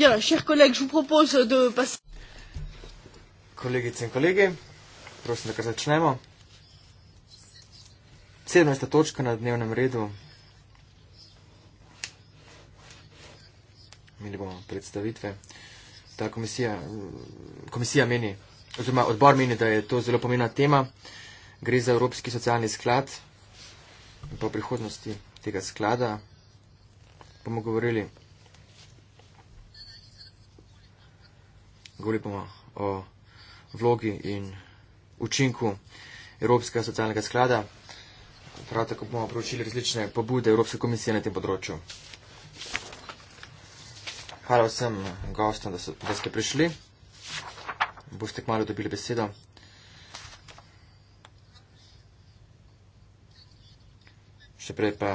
Bien, chers collègues, je vous propose de passer. Collègues et collègues, prosim, da začnemo. 17. točka na dnevnem redu. Imeli bomo predstavitve. Ta komisija, komisija meni, oziroma odbor meni, da je to zelo pomena tema. Gre za Evropski socialni sklad. In po prihodnosti tega sklada bomo govorili govorimo o vlogi in učinku Evropskega socialnega sklada. Prav tako bomo proučili različne pobude Evropske komisije na tem področju. Hvala vsem gostom, da, so, da ste prišli. Boste kmalo dobili besedo. Še prej pa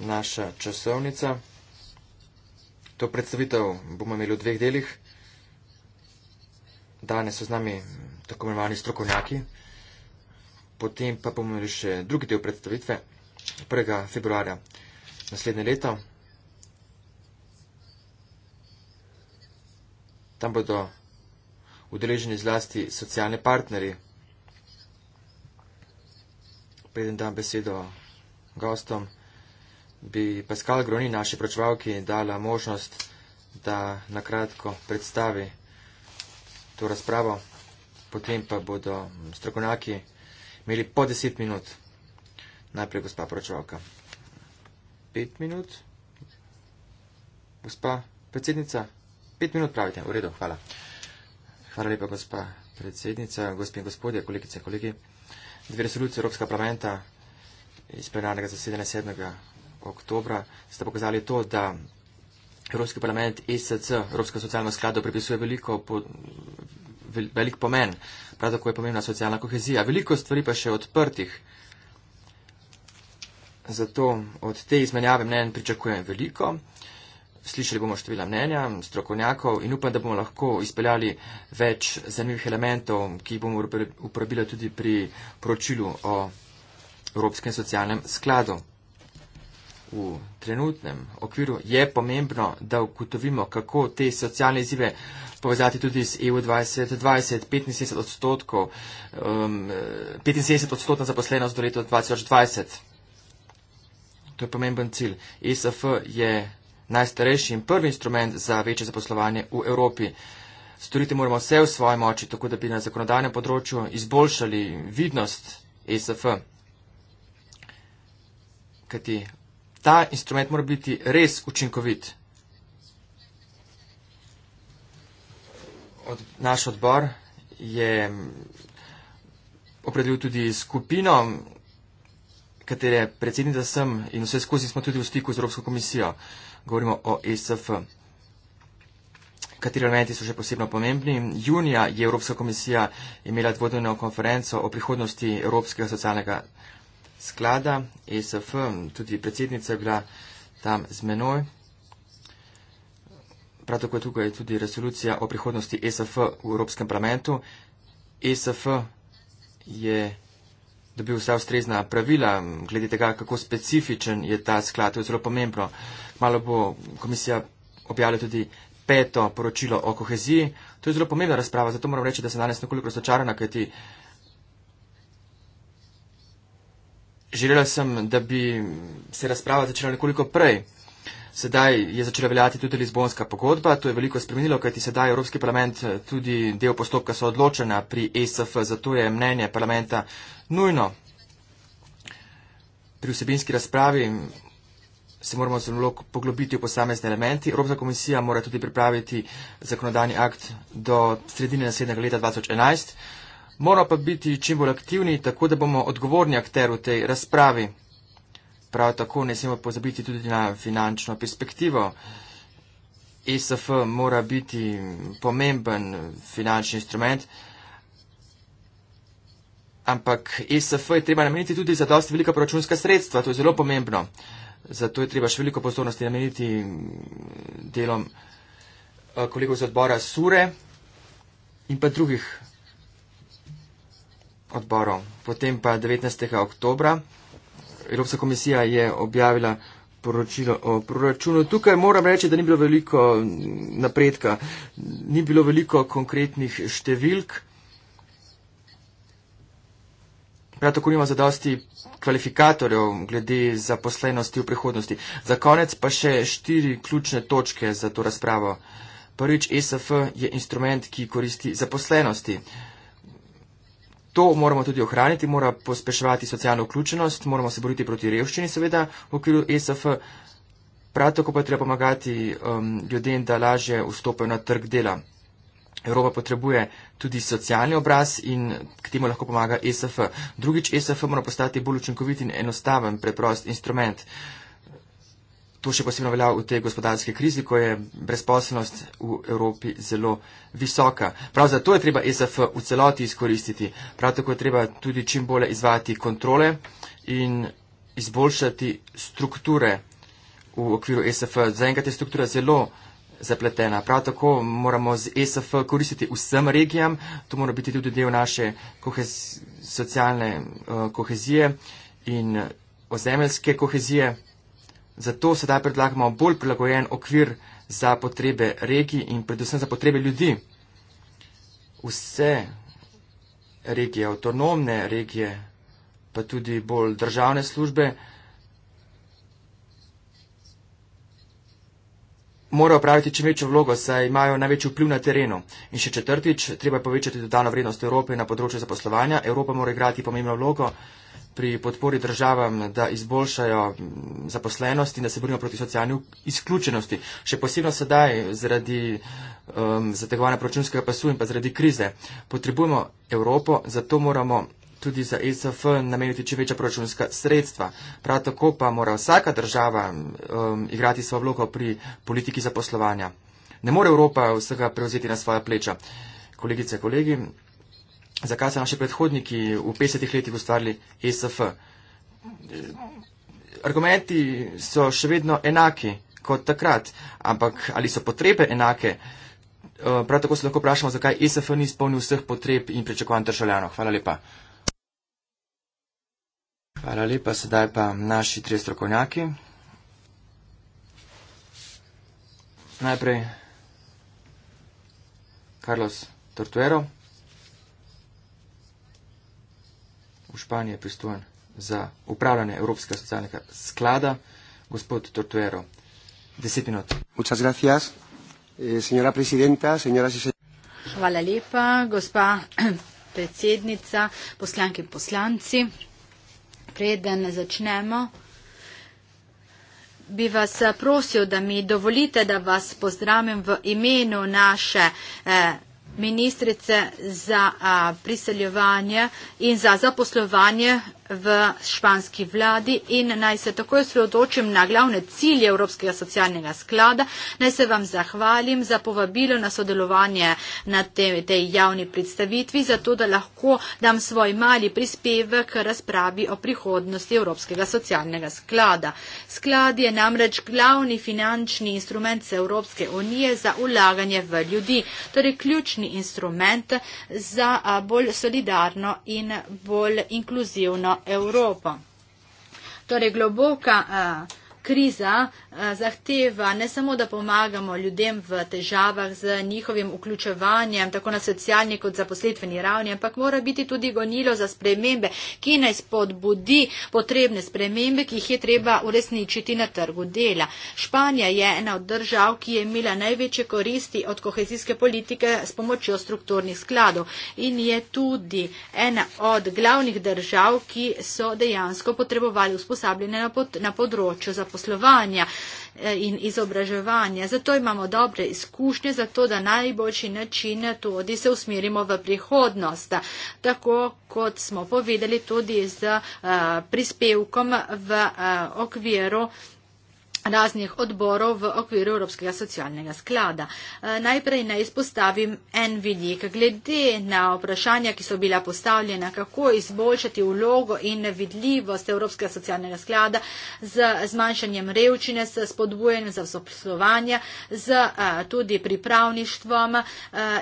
naša časovnica. To predstavitev bomo imeli v dveh delih. Danes so z nami tako imenovani strokovnjaki, potem pa bomo imeli še drugi del predstavitve 1. februarja naslednje leto. Tam bodo udeleženi zlasti socialni partneri. Preden dam besedo gostom, bi Pascal Groni, naši pročevalki, dala možnost, da nakratko predstavi to razpravo, potem pa bodo strokovnjaki imeli po deset minut. Najprej gospa pročevalka. Pet minut. Gospa predsednica, pet minut pravite. V redu, hvala. Hvala lepa, gospa predsednica, gospe in gospodje, kolegice in kolegi. Dve resolucije Evropska parlamenta iz plenarnega zasedanja 7 oktobra ste pokazali to, da Evropski parlament ESC, Evropska socialna sklada, pripisuje veliko, po, velik pomen, prav tako je pomembna socialna kohezija. Veliko stvari pa še odprtih. Zato od te izmenjave mnen pričakujem veliko. Slišali bomo števila mnenja, strokovnjakov in upam, da bomo lahko izpeljali več zanimivih elementov, ki jih bomo uporabili tudi pri poročilu o Evropskem socialnem skladu v trenutnem okviru, je pomembno, da ugotovimo, kako te socialne izzive povezati tudi s EU 2020, 75 odstotkov, um, 75 odstotna zaposlenost do leta 2020. To je pomemben cilj. ESF je najstarejši in prvi instrument za večje zaposlovanje v Evropi. Storiti moramo vse v svoji moči, tako da bi na zakonodajnem področju izboljšali vidnost ESF. Kajti ta instrument mora biti res učinkovit. Od, naš odbor je mm, opredelil tudi skupino, katere predsednica sem in vse skozi smo tudi v stiku z Evropsko komisijo. Govorimo o ESF. Kateri elementi so še posebno pomembni? Junija je Evropska komisija imela dvodnevno konferenco o prihodnosti Evropskega socialnega sklada ESF, tudi predsednica je bila tam z menoj. Prav tako je tukaj tudi resolucija o prihodnosti ESF v Evropskem parlamentu. ESF je dobil vsa ustrezna pravila, glede tega, kako specifičen je ta sklad, to je zelo pomembno. Malo bo komisija objavila tudi peto poročilo o koheziji. To je zelo pomembna razprava, zato moram reči, da sem danes nekoliko razočarana, kajti Želela sem, da bi se razprava začela nekoliko prej. Sedaj je začela veljati tudi Lizbonska pogodba, to je veliko spremenilo, kajti sedaj Evropski parlament eh, tudi del postopka so odločena pri ESF, zato je mnenje parlamenta nujno. Pri vsebinski razpravi se moramo zelo poglobiti v posamezne elementi. Evropska komisija mora tudi pripraviti zakonodani akt do sredine naslednjega leta 2011. Moramo pa biti čim bolj aktivni, tako da bomo odgovorni akter v tej razpravi. Prav tako ne smemo pozabiti tudi na finančno perspektivo. ESF mora biti pomemben finančni instrument, ampak ESF je treba nameniti tudi za dosti velika proračunska sredstva, to je zelo pomembno. Zato je treba še veliko pozornosti nameniti delom eh, kolegov z odbora Sure in pa drugih odborov. Potem pa 19. oktobra Evropska komisija je objavila poročilo o proračunu. Tukaj moram reči, da ni bilo veliko napredka, ni bilo veliko konkretnih številk. Prav tako nima zadosti kvalifikatorjev glede zaposlenosti v prihodnosti. Za konec pa še štiri ključne točke za to razpravo. Prvič, ESF je instrument, ki koristi zaposlenosti. To moramo tudi ohraniti, mora pospeševati socialno vključenost, moramo se boriti proti revščini, seveda, v okviru ESF. Prav tako pa je treba pomagati um, ljudem, da lažje vstopajo na trg dela. Evropa potrebuje tudi socialni obraz in k temu lahko pomaga ESF. Drugič, ESF mora postati bolj učinkovit in enostaven, preprost instrument. Uh, To še posebno velja v tej gospodarski krizi, ko je brezposobnost v Evropi zelo visoka. Prav zato je treba ESF v celoti izkoristiti. Prav tako je treba tudi čim bolje izvajati kontrole in izboljšati strukture v okviru ESF. Zaenkrat je struktura zelo zapletena. Prav tako moramo z ESF koristiti vsem regijam. To mora biti tudi del naše kohez socialne uh, kohezije in ozemeljske kohezije. Zato sedaj predlagamo bolj prilagojen okvir za potrebe regij in predvsem za potrebe ljudi. Vse regije, avtonomne regije, pa tudi bolj državne službe, morajo praviti čim večjo vlogo, saj imajo največji vpliv na terenu. In še četrtič, treba povečati dodano vrednost Evrope na področju zaposlovanja. Evropa mora igrati pomembno vlogo pri podpori državam, da izboljšajo zaposlenost in da se borimo proti socialni izključenosti. Še posebno sedaj, zaradi um, zategovanja proračunskega pasu in pa zaradi krize, potrebujemo Evropo, zato moramo tudi za ESF nameniti čim večja proračunska sredstva. Prav tako pa mora vsaka država um, igrati svojo vlogo pri politiki zaposlovanja. Ne more Evropa vsega prevzeti na svoja pleča. Kolegice, kolegi, zakaj so naši predhodniki v 50-ih letih ustvarili ESF. Argumenti so še vedno enaki kot takrat, ampak ali so potrebe enake? Eh, prav tako se lahko vprašamo, zakaj ESF ni izpolnil vseh potreb in pričakovanj državljanov. Hvala lepa. Hvala lepa, sedaj pa naši tri strokovnjaki. Najprej Carlos Tortuero. v Španiji pristojen za upravljanje Evropskega socialnega sklada, gospod Tortuero. Deset minut. Eh, Hvala lepa, gospa predsednica, poslanke in poslanci. Preden začnemo, bi vas eh, prosil, da mi dovolite, da vas pozdravim v imenu naše. Eh, ministrice za priseljevanje in za zaposlovanje v španski vladi in naj se takoj osredotočim na glavne cilje Evropskega socialnega sklada. Naj se vam zahvalim za povabilo na sodelovanje na tej, tej javni predstavitvi, zato da lahko dam svoj mali prispevek razpravi o prihodnosti Evropskega socialnega sklada. Sklad je namreč glavni finančni instrument Evropske unije za ulaganje v ljudi, torej ključni instrument za bolj solidarno in bolj inkluzivno Evropo. Torej, globoka a, eh, kriza Eh, zahteva ne samo, da pomagamo ljudem v težavah z njihovim vključevanjem, tako na socialni kot zaposlitveni ravni, ampak mora biti tudi gonilo za spremembe, ki naj spodbudi potrebne spremembe, ki jih je treba uresničiti na trgu dela. Španija je ena od držav, ki je imela največje koristi od kohezijske politike s pomočjo strukturnih skladov in je tudi ena od glavnih držav, ki so dejansko potrebovali usposabljene na področju zaposlovanja. Eh, in izobraževanje. Zato imamo dobre izkušnje, zato da najboljši način tudi se usmerimo v prihodnost. Tako kot smo povedali tudi z uh, prispevkom v uh, okviru uh, raznih odborov v okviru Evropskega socialnega sklada. Eh, najprej naj izpostavim en vidik. Glede na vprašanja, ki so bila postavljena, kako izboljšati vlogo in vidljivost Evropskega socialnega sklada z zmanjšanjem revčine, s spodbujanjem za zaposlovanje, z eh, tudi pripravništvom. Eh,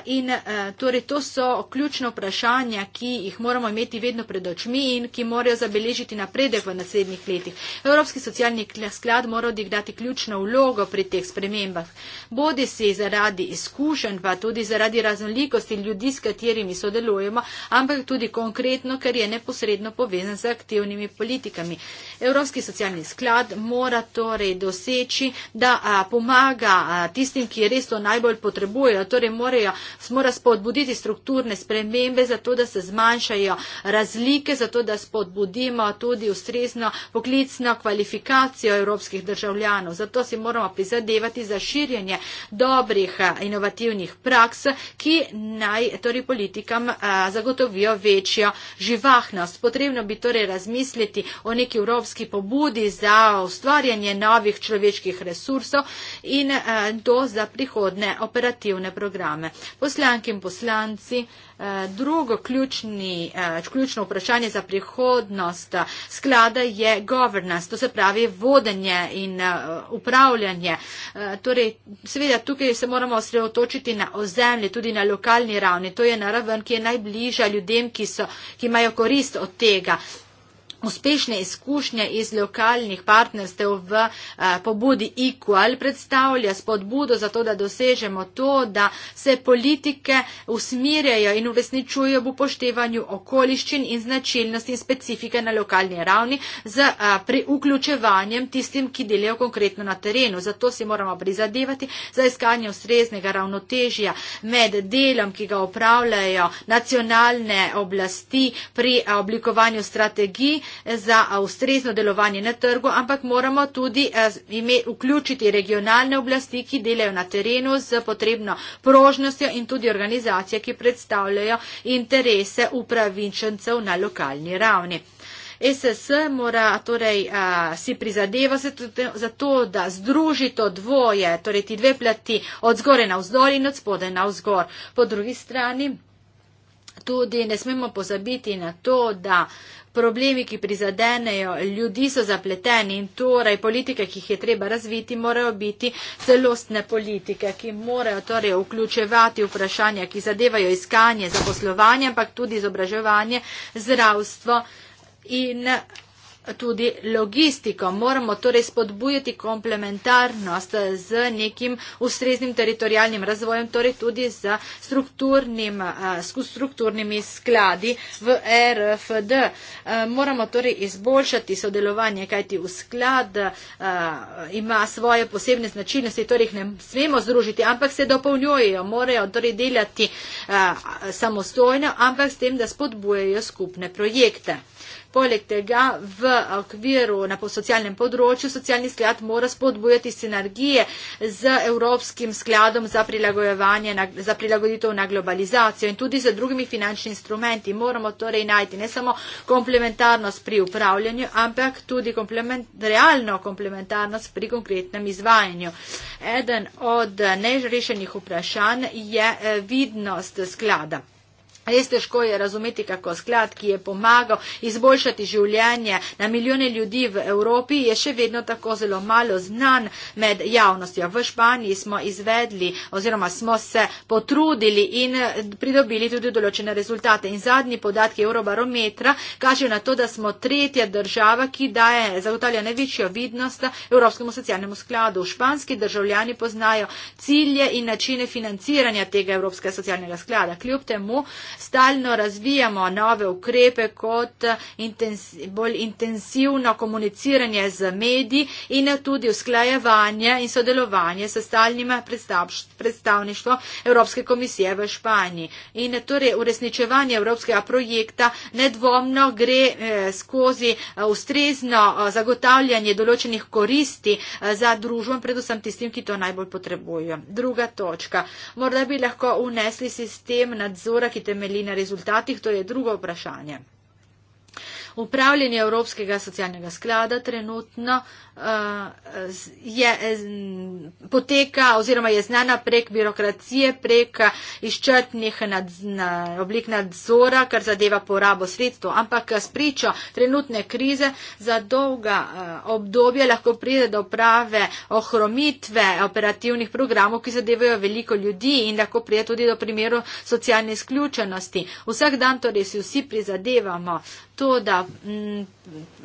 in torej to so ključno vprašanja, ki jih moramo imeti vedno pred očmi in ki morajo zabeležiti napredek v naslednjih letih. Evropski socialni sklad mora odigrati igrati ključno vlogo pri teh spremembah. Bodi si zaradi izkušenj, pa tudi zaradi raznolikosti ljudi, s katerimi sodelujemo, ampak tudi konkretno, ker je neposredno povezan z aktivnimi politikami. Evropski socialni sklad mora torej doseči, da a, pomaga a, tistim, ki res to najbolj potrebujejo. Torej morajo, mora spodbuditi strukturne spremembe, zato da se zmanjšajo razlike, zato da spodbudimo tudi ustrezno poklicno kvalifikacijo evropskih državljanov državljanov. Zato si moramo prizadevati za širjenje dobrih eh, inovativnih praks, ki naj torej politikam eh, zagotovijo večjo živahnost. Potrebno bi torej razmisliti o neki evropski pobudi za ustvarjanje novih človeških resursov in eh, to za prihodne operativne programe. Poslanki in poslanci. Eh, drugo ključni, eh, ključno vprašanje za prihodnost eh, sklada je governance, to se pravi vodenje in upravljanje. Torej, seveda, tukaj se moramo osredotočiti na ozemlje, tudi na lokalni ravni. To je naraven, ki je najbližja ljudem, ki, so, ki imajo korist od tega. Uspešne izkušnje iz lokalnih partnerstev v eh, pobudi IQL predstavlja spodbudo za to, da dosežemo to, da se politike usmirjajo in uresničujo v upoštevanju okoliščin in značilnosti in specifike na lokalni ravni z eh, preuključevanjem tistim, ki delajo konkretno na terenu. Zato si moramo prizadevati za iskanje ustreznega ravnotežja med delom, ki ga upravljajo nacionalne oblasti pri eh, oblikovanju strategij, za ustrezno delovanje na trgu, ampak moramo tudi ime, vključiti regionalne oblasti, ki delajo na terenu z potrebno prožnostjo in tudi organizacije, ki predstavljajo interese upravičencev na lokalni ravni. SS mora torej a, si prizadeva za to, da združi to dvoje, torej ti dve plati od zgore na vzdolj in od spode na vzgor. Po drugi strani. Tudi ne smemo pozabiti na to, da problemi, ki prizadenejo ljudi, so zapleteni in torej politike, ki jih je treba razviti, morajo biti celostne politike, ki morajo torej vključevati vprašanja, ki zadevajo iskanje, zaposlovanje, ampak tudi izobraževanje, zdravstvo in tudi logistiko. Moramo torej spodbujati komplementarnost z nekim ustreznim teritorijalnim razvojem, torej tudi z strukturnim, eh, strukturnimi skladi v RFD. Eh, moramo torej izboljšati sodelovanje, kajti v sklad eh, ima svoje posebne značilnosti, torej jih ne smemo združiti, ampak se dopolnjujejo, morajo torej delati samostojno, ampak s tem, da spodbujejo skupne projekte. Poleg tega v okviru na socialnem področju socialni sklad mora spodbujati sinergije z Evropskim skladom za, na, za prilagoditev na globalizacijo in tudi z drugimi finančnimi instrumenti. Moramo torej najti ne samo komplementarnost pri upravljanju, ampak tudi komplement, realno komplementarnost pri konkretnem izvajanju. Eden od nerešenih vprašanj je eh, vidnost sklada. Res težko je razumeti, kako sklad, ki je pomagal izboljšati življenje na milijone ljudi v Evropi, je še vedno tako zelo malo znan med javnostjo. V Španiji smo izvedli oziroma smo se potrudili in eh, pridobili tudi določene rezultate. In zadnji podatki Eurobarometra kažejo na to, da smo tretja država, ki daje, zagotavlja največjo vidnost Evropskemu socialnemu skladu. Španski državljani poznajo cilje in načine financiranja tega Evropskega socialnega sklada stalno razvijamo nove ukrepe kot intensi, bolj intenzivno komuniciranje z mediji in tudi usklajevanje in sodelovanje s stalnim predstavništvom Evropske komisije v Španiji. In torej uresničevanje evropskega projekta nedvomno gre eh, skozi eh, ustrezno eh, zagotavljanje določenih koristi za družbo in predvsem tistim, ki to najbolj potrebujejo. Druga točka. Morda bi lahko unesli sistem nadzora, ki temelji temelji na rezultatih, to je drugo vprašanje. Upravljanje Evropskega socialnega sklada trenutno uh, uh, je, eh, poteka oziroma je znana prek birokracije, prek izčrtnih nadzna, oblik nadzora, kar zadeva porabo sredstev. Ampak s pričo trenutne krize za dolga uh, obdobja lahko pride do prave ohromitve operativnih programov, ki zadevajo veliko ljudi in lahko pride tudi do primeru socialne izključenosti. Vsak dan torej si vsi prizadevamo to, da m, mm,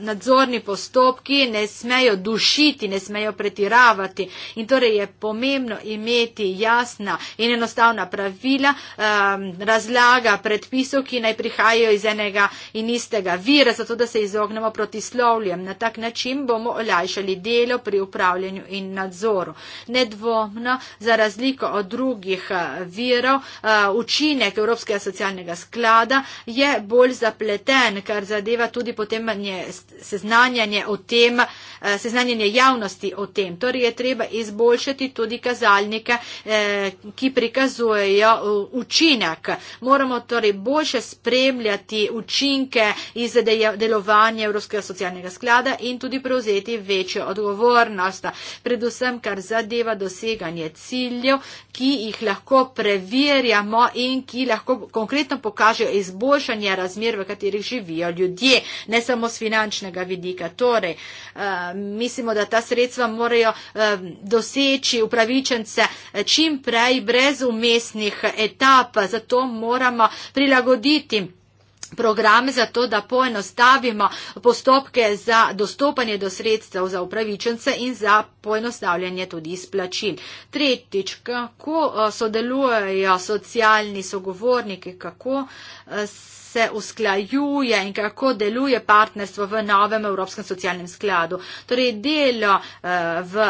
nadzorni postopki ne smejo dušiti, ne smejo pretiravati. In torej je pomembno imeti jasna in enostavna pravila, um, razlaga predpisov, ki naj prihajajo iz enega in istega vira, zato da se izognemo proti slovljem. Na tak način bomo olajšali delo pri upravljanju in nadzoru. Nedvomno, za razliko od drugih eh, virov, uh, učinek Evropskega socialnega sklada je bolj zapleten, kar zadeva tudi potem seznanjanje o tem, uh, seznanjenje javnosti o tem. Torej je treba izboljšati tudi kazalnike, eh, ki prikazujejo eh, učinek. Moramo torej boljše spremljati učinke iz delovanja Evropskega socialnega sklada in tudi prevzeti večjo odgovornost. Predvsem, kar zadeva doseganje ciljev, ki jih lahko preverjamo in ki lahko konkretno pokažejo izboljšanje razmer, v katerih živijo ljudje, ne samo z finančnega vidika. Torej, eh, mislimo, da ta sredstva morajo eh, doseči upravičence eh, čim prej, brez umestnih etap, zato moramo prilagoditi programe za to, da poenostavimo postopke za dostopanje do sredstev za upravičence in za poenostavljanje tudi izplačil. Tretjič, kako eh, sodelujejo socialni sogovorniki, kako eh, se usklajuje in kako deluje partnerstvo v novem Evropskem socialnem skladu. Torej, delo eh, v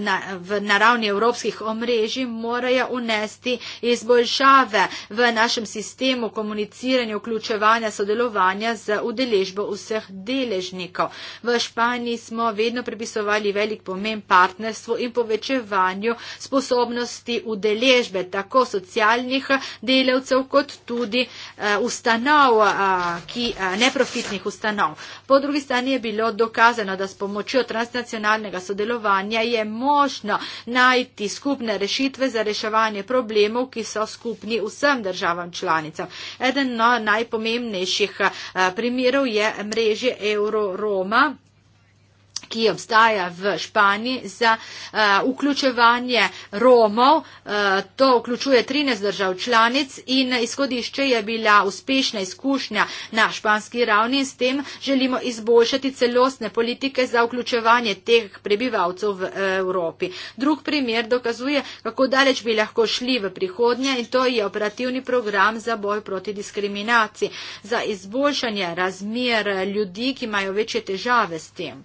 na, v naravni evropskih omrežji morajo unesti izboljšave v našem sistemu komuniciranja, vključevanja, sodelovanja z udeležbo vseh deležnikov. V Španiji smo vedno pripisovali velik pomen partnerstvu in povečevanju sposobnosti udeležbe tako socialnih delavcev kot tudi eh, ustanov, eh, ki, eh, neprofitnih ustanov. Po drugi strani je bilo dokazano, da s pomočjo transnacionalnega sodelovanja je možno najti skupne rešitve za reševanje problemov, ki so skupni vsem državam članicam. Eden no najpomembnejših eh, primerov je mreže Euroroma ki obstaja v Španiji za uh, vključevanje Romov. Uh, to vključuje 13 držav članic in izhodišče je bila uspešna izkušnja na španski ravni in s tem želimo izboljšati celostne politike za vključevanje teh prebivalcev v uh, Evropi. Drug primer dokazuje, kako daleč bi lahko šli v prihodnje in to je operativni program za boj proti diskriminaciji, za izboljšanje razmer ljudi, ki imajo večje težave s tem.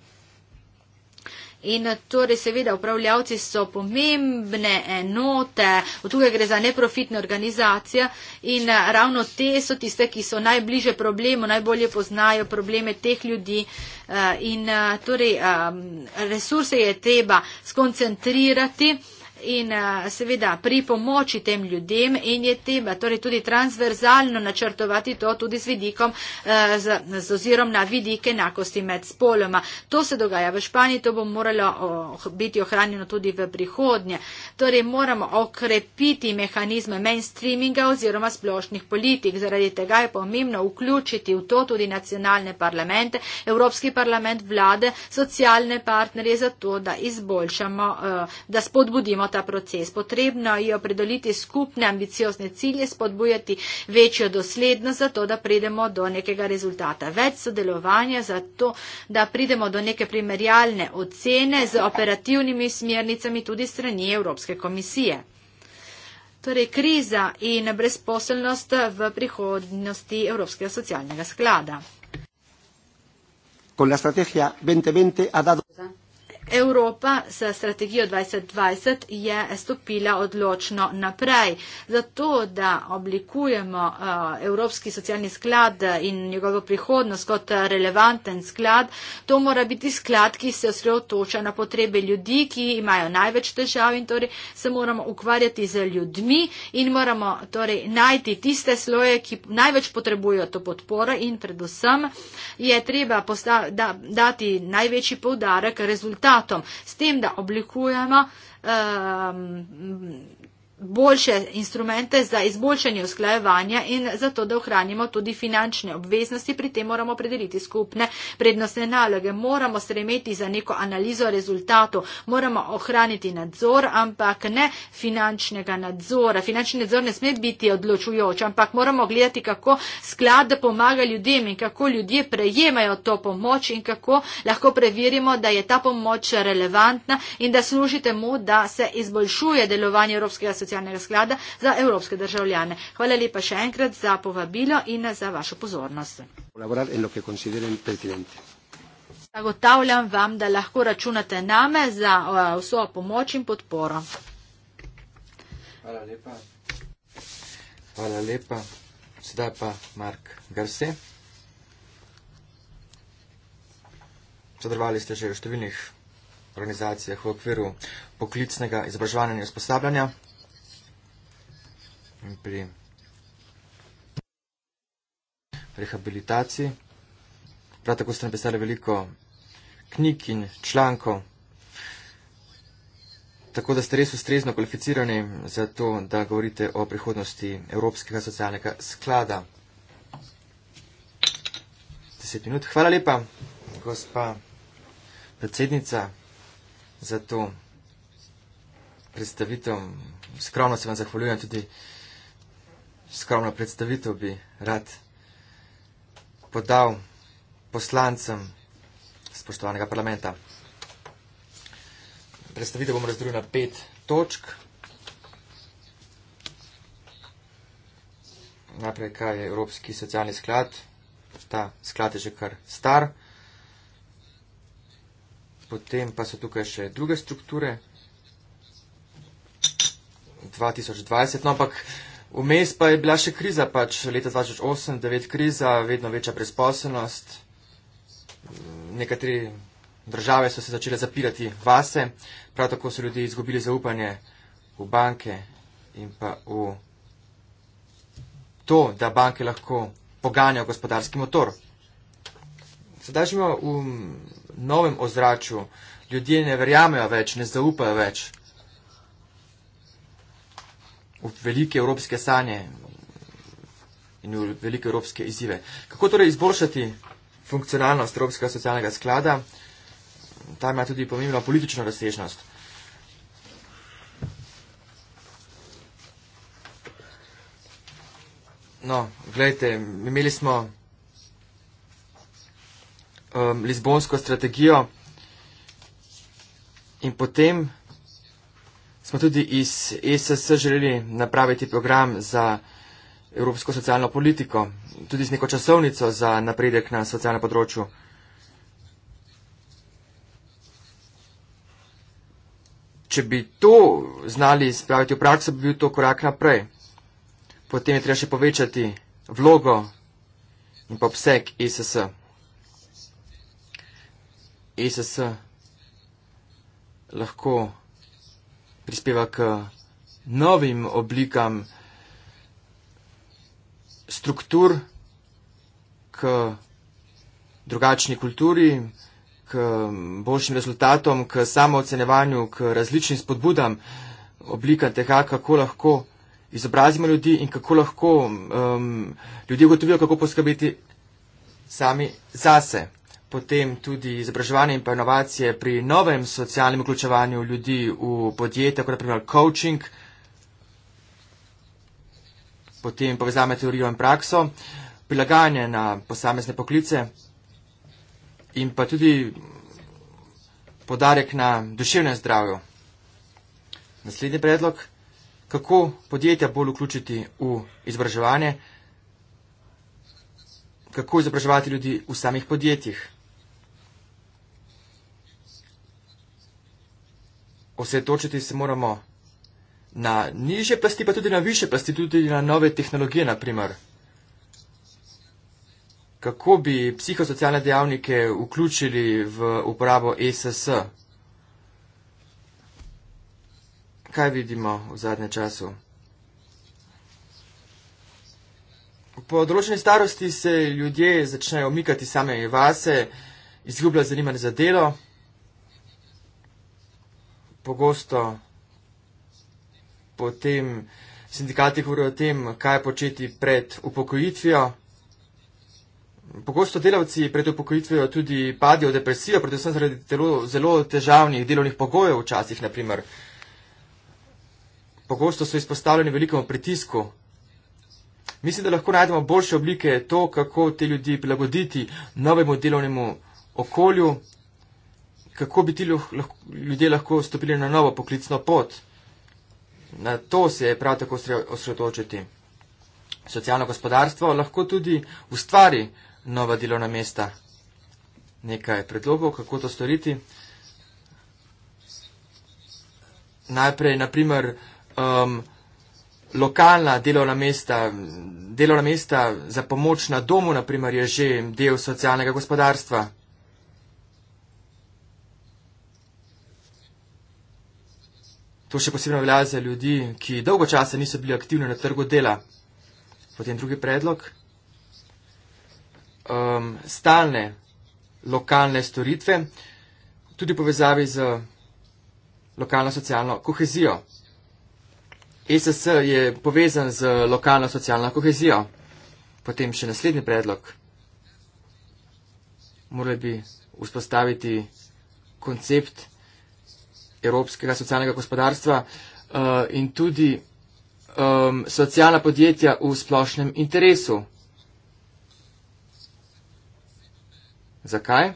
In torej seveda upravljavci so pomembne enote, tukaj gre za neprofitne organizacije in ravno te so tiste, ki so najbliže problemu, najbolje poznajo probleme teh ljudi eh, in eh, torej eh, resurse je treba skoncentrirati in eh, seveda pri pomoči tem ljudem in je treba torej tudi transverzalno načrtovati to tudi z vidikom, eh, z, z ozirom na vidik enakosti med spoloma. To se dogaja v Španiji, to bo moralo biti ohranjeno tudi v prihodnje. Torej moramo okrepiti mehanizme mainstreaminga oziroma splošnih politik. Zaradi tega je pomembno vključiti v to tudi nacionalne parlamente, Evropski parlament, vlade, socialne partnerje, zato da izboljšamo, eh, da spodbudimo ta proces. Potrebno je opredeliti skupne ambiciozne cilje, spodbujati večjo doslednost, zato da pridemo do nekega rezultata. Več sodelovanja, zato da pridemo do neke primerjalne ocene z operativnimi smernicami tudi strani Evropske komisije. Torej, kriza in brezposelnost v prihodnosti Evropskega socialnega sklada. Con la estrategia 2020 ha dado. Evropa s strategijo 2020 je stopila odločno naprej. Zato, da oblikujemo eh, Evropski socialni sklad in njegovo prihodnost kot relevanten sklad, to mora biti sklad, ki se osredotoča na potrebe ljudi, ki imajo največ težav in torej se moramo ukvarjati z ljudmi in moramo torej najti tiste sloje, ki največ potrebujo to podporo in predvsem je treba dati največji povdarek rezultatom datum, s tem, da oblikujemo um, boljše instrumente za izboljšanje usklajevanja in za to, da ohranimo tudi finančne obveznosti. Pri tem moramo predeliti skupne prednostne naloge. Moramo stremeti za neko analizo rezultatov. Moramo ohraniti nadzor, ampak ne finančnega nadzora. Finančni nadzor ne sme biti odločujoč, ampak moramo gledati, kako sklad pomaga ljudem in kako ljudje prejemajo to pomoč in kako lahko preverimo, da je ta pomoč relevantna in da služi temu, da se izboljšuje delovanje Evropskega sveta socialnega sklada za evropske državljane. Hvala lepa še enkrat za povabilo in za vašo pozornost. Zagotavljam vam, da lahko računate name za vso pomoč in podporo. Hvala lepa. Hvala lepa. Sedaj pa Mark Grse. Sodelovali ste že v številnih organizacijah v okviru poklicnega izobraževanja in usposabljanja pri rehabilitaciji. Prav tako ste napisali veliko knjig in člankov, tako da ste res ustrezno kvalificirani za to, da govorite o prihodnosti Evropskega socialnega sklada. Deset minut. Hvala lepa, gospa predsednica, za to predstavitev. Skromno se vam zahvaljujem tudi skromno predstavitev bi rad podal poslancem spoštovanega parlamenta. Predstavitev bom razdelil na pet točk. Najprej, kaj je Evropski socialni sklad. Ta sklad je že kar star. Potem pa so tukaj še druge strukture. 2020, no ampak Vmes pa je bila še kriza, pač leta 2008-2009 kriza, vedno večja brezposelnost. Nekatere države so se začele zapirati vase, prav tako so ljudje izgubili zaupanje v banke in pa v to, da banke lahko poganjajo gospodarski motor. Sedaj živimo v novem ozračju. Ljudje ne verjamejo več, ne zaupajo več v velike evropske sanje in v velike evropske izzive. Kako torej izboljšati funkcionalnost Evropskega socialnega sklada? Ta ima tudi pomembno politično razsežnost. No, gledajte, imeli smo um, Lizbonsko strategijo in potem smo tudi iz ESS želeli napraviti program za evropsko socialno politiko, tudi z neko časovnico za napredek na socialnem področju. Če bi to znali spraviti v prakso, bi bil to korak naprej. Potem je treba še povečati vlogo in pa obseg ESS. ESS lahko prispeva k novim oblikam struktur, k drugačni kulturi, k boljšim rezultatom, k samoocenevanju, k različnim spodbudam oblika tega, kako lahko izobrazimo ljudi in kako lahko um, ljudje ugotovijo, kako poskrbeti sami zase potem tudi izobraževanje in pa inovacije pri novem socialnem vključevanju ljudi v podjetja, kot naprimer coaching, potem povezave med teorijo in prakso, prilagajanje na posamezne poklice in pa tudi podarek na duševnem zdravju. Naslednji predlog, kako podjetja bolj vključiti v izobraževanje, kako izobraževati ljudi v samih podjetjih. osredotočiti se moramo na nižje plasti, pa tudi na više plasti, tudi na nove tehnologije, naprimer. Kako bi psihosocialne dejavnike vključili v uporabo ESS? Kaj vidimo v zadnjem času? Po določeni starosti se ljudje začnejo omikati same vase, izgubljajo zanimanje za delo pogosto potem sindikati govorijo o tem, kaj početi pred upokojitvijo. Pogosto delavci pred upokojitvijo tudi padijo v depresijo, predvsem zaradi telo, zelo težavnih delovnih pogojev včasih, naprimer. Pogosto so izpostavljeni velikemu pritisku. Mislim, da lahko najdemo boljše oblike to, kako te ljudi prilagoditi novemu delovnemu okolju, kako bi ti loh, loh, ljudje lahko stopili na novo poklicno pot. Na to se je prav tako osredotočiti. Socialno gospodarstvo lahko tudi ustvari nova delovna mesta. Nekaj predlogov, kako to storiti. Najprej, naprimer, um, lokalna delovna mesta, delovna mesta za pomoč na domu, naprimer, je že del socialnega gospodarstva. To še posebno velja za ljudi, ki dolgo časa niso bili aktivni na trgu dela. Potem drugi predlog. Um, stalne lokalne storitve, tudi povezavi z lokalno socialno kohezijo. SSS e je povezan z lokalno socialno kohezijo. Potem še naslednji predlog. Morali bi vzpostaviti koncept evropskega socialnega gospodarstva uh, in tudi um, socialna podjetja v splošnem interesu. Zakaj?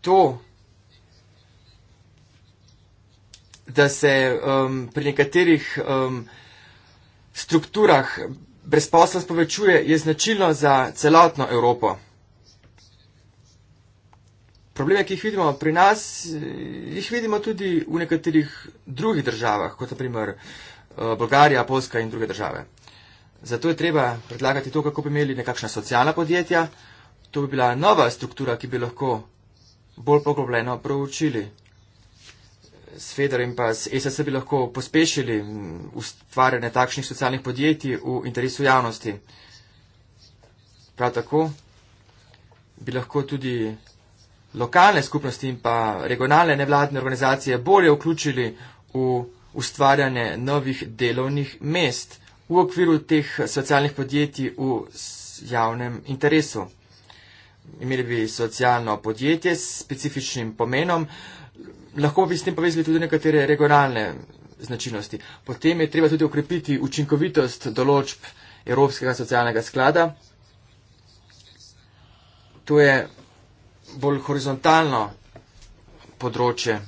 To, da se um, pri nekaterih um, strukturah brezposelnost povečuje, je značilno za celotno Evropo probleme, ki jih vidimo pri nas, jih vidimo tudi v nekaterih drugih državah, kot naprimer eh, Bolgarija, Polska in druge države. Zato je treba predlagati to, kako bi imeli nekakšna socialna podjetja. To bi bila nova struktura, ki bi lahko bolj poglobljeno proučili. S FEDER in pa s ESA se bi lahko pospešili ustvarjanje takšnih socialnih podjetij v interesu javnosti. Prav tako bi lahko tudi lokalne skupnosti in pa regionalne nevladne organizacije bolje vključili v ustvarjanje novih delovnih mest v okviru teh socialnih podjetij v javnem interesu. Imeli bi socialno podjetje s specifičnim pomenom, lahko bi s tem povezali tudi nekatere regionalne značilnosti. Potem je treba tudi ukrepiti učinkovitost določb Evropskega socialnega sklada. To je bolj horizontalno področje.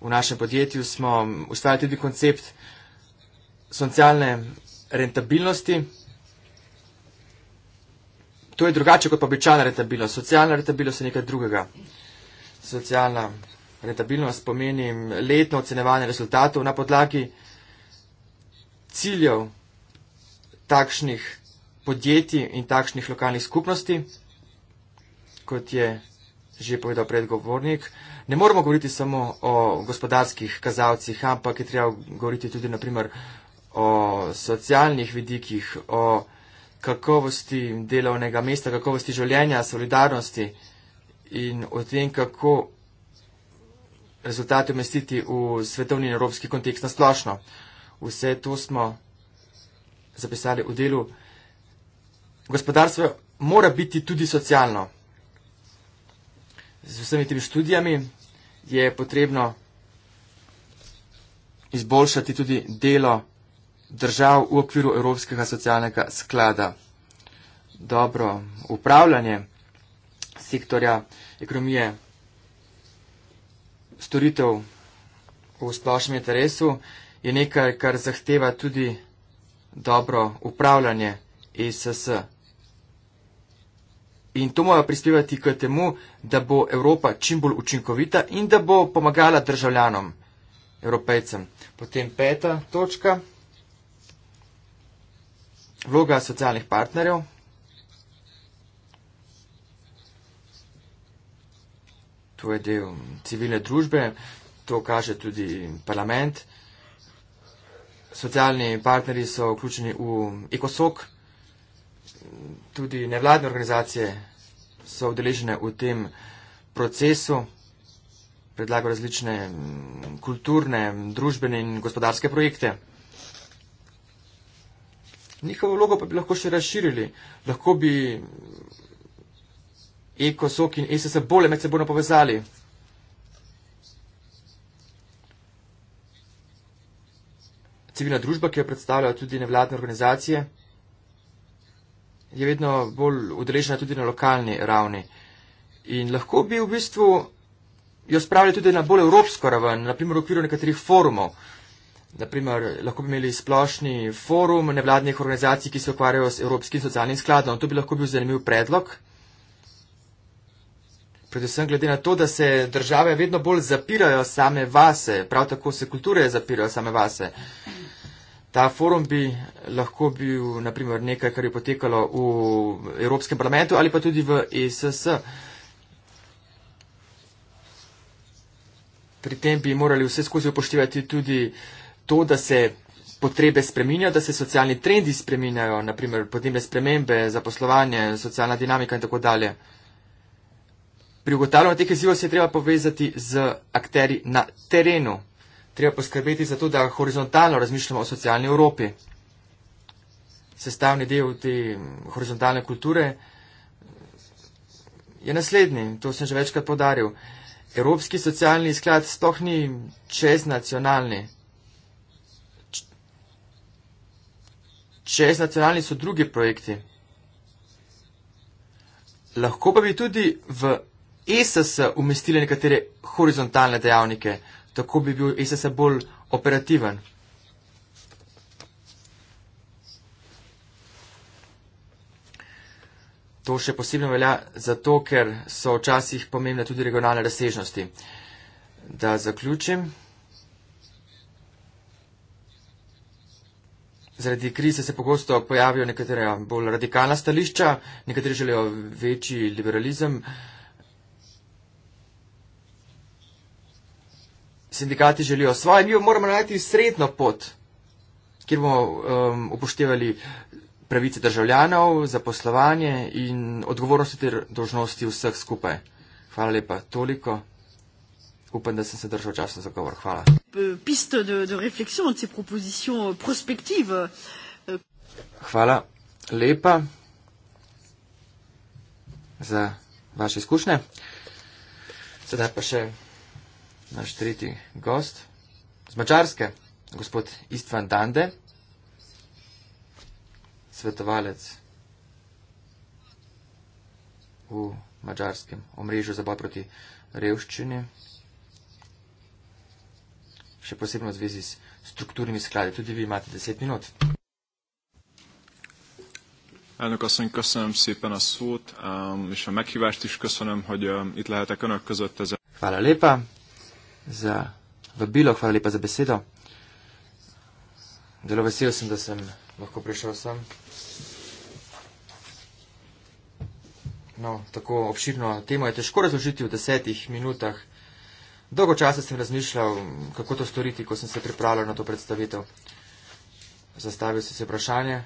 V našem podjetju smo ustvarjali tudi koncept socialne rentabilnosti. To je drugače kot pa običajna rentabilnost. Socialna rentabilnost je nekaj drugega. Socialna rentabilnost pomeni letno ocenevanje rezultatov na podlagi ciljev takšnih podjetij in takšnih lokalnih skupnosti, kot je že povedal predgovornik. Ne moramo govoriti samo o gospodarskih kazalcih, ampak je treba govoriti tudi naprimer o socialnih vidikih, o kakovosti delovnega mesta, kakovosti življenja, solidarnosti in o tem, kako rezultate umestiti v svetovni in evropski kontekst na splošno. Vse to smo zapisali v delu gospodarstvo mora biti tudi socialno. Z vsemi temi študijami je potrebno izboljšati tudi delo držav v okviru Evropskega socialnega sklada. Dobro upravljanje sektorja ekonomije, storitev v splošnem interesu je nekaj, kar zahteva tudi dobro upravljanje ESS. In to mora prispevati k temu, da bo Evropa čim bolj učinkovita in da bo pomagala državljanom, evropejcem. Potem peta točka. Vloga socialnih partnerjev. To je del civilne družbe, to kaže tudi parlament. Socialni partnerji so vključeni v ekosok, tudi nevladne organizacije so vdeležene v tem procesu, predlagajo različne mm, kulturne, družbene in gospodarske projekte. Njihovo vlogo pa bi lahko še razširili. Lahko bi ekosok in ESS bolje med seboj povezali. Civilna družba, ki jo predstavljajo tudi nevladne organizacije, je vedno bolj udeležena tudi na lokalni ravni. In lahko bi v bistvu jo spravili tudi na bolj evropsko raven, naprimer v okviru nekaterih forumov. Naprimer, lahko bi imeli splošni forum nevladnih organizacij, ki se ukvarjajo s Evropskim socialnim skladom. To bi lahko bil zanimiv predlog. Predvsem glede na to, da se države vedno bolj zapirajo same vase, prav tako se kulture zapirajo same vase. Uh, Ta forum bi lahko bil naprimer nekaj, kar je potekalo v Evropskem parlamentu ali pa tudi v ESS. Pri tem bi morali vse skozi upoštevati tudi to, da se potrebe spreminjajo, da se socialni trendi spreminjajo, naprimer podnebne spremembe, zaposlovanje, socialna dinamika in tako dalje. Pri ugotavljanju teh izzivov se je treba povezati z akteri na terenu treba poskrbeti za to, da horizontalno razmišljamo o socialni Evropi. Sestavni del te horizontalne kulture je naslednji, to sem že večkrat podaril. Evropski socialni sklad sploh ni čeznacionalni. Čeznacionalni so drugi projekti. Lahko pa bi tudi v ESS umestili nekatere horizontalne dejavnike, tako bi bil ISS bolj operativen. To še posebno velja zato, ker so včasih pomembne tudi regionalne razsežnosti. Da zaključim. Zaradi krize se pogosto pojavijo nekatera bolj radikalna stališča, nekateri želijo večji liberalizem, uh, sindikati želijo svoje, mi moramo najti srednjo pot, kjer bomo um, upoštevali pravice državljanov, zaposlovanje in odgovornosti ter dožnosti vseh skupaj. Hvala lepa, toliko. Upam, da sem se držal časa za govor. Hvala. Euh, euh. Hvala lepa za vaše izkušnje. Sedaj pa še naš tretji gost z Mačarske, gospod Istvan Dande, svetovalec v mačarskem omrežju za boj proti revščini, še posebno v zvezi s strukturnimi skladi. Tudi vi imate deset minut. Elnök asszony, köszönöm szépen a szót, um, és a meghívást is köszönöm, hogy um, itt lehetek önök között ezen. Hála lépa, za vabilo, hvala lepa za besedo. Zelo vesel sem, da sem lahko prišel sem. No, tako obširno temo je težko razložiti v desetih minutah. Dolgo časa sem razmišljal, kako to storiti, ko sem se pripravljal na to predstavitev. Zastavil sem se vprašanje.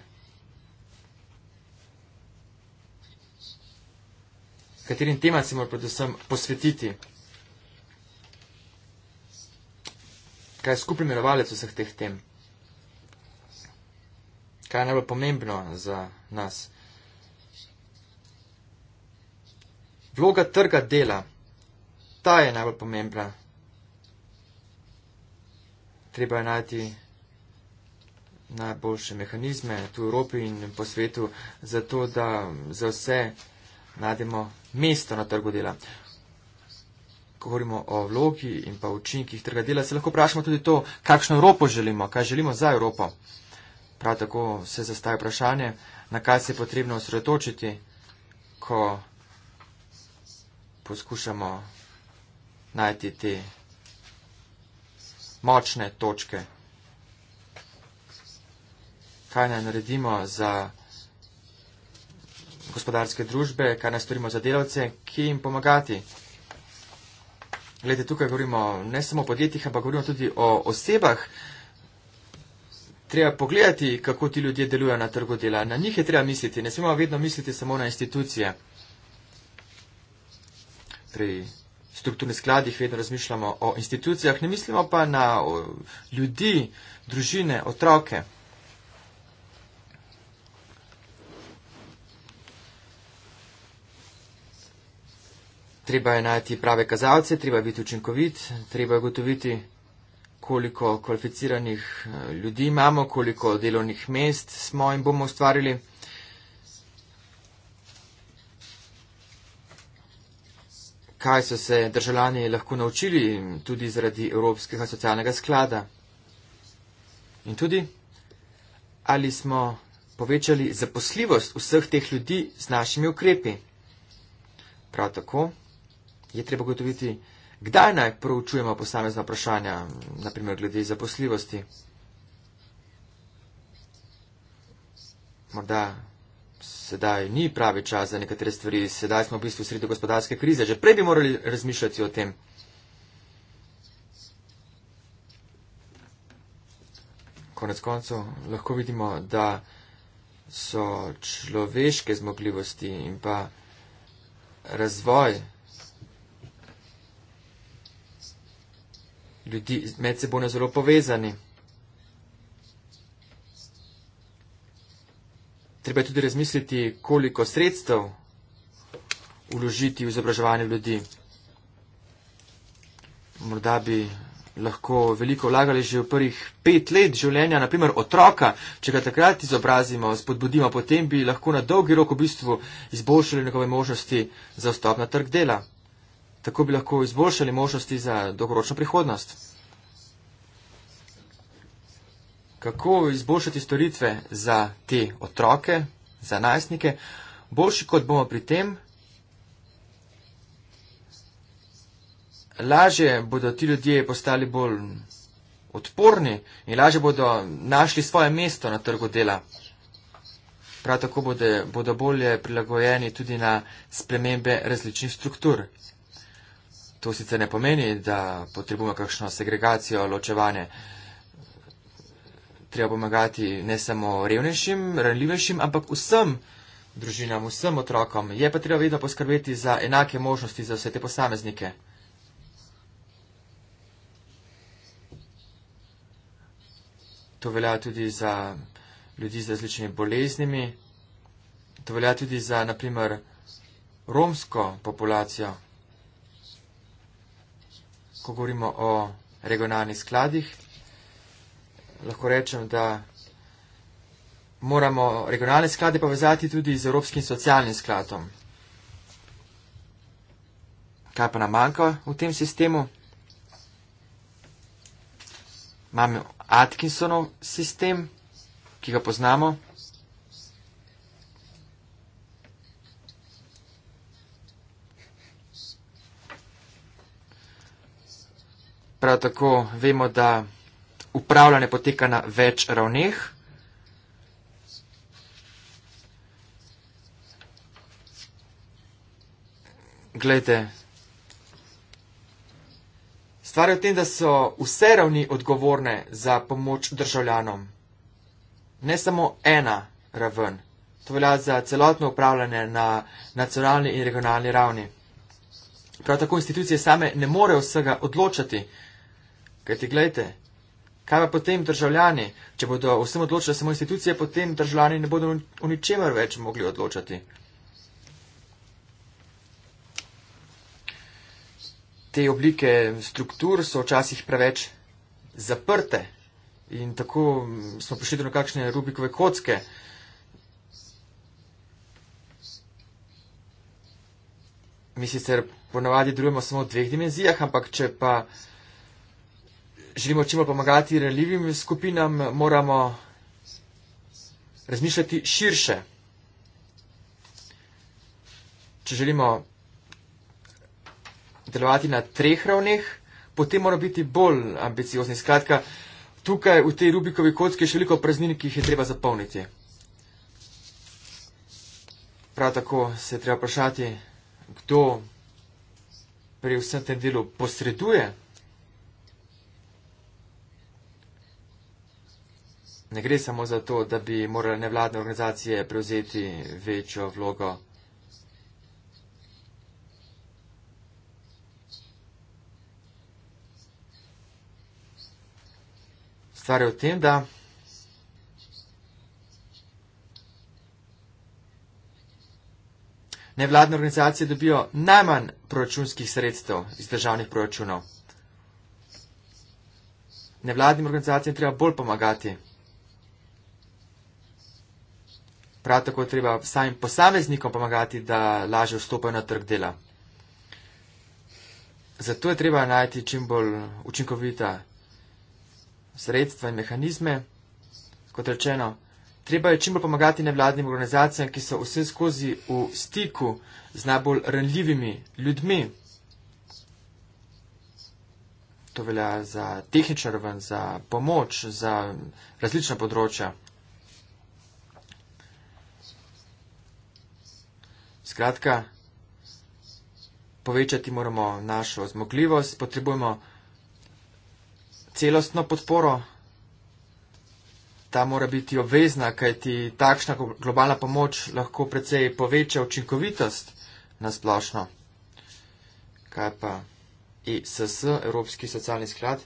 katerim temam se moramo predvsem posvetiti kaj je skupni imenovalec vseh teh tem? Kaj je najbolj pomembno za nas? Vloga trga dela, ta je najbolj pomembna. Treba je najti najboljše mehanizme tu v Evropi in po svetu, zato da za vse najdemo mesto na trgu dela ko govorimo o vlogi in pa učinkih trga dela, se lahko vprašamo tudi to, kakšno Evropo želimo, kaj želimo za Evropo. Prav tako se zastaja vprašanje, na kaj se je potrebno osredotočiti, ko poskušamo najti te močne točke. Kaj naj naredimo za gospodarske družbe, kaj naj storimo za delavce, ki jim pomagati. Glede, tukaj govorimo ne samo o podjetjih, ampak govorimo tudi o osebah. Treba pogledati, kako ti ljudje delujejo na trgu dela. Na njih je treba misliti. Ne smemo vedno misliti samo na institucije. Pri strukturnih skladih vedno razmišljamo o institucijah, ne mislimo pa na ljudi, družine, otroke. treba je najti prave kazalce, treba je biti učinkovit, treba je gotoviti, koliko kvalificiranih eh, ljudi imamo, koliko delovnih mest smo in bomo ustvarili. Kaj so se državljani lahko naučili tudi zaradi Evropskega socialnega sklada? In tudi, ali smo povečali zaposljivost vseh teh ljudi z našimi ukrepi? Prav tako je treba gotoviti, kdaj naj proučujemo posamezna vprašanja, naprimer glede zaposljivosti. Morda sedaj ni pravi čas za nekatere stvari, sedaj smo v bistvu sredi gospodarske krize, že prej bi morali razmišljati o tem. Konec koncev lahko vidimo, da so človeške zmogljivosti in pa razvoj ljudi med seboj ne zelo povezani. Treba je tudi razmisliti, koliko sredstev uložiti v izobraževanje ljudi. Morda bi lahko veliko vlagali že v prvih pet let življenja, naprimer otroka, če ga takrat izobrazimo, spodbudimo, potem bi lahko na dolgi rok v bistvu izboljšali njegove možnosti za vstop na trg dela tako bi lahko izboljšali možnosti za dolgoročno prihodnost. Kako izboljšati storitve za te otroke, za najstnike, boljši kot bomo pri tem, lažje bodo ti ljudje postali bolj odporni in lažje bodo našli svoje mesto na trgu dela. Prav tako bodo bolje prilagojeni tudi na spremembe različnih struktur. To sicer ne pomeni, da potrebujemo kakšno segregacijo, ločevanje. Treba pomagati ne samo revnejšim, ranljivejšim, ampak vsem družinam, vsem otrokom. Je pa treba vedno poskrbeti za enake možnosti za vse te posameznike. To velja tudi za ljudi z različnimi boleznimi. To velja tudi za, naprimer, romsko populacijo ko govorimo o regionalnih skladih, lahko rečem, da moramo regionalne sklade povezati tudi z Evropskim socialnim skladom. Kaj pa nam manjka v tem sistemu? Imamo Atkinsonov sistem, ki ga poznamo. Prav tako vemo, da upravljanje poteka na več ravneh. Glede, stvar je v tem, da so vse ravni odgovorne za pomoč državljanom. Ne samo ena raven. To velja za celotno upravljanje na nacionalni in regionalni ravni. Prav tako institucije same ne morejo vsega odločati. Kaj ti gledajte? Kaj pa potem državljani? Če bodo vsem odločile samo institucije, potem državljani ne bodo o ničemer več mogli odločati. Te oblike struktur so včasih preveč zaprte in tako smo prišli do nekakšne rubikove kocke. Mi sicer ponavadi delujemo samo v dveh dimenzijah, ampak če pa želimo čim bolj pomagati reljivim skupinam, moramo razmišljati širše. Če želimo delovati na treh ravneh, potem moramo biti bolj ambiciozni. Skratka, tukaj v tej Rubikovi kocki je še veliko praznin, ki jih je treba zapolniti. Prav tako se je treba vprašati, kdo pri vsem tem delu posreduje. Ne gre samo za to, da bi morale nevladne organizacije prevzeti večjo vlogo. Stvar je v tem, da nevladne organizacije dobijo najmanj proračunskih sredstev iz državnih proračunov. Nevladnim organizacijam treba bolj pomagati. Prav tako je treba samim posameznikom pomagati, da lažje vstopajo na trg dela. Zato je treba najti čim bolj učinkovita sredstva in mehanizme. Kot rečeno, treba je čim bolj pomagati nevladnim organizacijam, ki so vse skozi v stiku z najbolj ranljivimi ljudmi. To velja za tehnično raven, za pomoč, za različna področja. Skratka, povečati moramo našo zmogljivost, potrebujemo celostno podporo. Ta mora biti obvezna, kajti takšna globalna pomoč lahko precej poveča učinkovitost na splošno. Kaj pa ISS, e Evropski socialni sklad?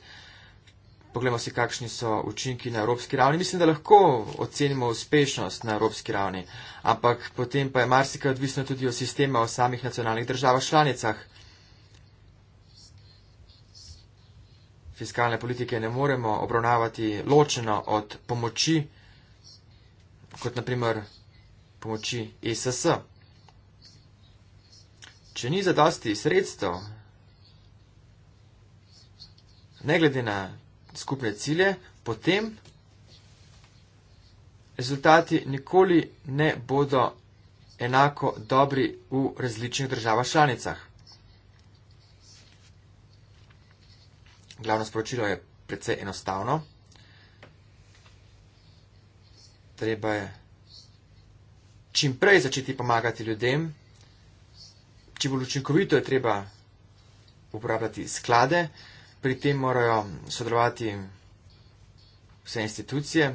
Poglejmo si, kakšni so učinki na evropski ravni. Mislim, da lahko ocenimo uspešnost na evropski ravni, ampak potem pa je marsikaj odvisno tudi od sistema v samih nacionalnih državah članicah. Fiskalne politike ne moremo obravnavati ločeno od pomoči, kot naprimer pomoči ESS. Če ni zadosti sredstev, ne glede na skupne cilje, potem rezultati nikoli ne bodo enako dobri v različnih državah članicah. Glavno sporočilo je precej enostavno. Treba je čim prej začeti pomagati ljudem, čim bolj učinkovito je treba uporabljati sklade, Pri tem morajo sodelovati vse institucije,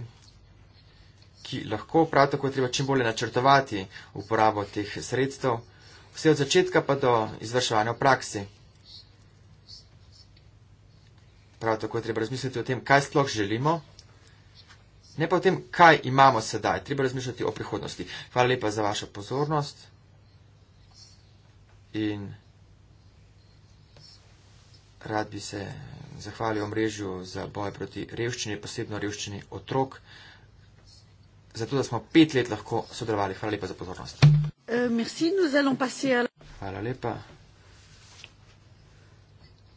ki lahko prav tako treba čim bolje načrtovati uporabo teh sredstev, vse od začetka pa do izvrševanja v praksi. Prav tako treba razmisliti o tem, kaj sploh želimo, ne pa o tem, kaj imamo sedaj. Treba razmišljati o prihodnosti. Hvala lepa za vašo pozornost. In rad bi se zahvalil mrežju za boj proti revščini, posebno revščini otrok, zato da smo pet let lahko sodelovali. Hvala lepa za pozornost. Eh, Hvala lepa.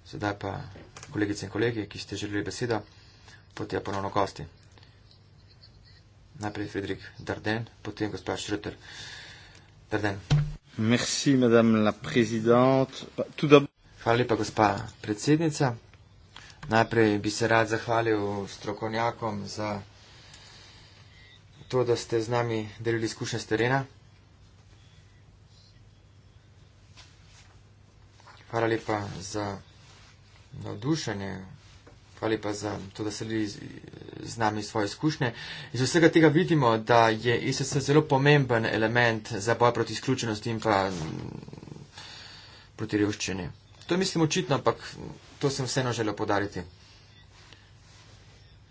Sedaj pa kolegice in kolegi, ki ste želeli besedo, potem ponovno gosti. Najprej Fredrik Darden, potem gospod Šrter. Darden. Merci, madame la présidente. Tout d'abord, Hvala lepa, gospa predsednica. Najprej bi se rad zahvalil strokovnjakom za to, da ste z nami delili izkušnje z terena. Hvala lepa za navdušenje, hvala lepa za to, da ste delili z, z nami svoje izkušnje. Iz vsega tega vidimo, da je ISS zelo pomemben element za boj proti izključenosti in pa proti revščini. To je, mislim, očitno, ampak to sem vseeno želel podariti.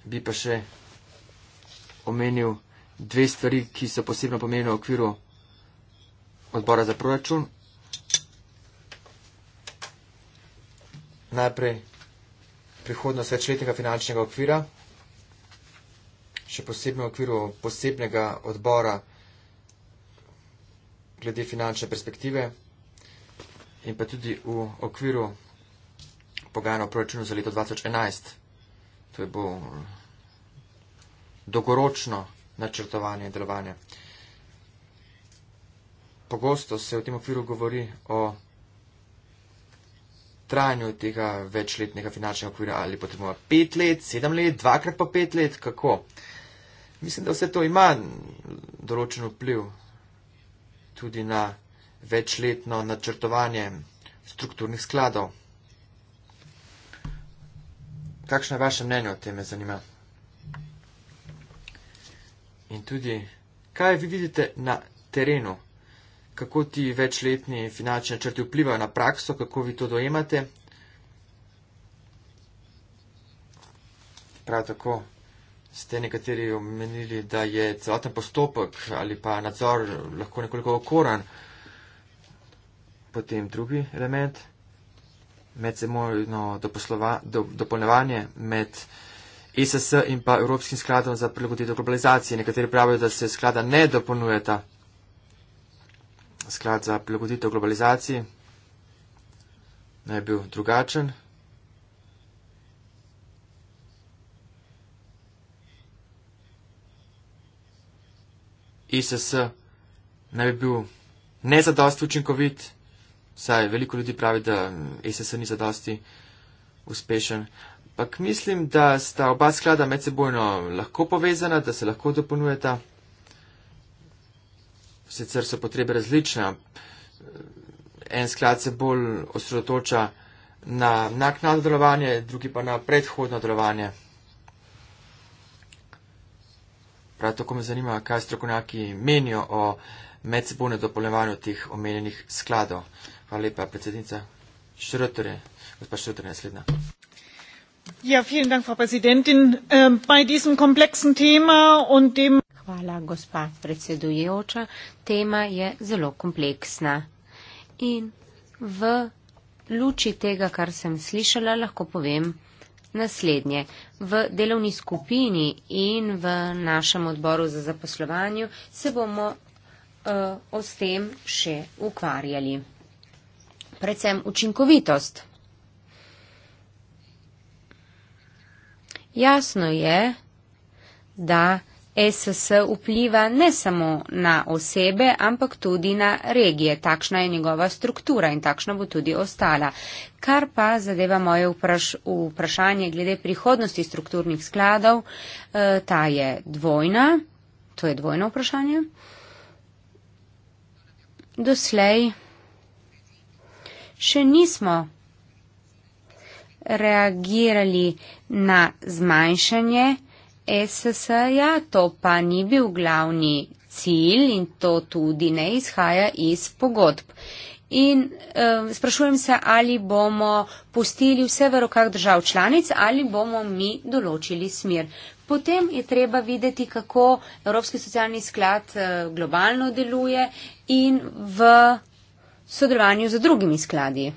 Bi pa še omenil dve stvari, ki so posebno pomenili v okviru odbora za proračun. Najprej prihodnost večletnega finančnega okvira, še posebno v okviru posebnega odbora glede finančne perspektive in pa tudi v okviru pogajanja o proračunu za leto 2011. To je bilo dolgoročno načrtovanje in delovanje. Pogosto se v tem okviru govori o trajanju tega večletnega finančnega okvira, ali potrebujemo pet let, sedem let, dvakrat pa pet let, kako. Mislim, da vse to ima določen vpliv tudi na večletno načrtovanje strukturnih skladov. Kakšno je vaše mnenje o tem, me zanima? In tudi, kaj vi vidite na terenu? Kako ti večletni finančni načrti vplivajo na prakso, kako vi to dojemate? Prav tako ste nekateri omenili, da je celoten postopek ali pa nadzor lahko nekoliko okoran. Potem drugi element, medsebojno dopolnevanje med ISS in pa Evropskim skladom za prilagoditev globalizacije. Nekateri pravijo, da se sklada ne dopolnujeta. Sklad za prilagoditev globalizaciji naj bil drugačen. ISS naj bi bil nezadost učinkovit. Saj veliko ljudi pravi, da SSR ni zadosti uspešen. Ampak mislim, da sta oba sklada medsebojno lahko povezana, da se lahko dopolnjujeta. Sicer so potrebe različne. En sklad se bolj osredotoča na naknadno delovanje, drugi pa na predhodno delovanje. Prav tako me zanima, kaj strokovnjaki menijo o medsebojnem dopolnjevanju teh omenjenih skladov. Hvala lepa, predsednica. Šrotere, gospa Šrotere, naslednja. Ja, vielen Dank, Frau Präsidentin. Ähm, bei diesem komplexen Thema und dem. Hvala, gospa predsedujoča. Tema je zelo kompleksna. In v luči tega, kar sem slišala, lahko povem naslednje. V delovni skupini in v našem odboru za zaposlovanje se bomo uh, o tem še ukvarjali predvsem učinkovitost. Jasno je, da SS vpliva ne samo na osebe, ampak tudi na regije. Takšna je njegova struktura in takšna bo tudi ostala. Kar pa zadeva moje vpraš vprašanje glede prihodnosti strukturnih skladov, eh, ta je dvojna. To je dvojno vprašanje. Doslej še nismo reagirali na zmanjšanje SSR-ja, to pa ni bil glavni cilj in to tudi ne izhaja iz pogodb. In eh, sprašujem se, ali bomo pustili vse v rokah držav članic ali bomo mi določili smer. Potem je treba videti, kako Evropski socialni sklad eh, globalno deluje in v sodelovanju z drugimi skladi.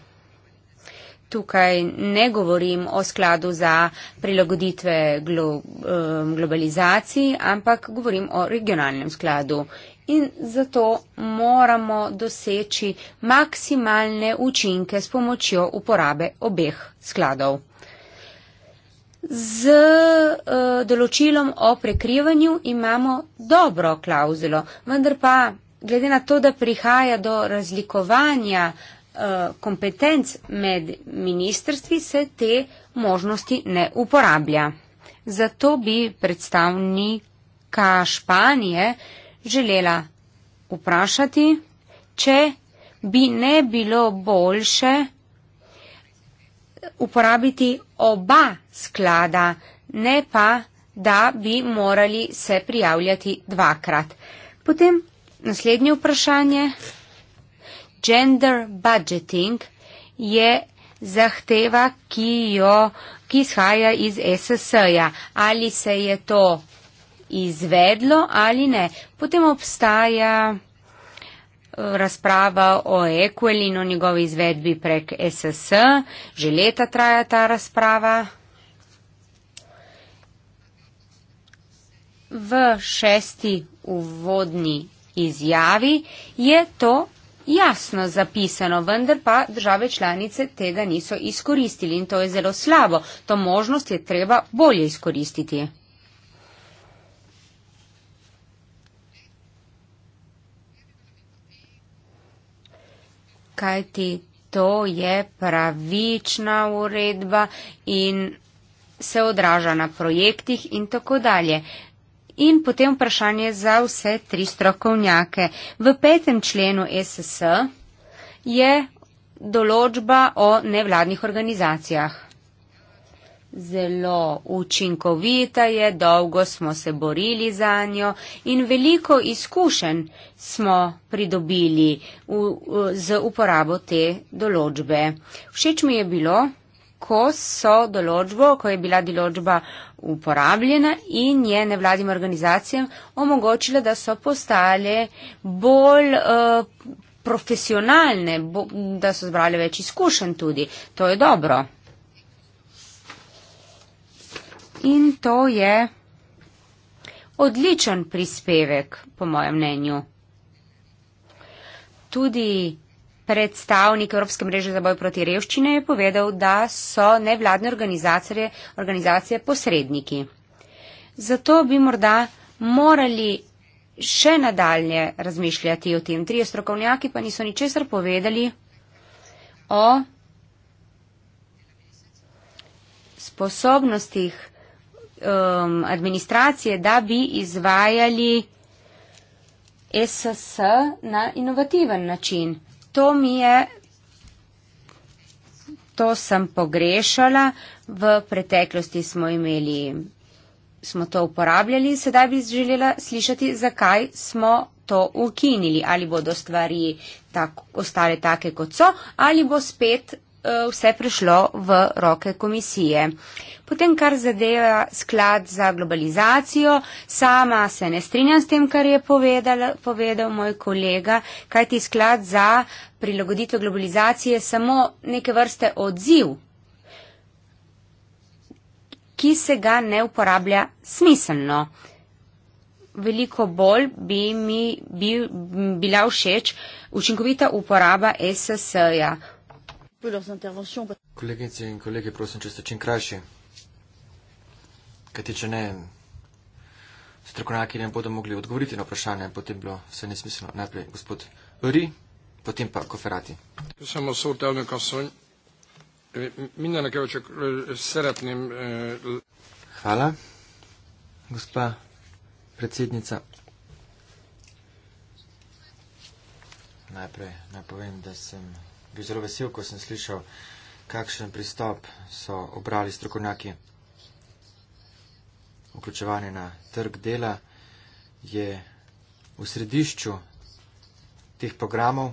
Tukaj ne govorim o skladu za prilagoditve glo, um, globalizaciji, ampak govorim o regionalnem skladu. In zato moramo doseči maksimalne učinke s pomočjo uporabe obeh skladov. Z uh, določilom o prekrivanju imamo dobro klauzulo, vendar pa glede na to, da prihaja do razlikovanja eh, kompetenc med ministrstvi, se te možnosti ne uporablja. Zato bi predstavnika Španije želela vprašati, če bi ne bilo boljše uporabiti oba sklada, ne pa, da bi morali se prijavljati dvakrat. Potem Naslednje vprašanje. Gender budgeting je zahteva, ki jo, ki izhaja iz SSA-ja. Ali se je to izvedlo ali ne. Potem obstaja eh, razprava o Equelinu, o njegovi izvedbi prek SS, že leta traja ta razprava. V šesti uvodni izjavi je to jasno zapisano, vendar pa države članice tega niso izkoristili in to je zelo slabo. To možnost je treba bolje izkoristiti. Kaj ti to je pravična uredba in se odraža na projektih in tako dalje. In potem vprašanje za vse tri strokovnjake. V petem členu SS je določba o nevladnih organizacijah. Zelo učinkovita je, dolgo smo se borili za njo in veliko izkušenj smo pridobili v, v, z uporabo te določbe. Všeč mi je bilo, ko so določbo, ko je bila določba uporabljena in je nevladim organizacijam omogočila, da so postale bolj uh, profesionalne, bo, da so zbrali več izkušenj tudi. To je dobro. In to je odličen prispevek, po mojem mnenju. Tudi Predstavnik Evropske mreže za boj proti revščine je povedal, da so nevladne organizacije, organizacije posredniki. Zato bi morda morali še nadalje razmišljati o tem. Trije strokovnjaki pa niso ničesar povedali o sposobnostih um, administracije, da bi izvajali SSS na inovativen način to mi je, to sem pogrešala, v preteklosti smo imeli, smo to uporabljali, sedaj bi želela slišati, zakaj smo to ukinili, ali bodo stvari tak, ostale take, kot so, ali bo spet Eh, vse prišlo v roke komisije. Potem, kar zadeva sklad za globalizacijo, sama se ne strinjam s tem, kar je povedal, povedal moj kolega, kajti sklad za prilagoditev globalizacije je samo neke vrste odziv, ki se ga ne uporablja smiselno. Veliko bolj bi mi bil, bila všeč učinkovita uporaba SSJ-ja peu leurs interventions. Kolegice in kolege, prosim, če ste čim krajši. Kajti, če ne, strokovnjaki ne bodo mogli odgovoriti na vprašanje, potem bilo vse nesmiselno. Najprej gospod Ri, potem pa Koferati. Samo so v telnem kasonj. Minjena, kaj oček, sretnim. Hvala, gospa predsednica. Najprej naj povem, da sem bil zelo vesel, ko sem slišal, kakšen pristop so obrali strokovnjaki. Vključevanje na trg dela je v središču teh programov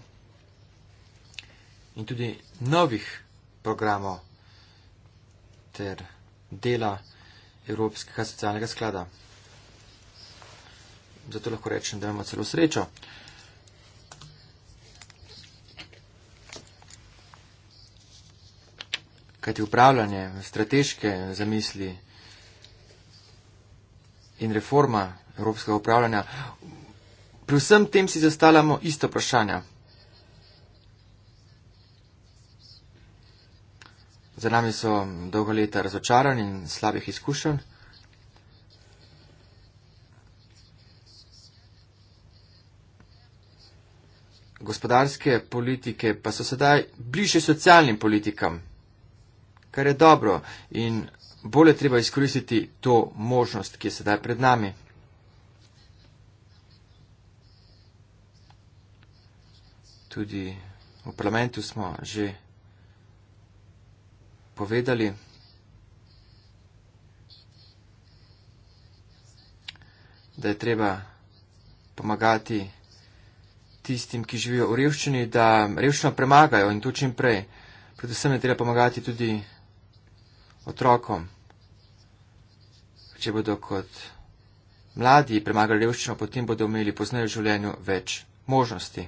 in tudi novih programov ter dela Evropskega socialnega sklada. Zato lahko rečem, da imamo celo srečo. kajti upravljanje, strateške zamisli in reforma evropskega upravljanja, pri vsem tem si zastavljamo isto vprašanje. Za nami so dolga leta razočaranj in slabih izkušenj. Gospodarske politike pa so sedaj bliže socialnim politikam kar je dobro in bolje treba izkoristiti to možnost, ki je sedaj pred nami. Tudi v parlamentu smo že povedali, da je treba pomagati tistim, ki živijo v revščini, da revščino premagajo in to čim prej. Predvsem je treba pomagati tudi otrokom, če bodo kot mladi premagali revščino, potem bodo imeli pozneje v življenju več možnosti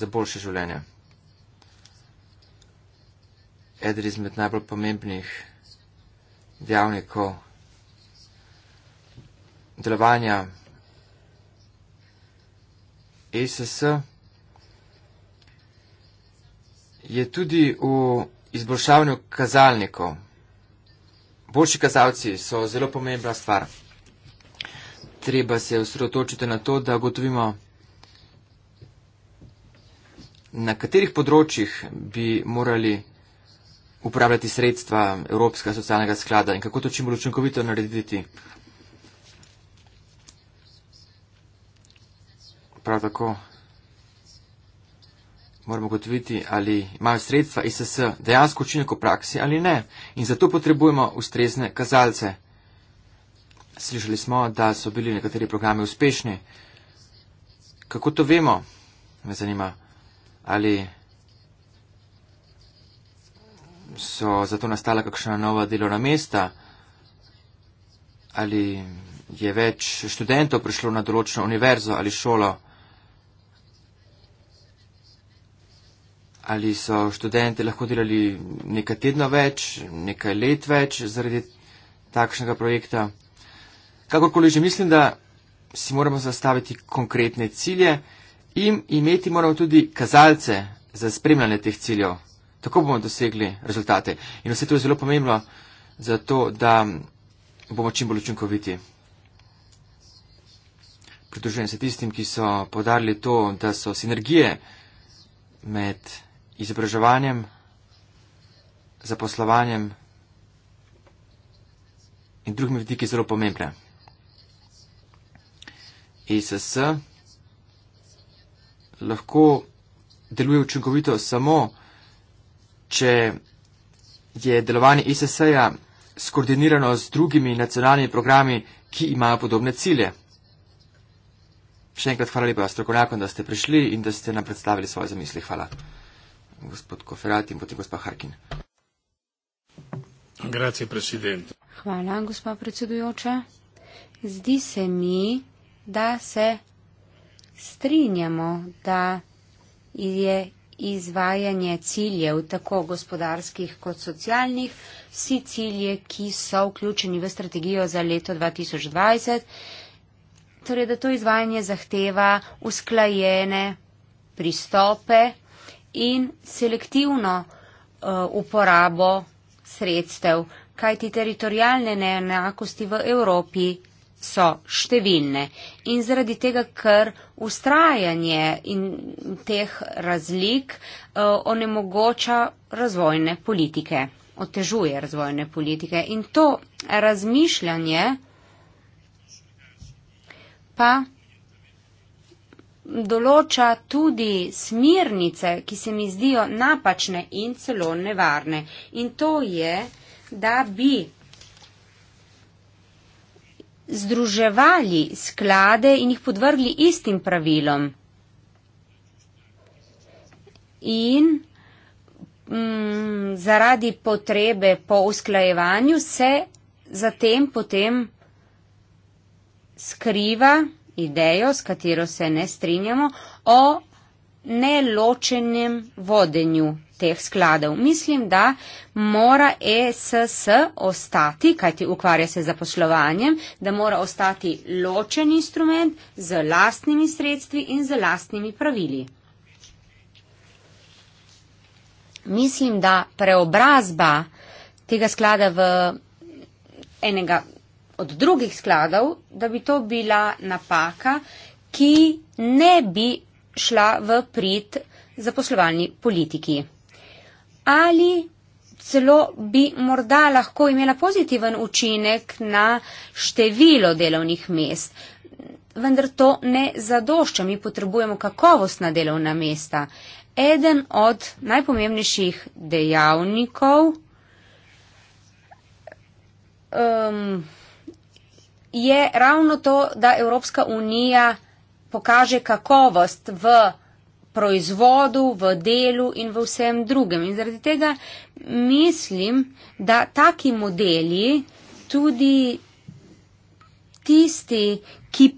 za boljše življenje. Eden izmed najbolj pomembnih dejavnikov delovanja ESS je tudi v izboljšavanju kazalnikov boljši kazalci so zelo pomembna stvar. Treba se osredotočiti na to, da ugotovimo, na katerih področjih bi morali uporabljati sredstva Evropskega socialnega sklada in kako to čim bolj učinkovito narediti. Prav tako moramo gotoviti, ali imajo sredstva ISS dejansko učinek v praksi ali ne. In zato potrebujemo ustrezne kazalce. Slišali smo, da so bili nekateri programi uspešni. Kako to vemo? Me zanima, ali so zato nastala kakšna nova delovna mesta, ali je več študentov prišlo na določeno univerzo ali šolo. ali so študente lahko delali nekaj tedna več, nekaj let več zaradi takšnega projekta. Kakorkoli že mislim, da si moramo zastaviti konkretne cilje in imeti moramo tudi kazalce za spremljanje teh ciljev. Tako bomo dosegli rezultate. In vse to je zelo pomembno za to, da bomo čim bolj učinkoviti. Pridružujem se tistim, ki so podarili to, da so sinergije med izobraževanjem, zaposlovanjem in drugimi vidiki zelo pomembne. ISS e lahko deluje učinkovito samo, če je delovanje ISS-ja e skoordinirano z drugimi nacionalnimi programi, ki imajo podobne cilje. Še enkrat hvala lepa strokovnjakom, da ste prišli in da ste nam predstavili svoje zamisli. Hvala gospod Koferat in potem gospa Harkin. Grazie, predsednik. Hvala, gospa predsedujoča. Zdi se mi, da se strinjamo, da je izvajanje ciljev, tako gospodarskih kot socialnih, vsi cilje, ki so vključeni v strategijo za leto 2020, torej da to izvajanje zahteva usklajene pristope in selektivno uh, uporabo sredstev, kajti teritorijalne neenakosti v Evropi so številne. In zaradi tega, ker ustrajanje in teh razlik uh, onemogoča razvojne politike, otežuje razvojne politike. In to razmišljanje pa določa tudi smirnice, ki se mi zdijo napačne in celo nevarne. In to je, da bi združevali sklade in jih podvrgli istim pravilom. In mm, zaradi potrebe po usklajevanju se zatem potem skriva idejo, s katero se ne strinjamo, o neločenem vodenju teh skladov. Mislim, da mora ESS ostati, kajti ukvarja se za poslovanjem, da mora ostati ločen instrument z lastnimi sredstvi in z lastnimi pravili. Mislim, da preobrazba tega sklada v enega od drugih skladov, da bi to bila napaka, ki ne bi šla v prid zaposlovalni politiki. Ali celo bi morda lahko imela pozitiven učinek na število delovnih mest. Vendar to ne zadošča, mi potrebujemo kakovostna delovna mesta. Eden od najpomembnejših dejavnikov um, je ravno to, da Evropska unija pokaže kakovost v proizvodu, v delu in v vsem drugem. In zaradi tega mislim, da taki modeli tudi tisti, ki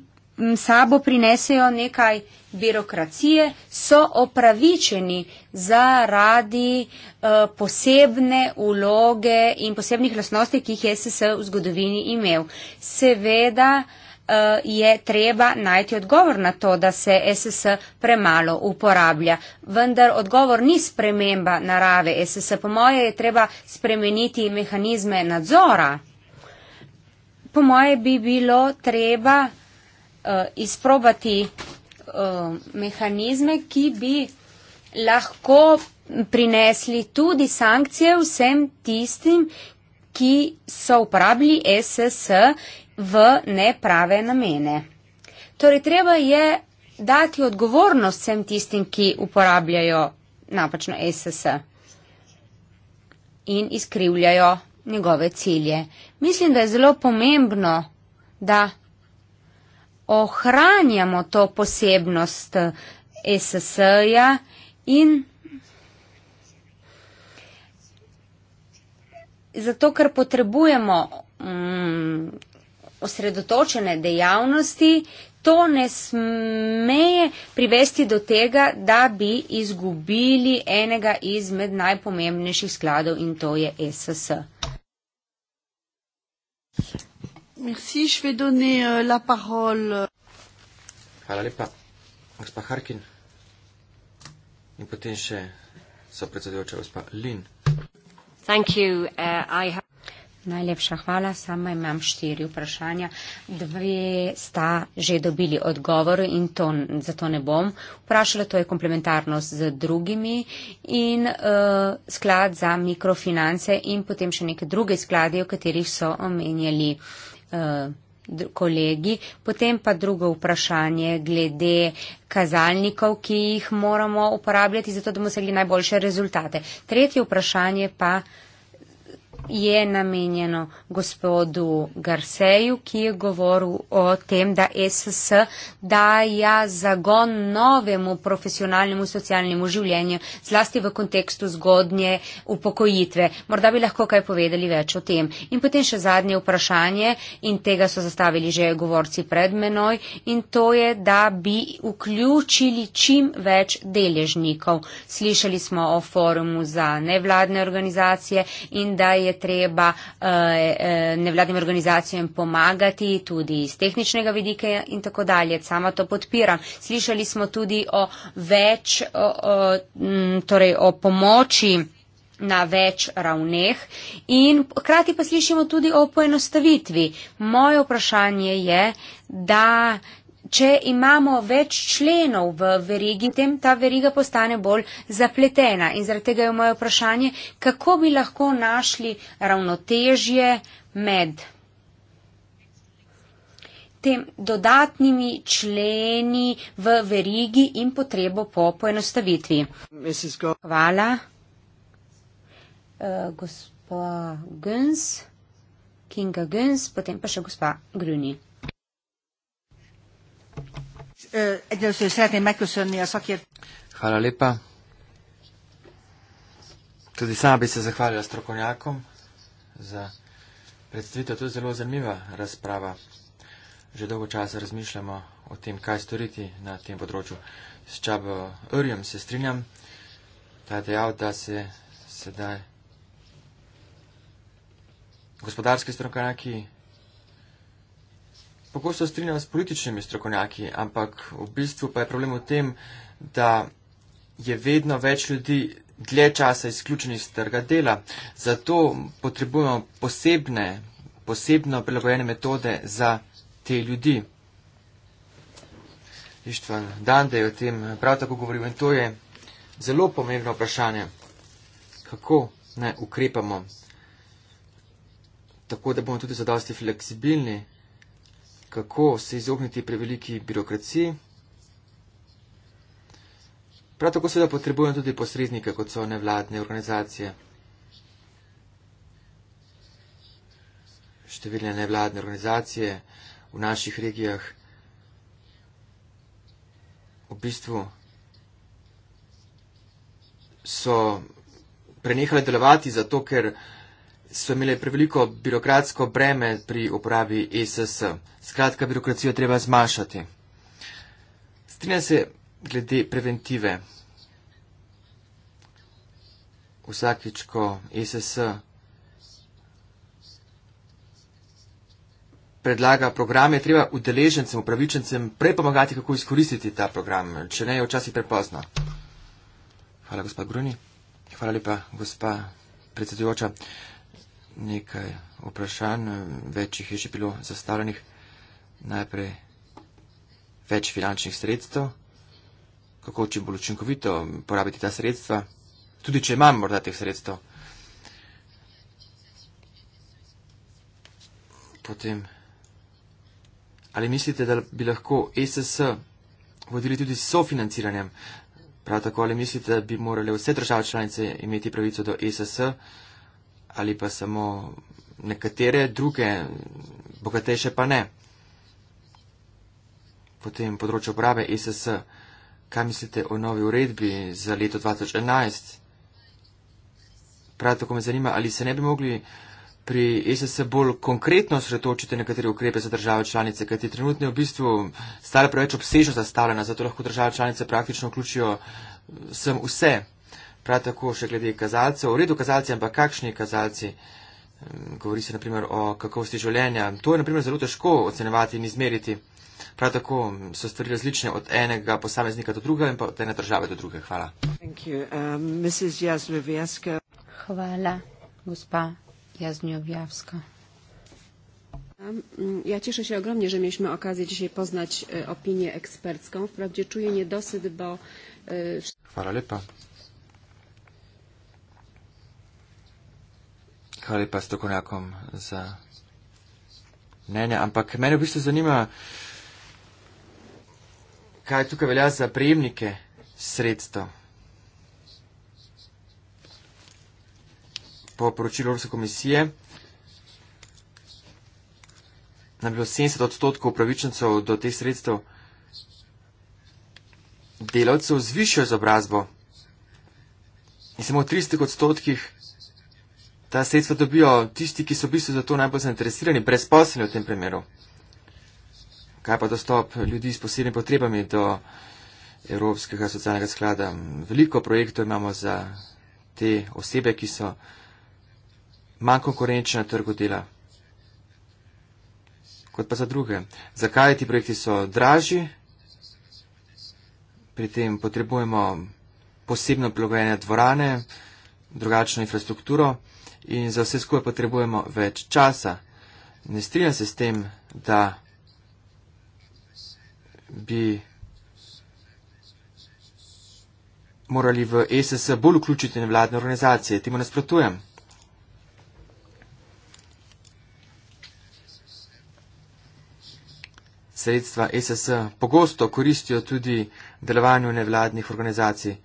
sabo prinesejo nekaj birokracije, so opravičeni zaradi uh, posebne uloge in posebnih lasnosti, ki jih je SS v zgodovini imel. Seveda uh, je treba najti odgovor na to, da se SS premalo uporablja. Vendar odgovor ni sprememba narave SS. Po moje je treba spremeniti mehanizme nadzora. Po moje bi bilo treba uh, izprobati uh, mehanizme, ki bi lahko prinesli tudi sankcije vsem tistim, ki so uporabili SS v neprave namene. Torej, treba je dati odgovornost vsem tistim, ki uporabljajo napačno SS in izkrivljajo njegove cilje. Mislim, da je zelo pomembno, da ohranjamo to posebnost eh, SS-ja in zato, ker potrebujemo mm, osredotočene dejavnosti, to ne smeje privesti do tega, da bi izgubili enega izmed najpomembnejših skladov in to je SS. Merci, je vais donner euh, la parole. Hvala lepa, gospa Harkin. In potem še so predsedujoča gospa Lin. Thank you, uh, I have... Najlepša hvala, sama imam štiri vprašanja. Dve sta že dobili odgovor in to, zato ne bom vprašala, to je komplementarnost z drugimi in uh, sklad za mikrofinance in potem še neke druge skladi, o katerih so omenjali. Uh, Eh, kolegi. Potem pa drugo vprašanje glede kazalnikov, ki jih moramo uporabljati, zato da bomo segli najboljše rezultate. Tretje vprašanje pa je namenjeno gospodu Garseju, ki je govoril o tem, da SS daja zagon novemu profesionalnemu socialnemu življenju, zlasti v kontekstu zgodnje upokojitve. Morda bi lahko kaj povedali več o tem. In potem še zadnje vprašanje, in tega so zastavili že govorci pred menoj, in to je, da bi vključili čim več deležnikov. Slišali smo o forumu za nevladne organizacije in da je treba eh, eh, nevladnim organizacijam pomagati, tudi iz tehničnega vidika in tako dalje. Sama to podpiram. Slišali smo tudi o več, o, o, torej o pomoči na več ravneh in hkrati pa slišimo tudi o poenostavitvi. Moje vprašanje je, da če imamo več členov v verigi, tem ta veriga postane bolj zapletena. In zaradi tega je moje vprašanje, kako bi lahko našli ravnotežje med tem dodatnimi členi v verigi in potrebo po poenostavitvi. Hvala. Uh, gospa Gens, Kinga Gens, potem pa še gospa Gruni. Egyelőször szeretném megköszönni a szakért. Hvala lepa. Tudi sama bi se zahvalila strokovnjakom za predstavitev. To je zelo zanimiva razprava. Že dolgo časa razmišljamo o tem, kaj storiti na tem področju. S Čabo Urjem se strinjam, da je dejal, da se sedaj gospodarski strokovnjaki pogosto strinjam s političnimi strokovnjaki, ampak v bistvu pa je problem v tem, da je vedno več ljudi dlje časa izključeni iz trga dela. Zato potrebujemo posebne, posebno prilagojene metode za te ljudi. Ištvan Dande je o tem prav tako govoril in to je zelo pomembno vprašanje, kako ne ukrepamo, tako da bomo tudi zadosti fleksibilni kako se izogniti preveliki birokraciji. Prav tako seveda potrebujem tudi posrednike, kot so nevladne organizacije. Številne nevladne organizacije v naših regijah v bistvu so prenehali delovati zato, ker so imele preveliko birokratsko breme pri uporabi ESS. Skratka, birokracijo treba zmanjšati. Strinja se glede preventive. Vsakič, ko ESS predlaga program, je treba udeležencem, upravičencem prej pomagati, kako izkoristiti ta program, če ne je včasih prepozno. Hvala, gospod Gruni. Hvala lepa, gospa predsedujoča nekaj vprašanj, več jih je že bilo zastavljenih. Najprej več finančnih sredstev, kako čim bolj učinkovito porabiti ta sredstva, tudi če imam morda teh sredstev. Potem, ali mislite, da bi lahko SS e vodili tudi s sofinanciranjem? Prav tako, ali mislite, da bi morale vse države članice imeti pravico do SS? E ali pa samo nekatere druge, bogatejše pa ne. Potem področje uprave ISS. E Kaj mislite o novi uredbi za leto 2011? Prav tako me zanima, ali se ne bi mogli pri ISS e bolj konkretno sretočiti nekatere ukrepe za države članice, kajti trenutno je v bistvu stala preveč obsežno zastavljena, zato lahko države članice praktično vključijo sem vse prav tako še glede kazalcev, v redu kazalci, ampak kakšni kazalci, mm, govori se naprimer o kakovosti življenja, to je naprimer zelo težko ocenevati in izmeriti. Prav tako so stvari različne od enega posameznika do drugega in pa od ene države do druge. Hvala. Um, Hvala, gospa Jaznjovjavska. Um, ja cieszę się ogromnie, że mieliśmy okazję dzisiaj poznać e, opinię ekspercką. Wprawdzie czuję niedosyt, bo... E, Hvala lepa. Hvala lepa strokovnjakom za mnenje, ampak mene v bistvu zanima, kaj tukaj velja za prejemnike sredstev. Po poročilu Evropske komisije nam je bilo 70 odstotkov upravičencev do teh sredstev delavcev z višjo izobrazbo in samo v 30 odstotkih ta sredstva dobijo tisti, ki so v bistvu za to najbolj zainteresirani, brezposelni v tem primeru. Kaj pa dostop ljudi s posebnimi potrebami do Evropskega socialnega sklada? Veliko projektov imamo za te osebe, ki so manj konkurenčne na trgu dela kot pa za druge. Zakaj ti projekti so dražji? Pri tem potrebujemo posebno prilagojene dvorane, drugačno infrastrukturo in za vse skupaj potrebujemo več časa. Ne strinjam se s tem, da bi morali v SS e bolj vključiti nevladne organizacije. Temu nasprotujem. Sredstva SS e pogosto koristijo tudi delovanju nevladnih organizacij.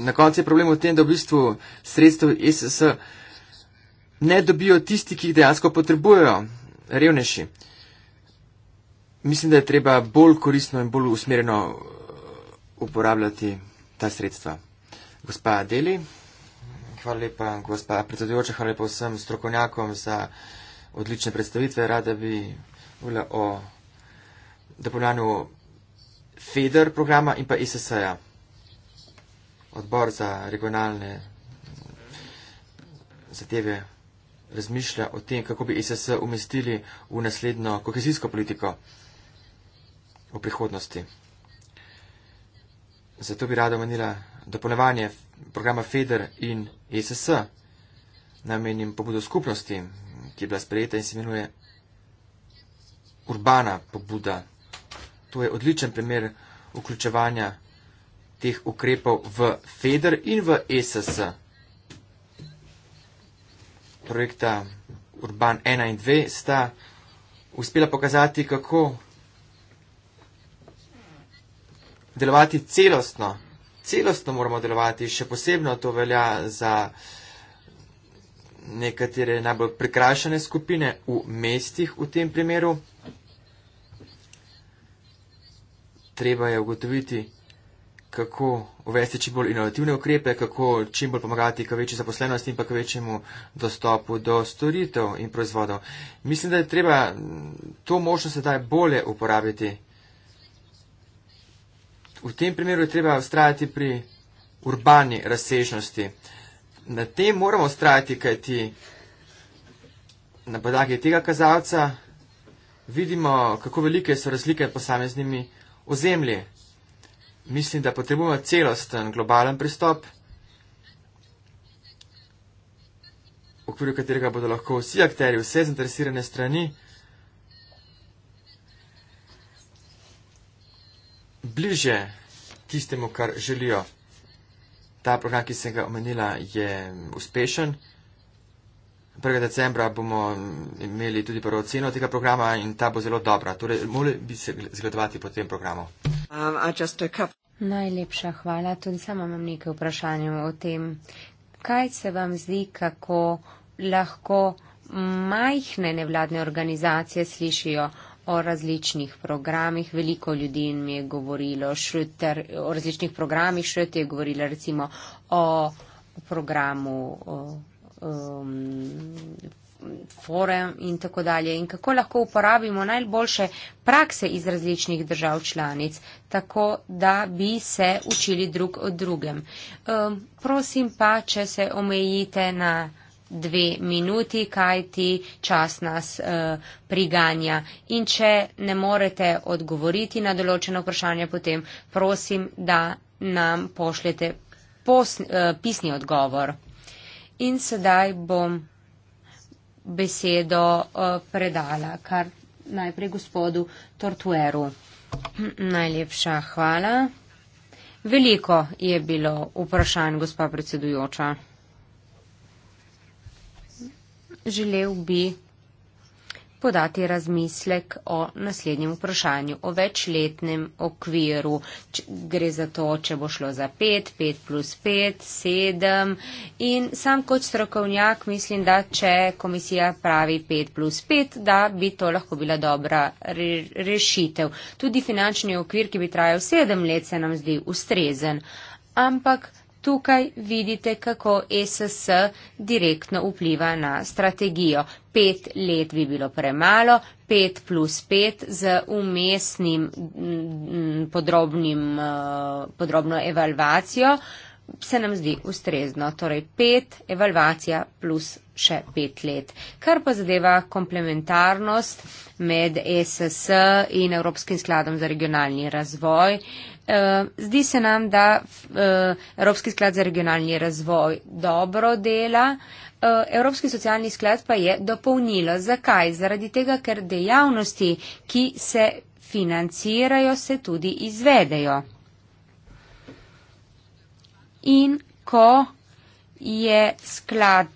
Na koncu je problem v tem, da v bistvu sredstvo SS ne dobijo tisti, ki jih dejansko potrebujejo, revnejši. Mislim, da je treba bolj koristno in bolj usmerjeno uh, uporabljati ta sredstva. Gospa Deli, hvala lepa, gospa predsedujoča, hvala lepa vsem strokovnjakom za odlične predstavitve. Rada bi vla o dopolnjanju FEDER programa in pa SS-ja odbor za regionalne zadeve razmišlja o tem, kako bi ISS umestili v naslednjo kohezijsko politiko v prihodnosti. Zato bi rada omenila dopolnevanje programa FEDER in ISS. Namenim pobudo skupnosti, ki je bila sprejeta in se imenuje urbana pobuda. To je odličen primer vključevanja teh ukrepov v FEDER in v ESS. Projekta Urban 1 in 2 sta uspela pokazati, kako delovati celostno. Celostno moramo delovati, še posebno to velja za nekatere najbolj prikrašene skupine v mestih v tem primeru. Treba je ugotoviti, kako uvesti čim bolj inovativne ukrepe, kako čim bolj pomagati k večji zaposlenosti in pa k večjemu dostopu do storitev in proizvodov. Mislim, da je treba mm, to možnost sedaj bolje uporabiti. V tem primeru je treba ustrajati pri urbani razsežnosti. Na tem moramo ustrajati, kajti na podlagi tega kazalca vidimo, kako velike so razlike posameznimi ozemlji. Mislim, da potrebujemo celosten globalen pristop, v okviru katerega bodo lahko vsi akteri, vse zainteresirane strani, bliže tistemu, kar želijo. Ta program, ki sem ga omenila, je uspešen. 1. decembra bomo imeli tudi prvo oceno tega programa in ta bo zelo dobra. Torej, morali bi se zgledovati po tem programu. Um, Najlepša hvala. Tudi sama imam nekaj vprašanj o tem, kaj se vam zdi, kako lahko majhne nevladne organizacije slišijo o različnih programih. Veliko ljudi mi je govorilo šuter, o različnih programih, Šrt je govorila recimo o programu. O, um, forem in tako dalje in kako lahko uporabimo najboljše prakse iz različnih držav članic, tako da bi se učili drug od drugem. Um, prosim pa, če se omejite na dve minuti, kaj ti čas nas uh, priganja. In če ne morete odgovoriti na določeno vprašanje, potem prosim, da nam pošljete posni, uh, eh, pisni odgovor. In sedaj bom besedo eh, predala. Kar najprej gospodu Tortueru. Najlepša hvala. Veliko je bilo vprašanj, gospa predsedujoča. Želel bi podati razmislek o naslednjem vprašanju, o večletnem okviru. Če, gre za to, če bo šlo za 5, 5 plus 5, 7 in sam kot strokovnjak mislim, da če komisija pravi 5 plus 5, da bi to lahko bila dobra re, rešitev. Tudi finančni okvir, ki bi trajal 7 let, se nam zdi ustrezen. Ampak Tukaj vidite, kako SS e direktno vpliva na strategijo. Pet let bi bilo premalo, pet plus pet z umestnim mm, podrobnim, eh, podrobno evalvacijo se nam zdi ustrezno. Torej pet, evalvacija plus še pet let. Kar pa zadeva komplementarnost med SS e in Evropskim skladom za regionalni razvoj, eh, Eh, zdi se nam, da eh, Evropski sklad za regionalni razvoj dobro dela. Eh, Evropski socialni sklad pa je dopolnilo. Zakaj? Zaradi tega, ker dejavnosti, ki se financirajo, se tudi izvedejo. In ko je sklad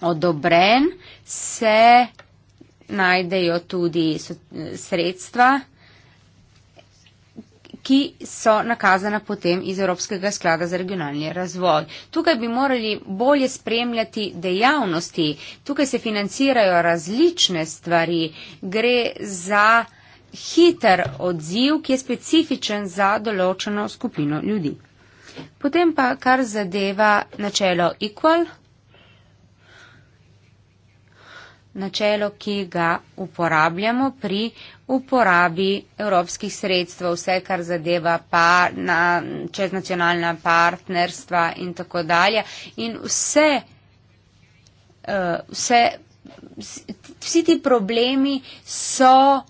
odobren, se najdejo tudi sredstva ki so nakazana potem iz Evropskega sklada za regionalni razvoj. Tukaj bi morali bolje spremljati dejavnosti. Tukaj se financirajo različne stvari. Gre za hiter odziv, ki je specifičen za določeno skupino ljudi. Potem pa kar zadeva načelo equal, načelo, ki ga uporabljamo pri uporabi evropskih sredstev, vse kar zadeva pa na čeznacionalna partnerstva in tako dalje. In vse, eh, vse, vsi ti problemi so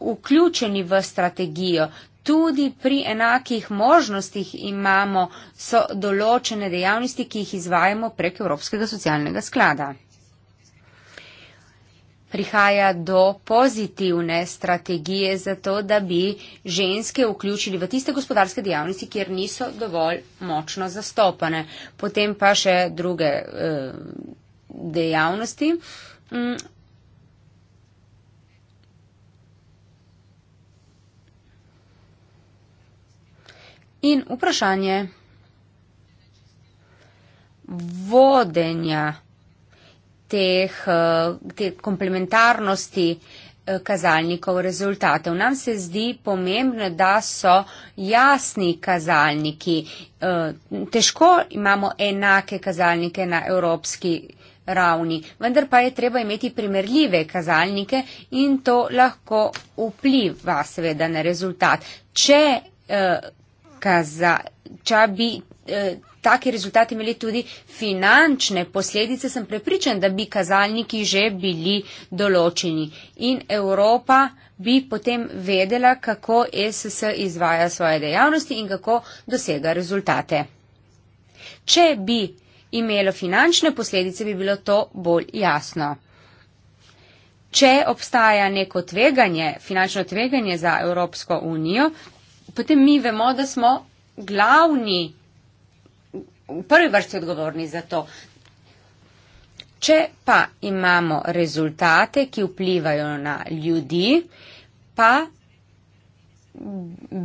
vključeni v strategijo. Tudi pri enakih možnostih imamo, so določene dejavnosti, ki jih izvajamo prek Evropskega socialnega sklada prihaja do pozitivne strategije za to, da bi ženske vključili v tiste gospodarske dejavnosti, kjer niso dovolj močno zastopane. Potem pa še druge eh, dejavnosti. Mm. In vprašanje vodenja teh, eh, te komplementarnosti eh, kazalnikov rezultatov. Nam se zdi pomembno, da so jasni kazalniki. Eh, težko imamo enake kazalnike na evropski ravni, vendar pa je treba imeti primerljive kazalnike in to lahko vpliva seveda na rezultat. Če, kaza, če bi eh, taki rezultati imeli tudi finančne posledice, sem prepričan, da bi kazalniki že bili določeni. In Evropa bi potem vedela, kako SS e izvaja svoje dejavnosti in kako dosega rezultate. Če bi imelo finančne posledice, bi bilo to bolj jasno. Če obstaja neko tveganje, finančno tveganje za Evropsko unijo, potem mi vemo, da smo glavni v prvi vrsti odgovorni za to. Če pa imamo rezultate, ki vplivajo na ljudi, pa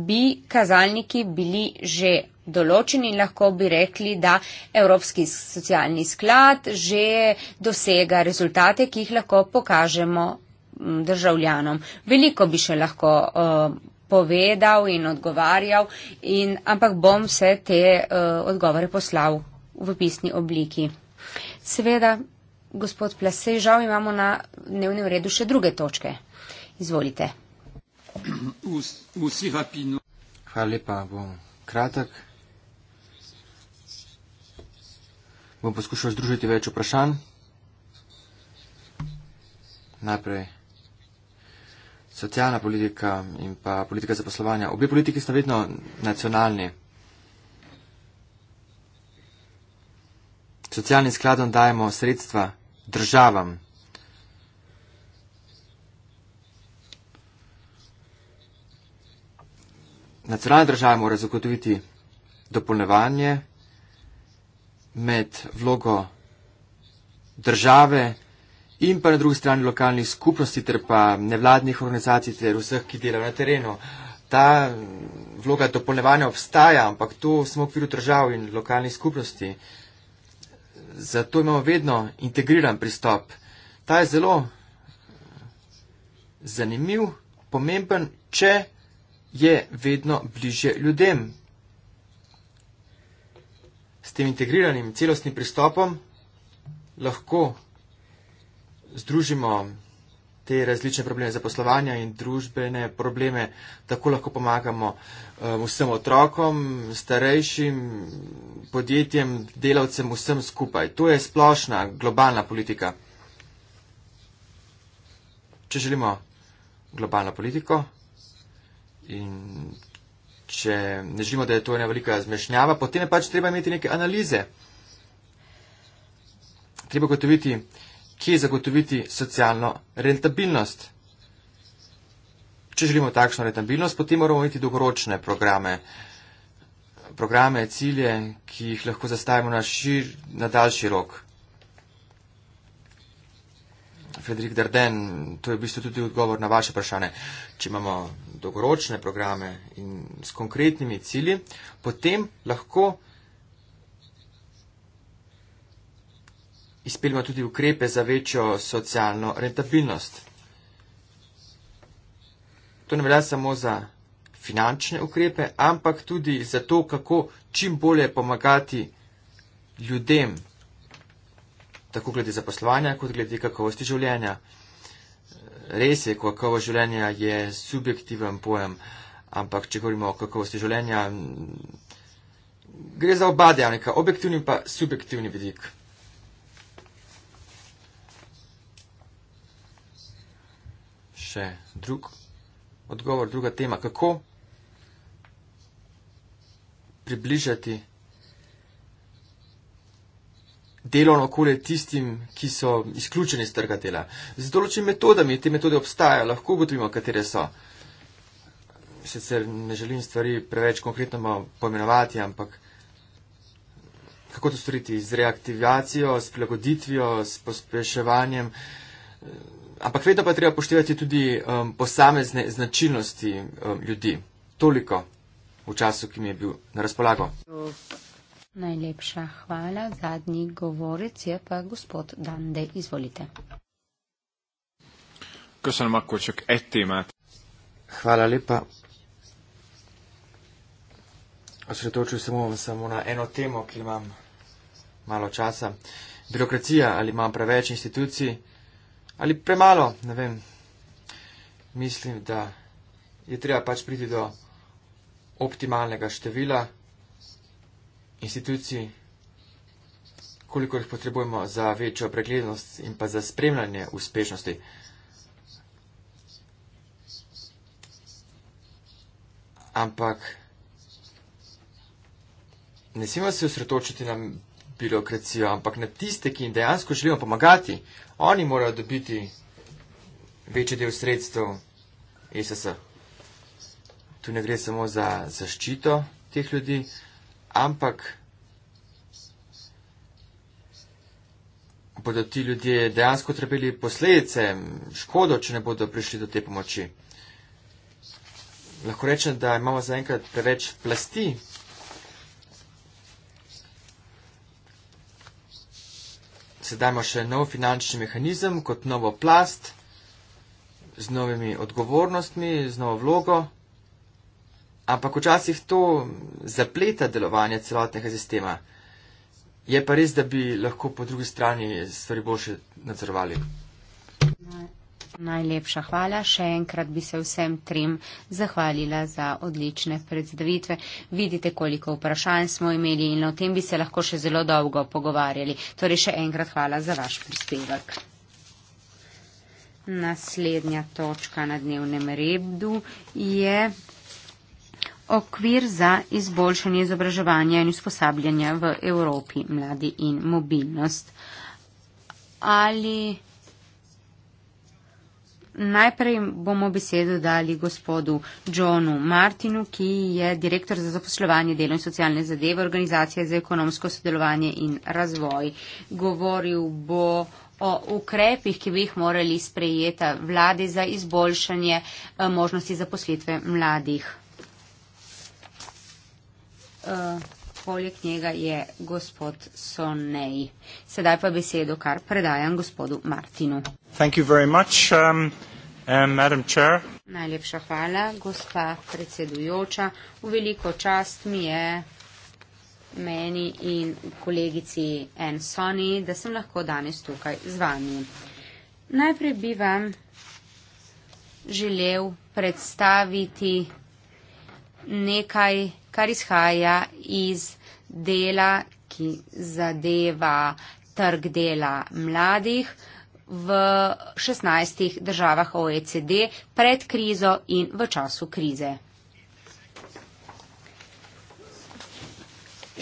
bi kazalniki bili že določeni, lahko bi rekli, da Evropski socialni sklad že dosega rezultate, ki jih lahko pokažemo državljanom. Veliko bi še lahko. Uh, povedal in odgovarjal, in, ampak bom vse te uh, odgovore poslal v pisni obliki. Seveda, gospod Plasej, žal imamo na dnevnem redu še druge točke. Izvolite. Hvala lepa, bom kratek. Bom poskušal združiti več vprašanj. Najprej socialna politika in pa politika zaposlovanja. Obe politiki sta vedno nacionalni. Socialnim skladom dajemo sredstva državam. Nacionalne države morajo zagotoviti dopolnevanje med vlogo države in pa na drugi strani lokalnih skupnosti ter pa nevladnih organizacij ter vseh, ki delajo na terenu. Ta mm, vloga dopolnevanja obstaja, ampak to smo v okviru držav in lokalnih skupnosti. Zato imamo vedno integriran pristop. Ta je zelo mm, zanimiv, pomemben, če je vedno bliže ljudem. S tem integriranim celostnim pristopom lahko združimo te različne probleme zaposlovanja in družbene probleme, tako lahko pomagamo um, vsem otrokom, starejšim, podjetjem, delavcem, vsem skupaj. To je splošna globalna politika. Če želimo globalno politiko in če ne želimo, da je to ena velika zmešnjava, potem je pač treba imeti neke analize. Treba gotoviti, kje zagotoviti socialno rentabilnost. Če želimo takšno rentabilnost, potem moramo imeti dolgoročne programe. Programe, cilje, ki jih lahko zastavimo na, šir, na daljši rok. Frederik Darden, to je v bistvu tudi odgovor na vaše vprašanje. Če imamo dolgoročne programe in s konkretnimi cilji, potem lahko izpeljemo tudi ukrepe za večjo socialno rentabilnost. To ne velja samo za finančne ukrepe, ampak tudi za to, kako čim bolje pomagati ljudem, tako glede zaposlovanja, kot glede kakovosti življenja. Res je, kakovost življenja je subjektiven pojem, ampak če govorimo o kakovosti življenja, gre za oba dejavnika, objektivni pa subjektivni vidik. še drug odgovor, druga tema, kako približati delovno okolje tistim, ki so izključeni iz trga dela. Z določenimi metodami, te metode obstajajo, lahko ugotovimo, katere so. Sicer ne želim stvari preveč konkretno pomenovati, ampak kako to storiti? Z reaktivacijo, s prilagoditvijo, s pospeševanjem ampak vedno pa treba poštevati tudi um, posamezne značilnosti um, ljudi. Toliko v času, ki mi je bil na razpolago. Najlepša hvala. Zadnji govorec je pa gospod Dande. Izvolite. Hvala lepa. Osredotočil se bom samo na eno temo, ki imam malo časa. Birokracija ali imam preveč institucij? ali premalo, ne vem. Mislim, da je treba pač priti do optimalnega števila institucij, koliko jih potrebujemo za večjo preglednost in pa za spremljanje uspešnosti. Ampak ne smemo se osredotočiti na birokracijo, ampak na tiste, ki jim dejansko želimo pomagati, oni morajo dobiti večji del sredstev ESS. Tu ne gre samo za zaščito teh ljudi, ampak bodo ti ljudje dejansko trpeli posledice, škodo, če ne bodo prišli do te pomoči. Lahko rečem, da imamo zaenkrat preveč plasti sedaj imamo še nov finančni mehanizem kot novo plast z novimi odgovornostmi, z novo vlogo. Ampak včasih to zapleta delovanje celotnega sistema. Je pa res, da bi lahko po drugi strani stvari boljše nadzorovali. Right. Najlepša hvala. Še enkrat bi se vsem trem zahvalila za odlične predstavitve. Vidite, koliko vprašanj smo imeli in o tem bi se lahko še zelo dolgo pogovarjali. Torej, še enkrat hvala za vaš prispevek. Naslednja točka na dnevnem redu je. Okvir za izboljšanje izobraževanja in usposabljanja v Evropi, mladi in mobilnost. Ali Najprej bomo besedo dali gospodu Johnu Martinu, ki je direktor za zaposlovanje delo in socialne zadeve organizacije za ekonomsko sodelovanje in razvoj. Govoril bo o ukrepih, ki bi jih morali sprejeta vlade za izboljšanje eh, možnosti zaposlitve mladih. Uh poleg njega je gospod Sonej. Sedaj pa besedo kar predajam gospodu Martinu. Much, um, um, Najlepša hvala, gospa predsedujoča. V veliko čast mi je meni in kolegici Anne Sonej, da sem lahko danes tukaj z vami. Najprej bi vam želel predstaviti nekaj kar izhaja iz dela, ki zadeva trg dela mladih v 16 državah OECD pred krizo in v času krize.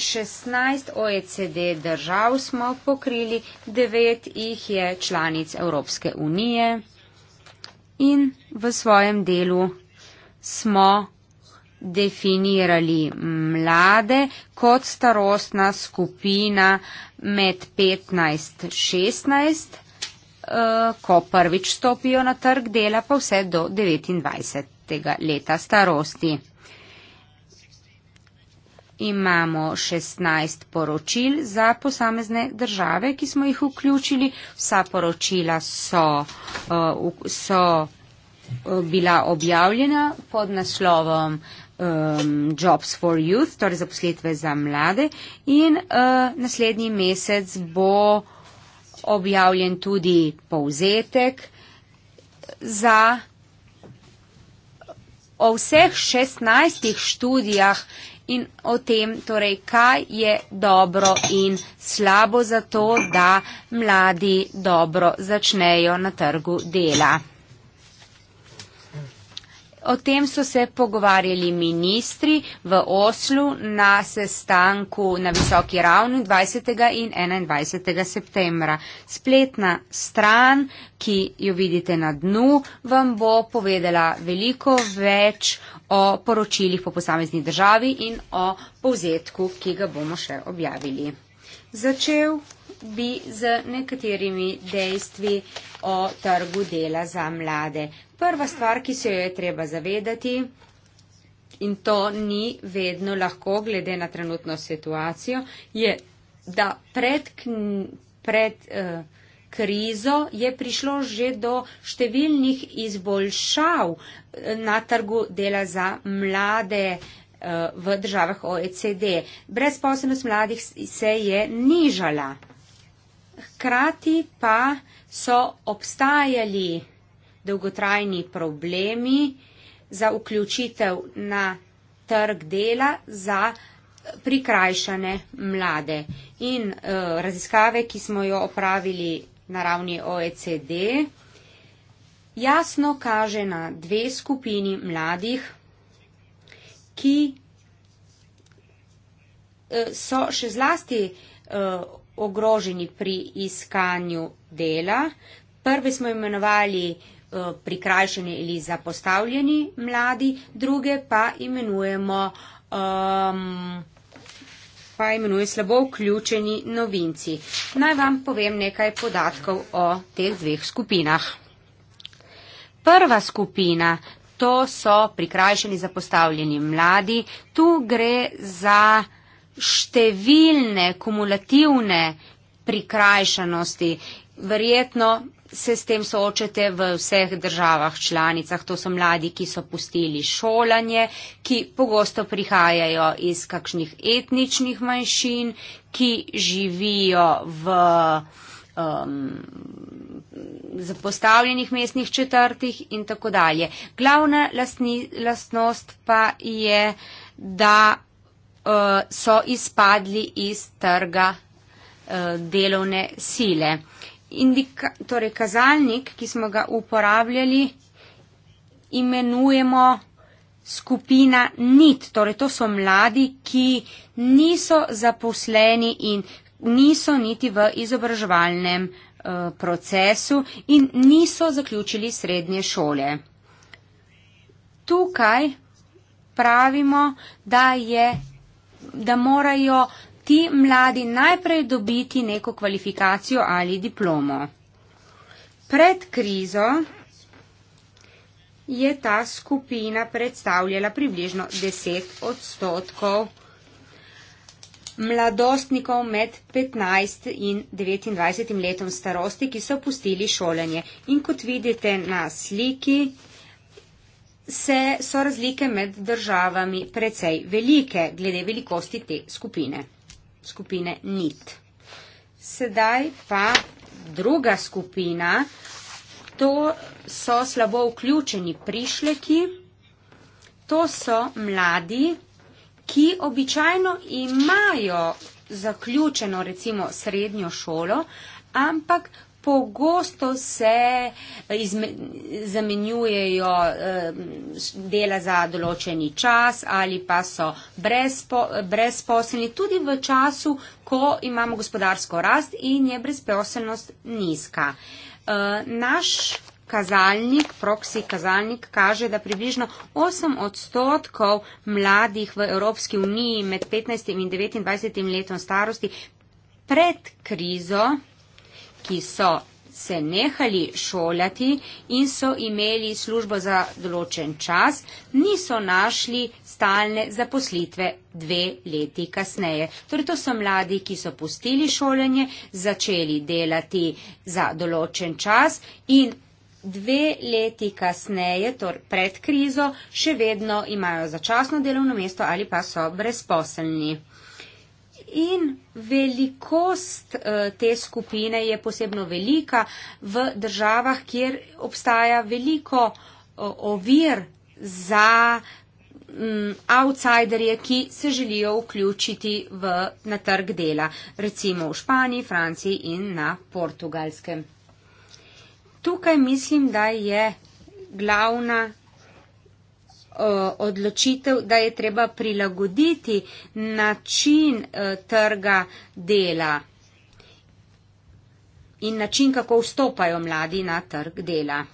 16 OECD držav smo pokrili, 9 jih je članic Evropske unije in v svojem delu smo definirali mlade kot starostna skupina med 15 in 16, ko prvič stopijo na trg dela, pa vse do 29. leta starosti. Imamo 16 poročil za posamezne države, ki smo jih vključili. Vsa poročila so, eh, so eh, bila objavljena pod naslovom uh, um, Jobs for Youth, torej zaposlitve za mlade. In uh, naslednji mesec bo objavljen tudi povzetek za o vseh 16 študijah in o tem, torej, kaj je dobro in slabo za to, da mladi dobro začnejo na trgu dela. O tem so se pogovarjali ministri v Oslu na sestanku na visoki ravni 20. in 21. septembra. Spletna stran, ki jo vidite na dnu, vam bo povedala veliko več o poročilih po posamezni državi in o povzetku, ki ga bomo še objavili. Začel bi z nekaterimi dejstvi o trgu dela za mlade. Prva stvar, ki se jo je treba zavedati, in to ni vedno lahko glede na trenutno situacijo, je, da pred, pred eh, krizo je prišlo že do številnih izboljšav eh, na trgu dela za mlade eh, v državah OECD. Brezposobnost mladih se je nižala. Hkrati pa so obstajali dolgotrajni problemi za vključitev na trg dela za eh, prikrajšane mlade. In e, raziskave, ki smo jo opravili na ravni OECD, jasno kaže na dve skupini mladih, ki e, so še zlasti e, ogroženi pri iskanju dela. Prvi smo imenovali Eh, prikrajšani ali zapostavljeni mladi, druge pa imenujemo, um, pa imenujemo slabo vključeni novinci. Naj vam povem nekaj podatkov o teh dveh skupinah. Prva skupina, to so prikrajšani zapostavljeni mladi, tu gre za številne kumulativne prikrajšanosti. Verjetno se s tem soočate v vseh državah članicah. To so mladi, ki so pustili šolanje, ki pogosto prihajajo iz kakšnih etničnih manjšin, ki živijo v um, zapostavljenih mestnih četrtih in tako dalje. Glavna lastni, lastnost pa je, da uh, so izpadli iz trga uh, delovne sile indika, torej kazalnik, ki smo ga uporabljali, imenujemo skupina NIT. Torej to so mladi, ki niso zaposleni in niso niti v izobraževalnem eh, procesu in niso zaključili srednje šole. Tukaj pravimo, da, je, da morajo ti mladi najprej dobiti neko kvalifikacijo ali diplomo. Pred krizo je ta skupina predstavljala približno 10 odstotkov mladostnikov med 15 in 29 letom starosti, ki so pustili šolanje. In kot vidite na sliki, se, so razlike med državami precej velike glede velikosti te skupine skupine NIT. Sedaj pa druga skupina, to so slabo vključeni prišleki, to so mladi, ki običajno imajo zaključeno recimo srednjo šolo, ampak pogosto se eh, izme, zamenjujejo eh, dela za določeni čas ali pa so brezpo, brezposelni tudi v času, ko imamo gospodarsko rast in je brezposelnost nizka. Eh, naš kazalnik, proksi kazalnik kaže, da približno 8 odstotkov mladih v Evropski uniji med 15 in 29 letom starosti pred krizo ki so se nehali šolati in so imeli službo za določen čas, niso našli stalne zaposlitve dve leti kasneje. Torej to so mladi, ki so pustili šolanje, začeli delati za določen čas in dve leti kasneje, torej pred krizo, še vedno imajo začasno delovno mesto ali pa so brezposelni in velikost eh, te skupine je posebno velika v državah, kjer obstaja veliko ovir za mm, outsiderje, ki se želijo vključiti v, na trg dela, recimo v Španiji, Franciji in na Portugalskem. Tukaj mislim, da je glavna Eh, odločitev, da je treba prilagoditi način eh, trga dela in način, kako vstopajo mladi na trg dela.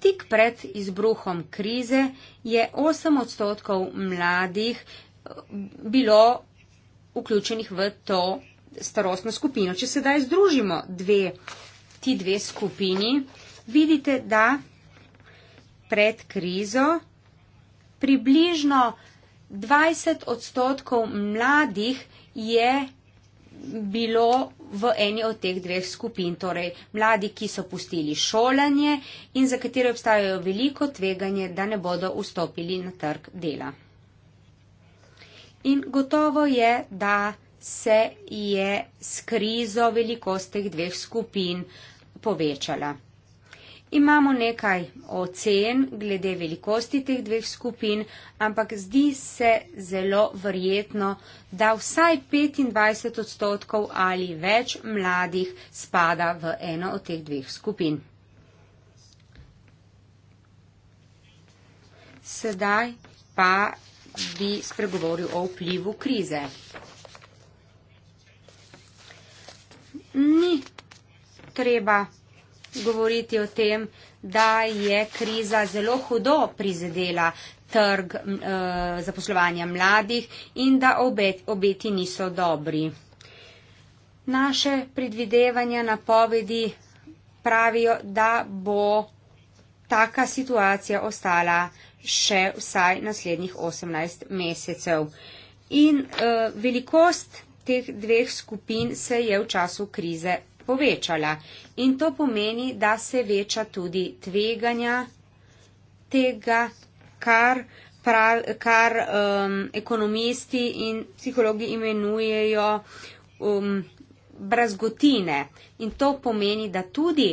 Tik pred izbruhom krize je 8 odstotkov mladih eh, bilo vključenih v to starostno skupino. Če sedaj združimo dve, ti dve skupini, vidite, da pred krizo približno 20 odstotkov mladih je bilo v eni od teh dveh skupin, torej mladi, ki so pustili šolanje in za katere obstajajo veliko tveganje, da ne bodo vstopili na trg dela. In gotovo je, da se je s krizo velikost teh dveh skupin povečala. Imamo nekaj ocen glede velikosti teh dveh skupin, ampak zdi se zelo verjetno, da vsaj 25 odstotkov ali več mladih spada v eno od teh dveh skupin. Sedaj pa bi spregovoril o vplivu krize. Ni treba govoriti o tem, da je kriza zelo hudo prizadela trg e, zaposlovanja mladih in da obet, obeti niso dobri. Naše predvidevanja na povedi pravijo, da bo taka situacija ostala še vsaj naslednjih 18 mesecev. In e, velikost teh dveh skupin se je v času krize povečala in to pomeni, da se veča tudi tveganja tega, kar, prav, kar um, ekonomisti in psihologi imenujejo um, brazgotine. In to pomeni, da tudi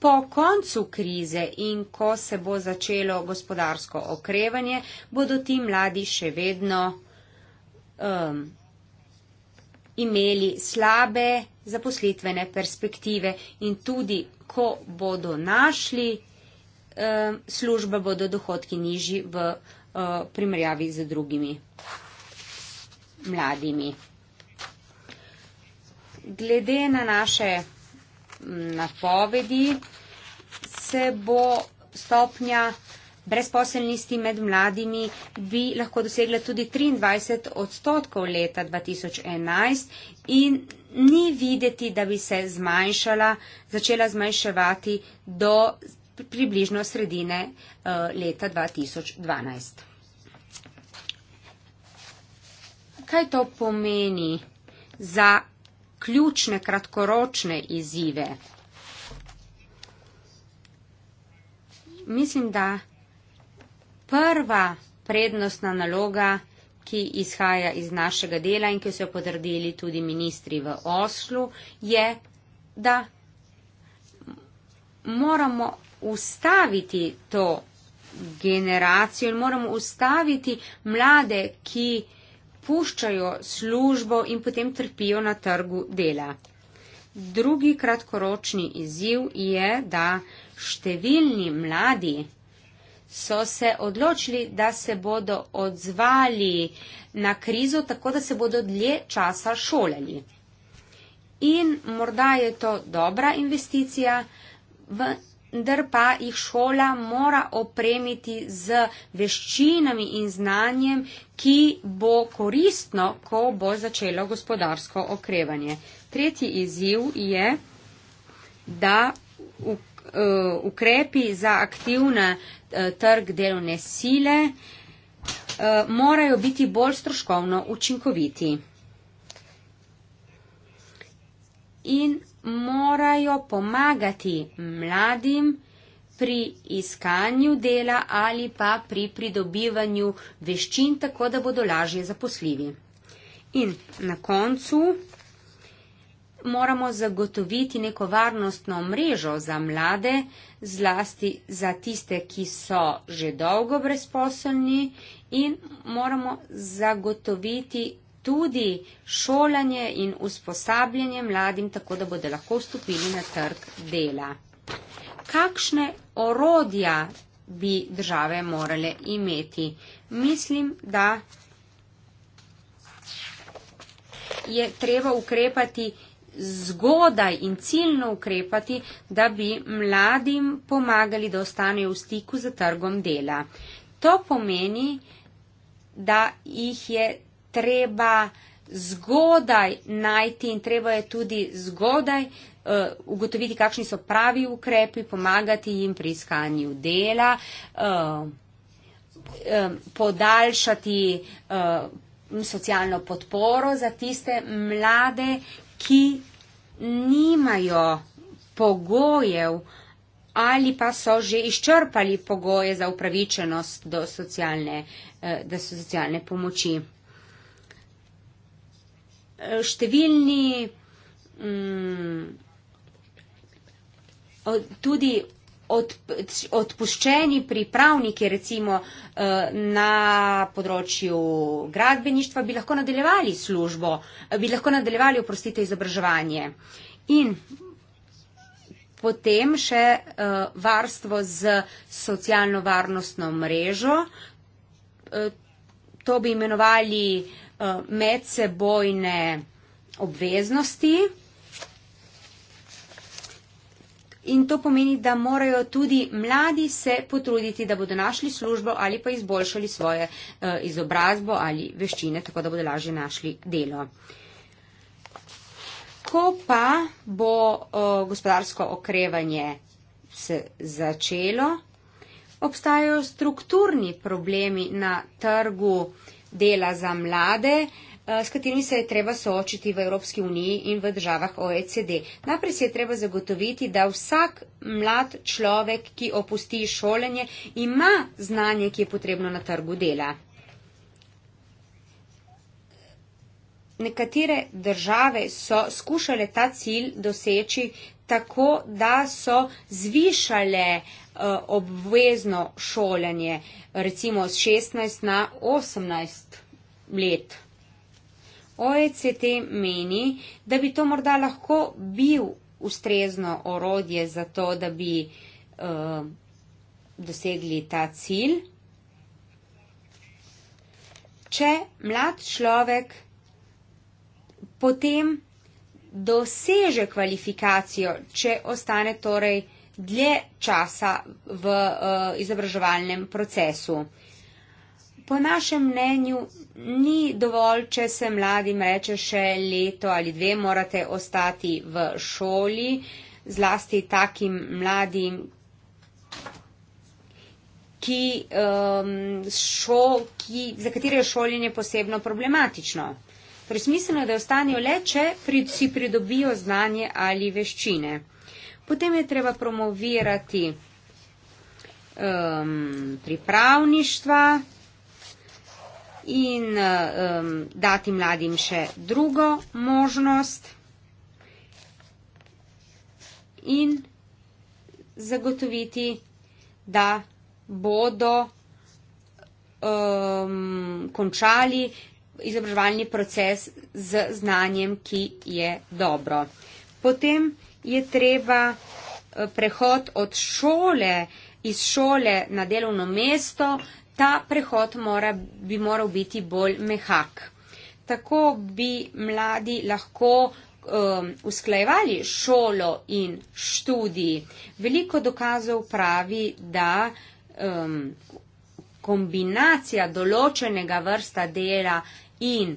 po koncu krize in ko se bo začelo gospodarsko okrevanje, bodo ti mladi še vedno um, imeli slabe zaposlitvene perspektive in tudi, ko bodo našli eh, službe, bodo dohodki nižji v eh, primerjavi z drugimi mladimi. Glede na naše mm, napovedi se bo stopnja brezposelnosti med mladimi bi lahko dosegla tudi 23 odstotkov leta 2011 in ni videti, da bi se zmanjšala, začela zmanjševati do približno sredine uh, leta 2012. Kaj to pomeni za ključne kratkoročne izzive? Mislim, da prva prednostna naloga, ki izhaja iz našega dela in ki so jo podrdili tudi ministri v Oslu, je, da moramo ustaviti to generacijo in moramo ustaviti mlade, ki puščajo službo in potem trpijo na trgu dela. Drugi kratkoročni izziv je, da številni mladi so se odločili, da se bodo odzvali na krizo, tako da se bodo dlje časa šolali. In morda je to dobra investicija, vendar pa jih šola mora opremiti z veščinami in znanjem, ki bo koristno, ko bo začelo gospodarsko okrevanje. Tretji izziv je, da eh, ukrepi za aktivne Eh, trg delovne sile, eh, morajo biti bolj stroškovno učinkoviti. In morajo pomagati mladim pri iskanju dela ali pa pri pridobivanju veščin, tako da bodo lažje zaposljivi. In na koncu moramo zagotoviti neko varnostno mrežo za mlade, zlasti za tiste, ki so že dolgo brezposobni in moramo zagotoviti tudi šolanje in usposabljanje mladim, tako da bodo lahko vstopili na trg dela. Kakšne orodja bi države morale imeti? Mislim, da je treba ukrepati zgodaj in ciljno ukrepati, da bi mladim pomagali, da ostanejo v stiku z trgom dela. To pomeni, da jih je treba zgodaj najti in treba je tudi zgodaj uh, ugotoviti, kakšni so pravi ukrepi, pomagati jim pri iskanju dela, uh, um, podaljšati uh, socialno podporo za tiste mlade, ki nimajo pogojev ali pa so že izčrpali pogoje za upravičenost do socialne, eh, do socialne pomoči. Eh, številni, mm, tudi odp odpuščeni pripravniki, recimo eh, na področju gradbeništva, bi lahko nadaljevali službo, eh, bi lahko nadaljevali, oprostite, izobraževanje. In potem še eh, varstvo z socialno varnostno mrežo, to bi imenovali medsebojne obveznosti, in to pomeni, da morajo tudi mladi se potruditi, da bodo našli službo ali pa izboljšali svoje eh, izobrazbo ali veščine, tako da bodo lažje našli delo. Ko pa bo eh, gospodarsko okrevanje se začelo, obstajajo strukturni problemi na trgu dela za mlade, Eh, s katerimi se je treba soočiti v Evropski uniji in v državah OECD. Najprej se je treba zagotoviti, da vsak mlad človek, ki opusti šolanje, ima znanje, ki je potrebno na trgu dela. Nekatere države so skušale ta cilj doseči tako, da so zvišale eh, obvezno šolanje, recimo z 16 na 18 let. OECD meni, da bi to morda lahko bil ustrezno orodje za to, da bi uh, dosegli ta cilj, če mlad človek potem doseže kvalifikacijo, če ostane torej dlje časa v uh, izobraževalnem procesu. Po našem mnenju ni dovolj, če se mladim reče še leto ali dve, morate ostati v šoli, zlasti takim mladim, ki, um, šo, ki, za katere je šolanje posebno problematično. Torej, smiselno je, da ostanejo le, če prid, si pridobijo znanje ali veščine. Potem je treba promovirati um, pripravništva, in um, dati mladim še drugo možnost in zagotoviti, da bodo um, končali izobraževalni proces z znanjem, ki je dobro. Potem je treba eh, prehod od šole, iz šole na delovno mesto, Ta prehod mora, bi moral biti bolj mehak. Tako bi mladi lahko um, usklajevali šolo in študij. Veliko dokazov pravi, da um, kombinacija določenega vrsta dela in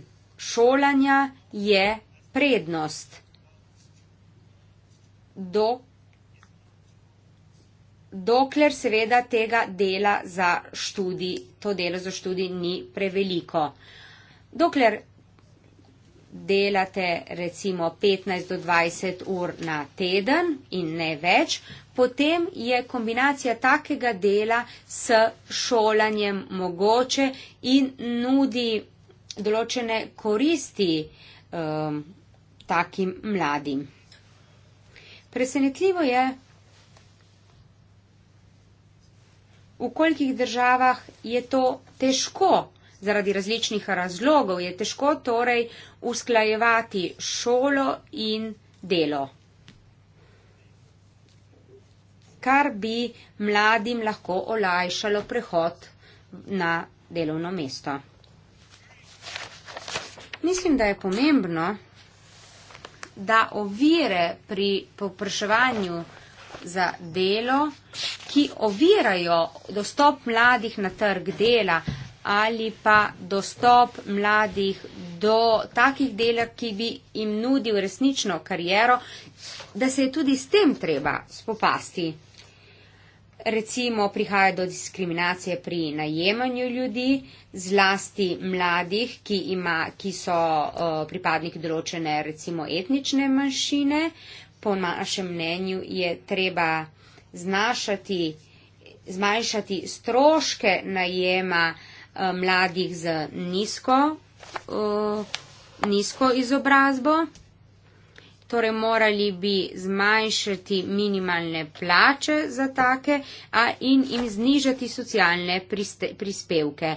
šolanja je prednost. Dok dokler seveda tega dela za študij, to delo za študij ni preveliko. Dokler delate recimo 15 do 20 ur na teden in ne več, potem je kombinacija takega dela s šolanjem mogoče in nudi določene koristi um, takim mladim. Presenetljivo je, v kolikih državah je to težko, zaradi različnih razlogov je težko torej usklajevati šolo in delo. Kar bi mladim lahko olajšalo prehod na delovno mesto. Mislim, da je pomembno, da ovire pri popraševanju za delo ki ovirajo dostop mladih na trg dela ali pa dostop mladih do takih dela, ki bi jim nudil resnično kariero, da se je tudi s tem treba spopasti. Recimo prihaja do diskriminacije pri najemanju ljudi, zlasti mladih, ki, ima, ki so uh, pripadniki določene recimo etnične manjšine. Po našem mnenju je treba znašati, zmanjšati stroške najema eh, mladih z nizko, eh, nizko izobrazbo. Torej morali bi zmanjšati minimalne plače za take a, in jim znižati socialne priste, prispevke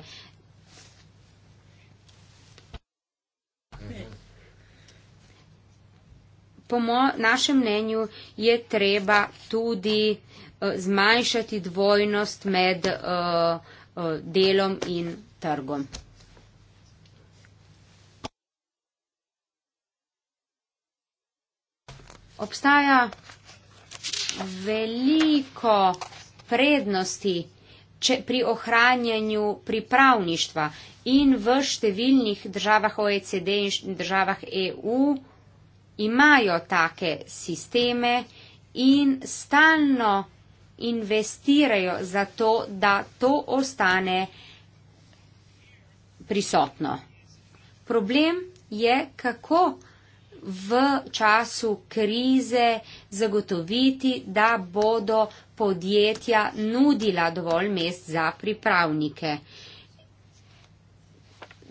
po našem mnenju je treba tudi eh, zmanjšati dvojnost med eh, eh, delom in trgom. Obstaja veliko prednosti če, pri ohranjanju pripravništva in v številnih državah OECD in državah EU imajo take sisteme in stalno investirajo za to, da to ostane prisotno. Problem je, kako v času krize zagotoviti, da bodo podjetja nudila dovolj mest za pripravnike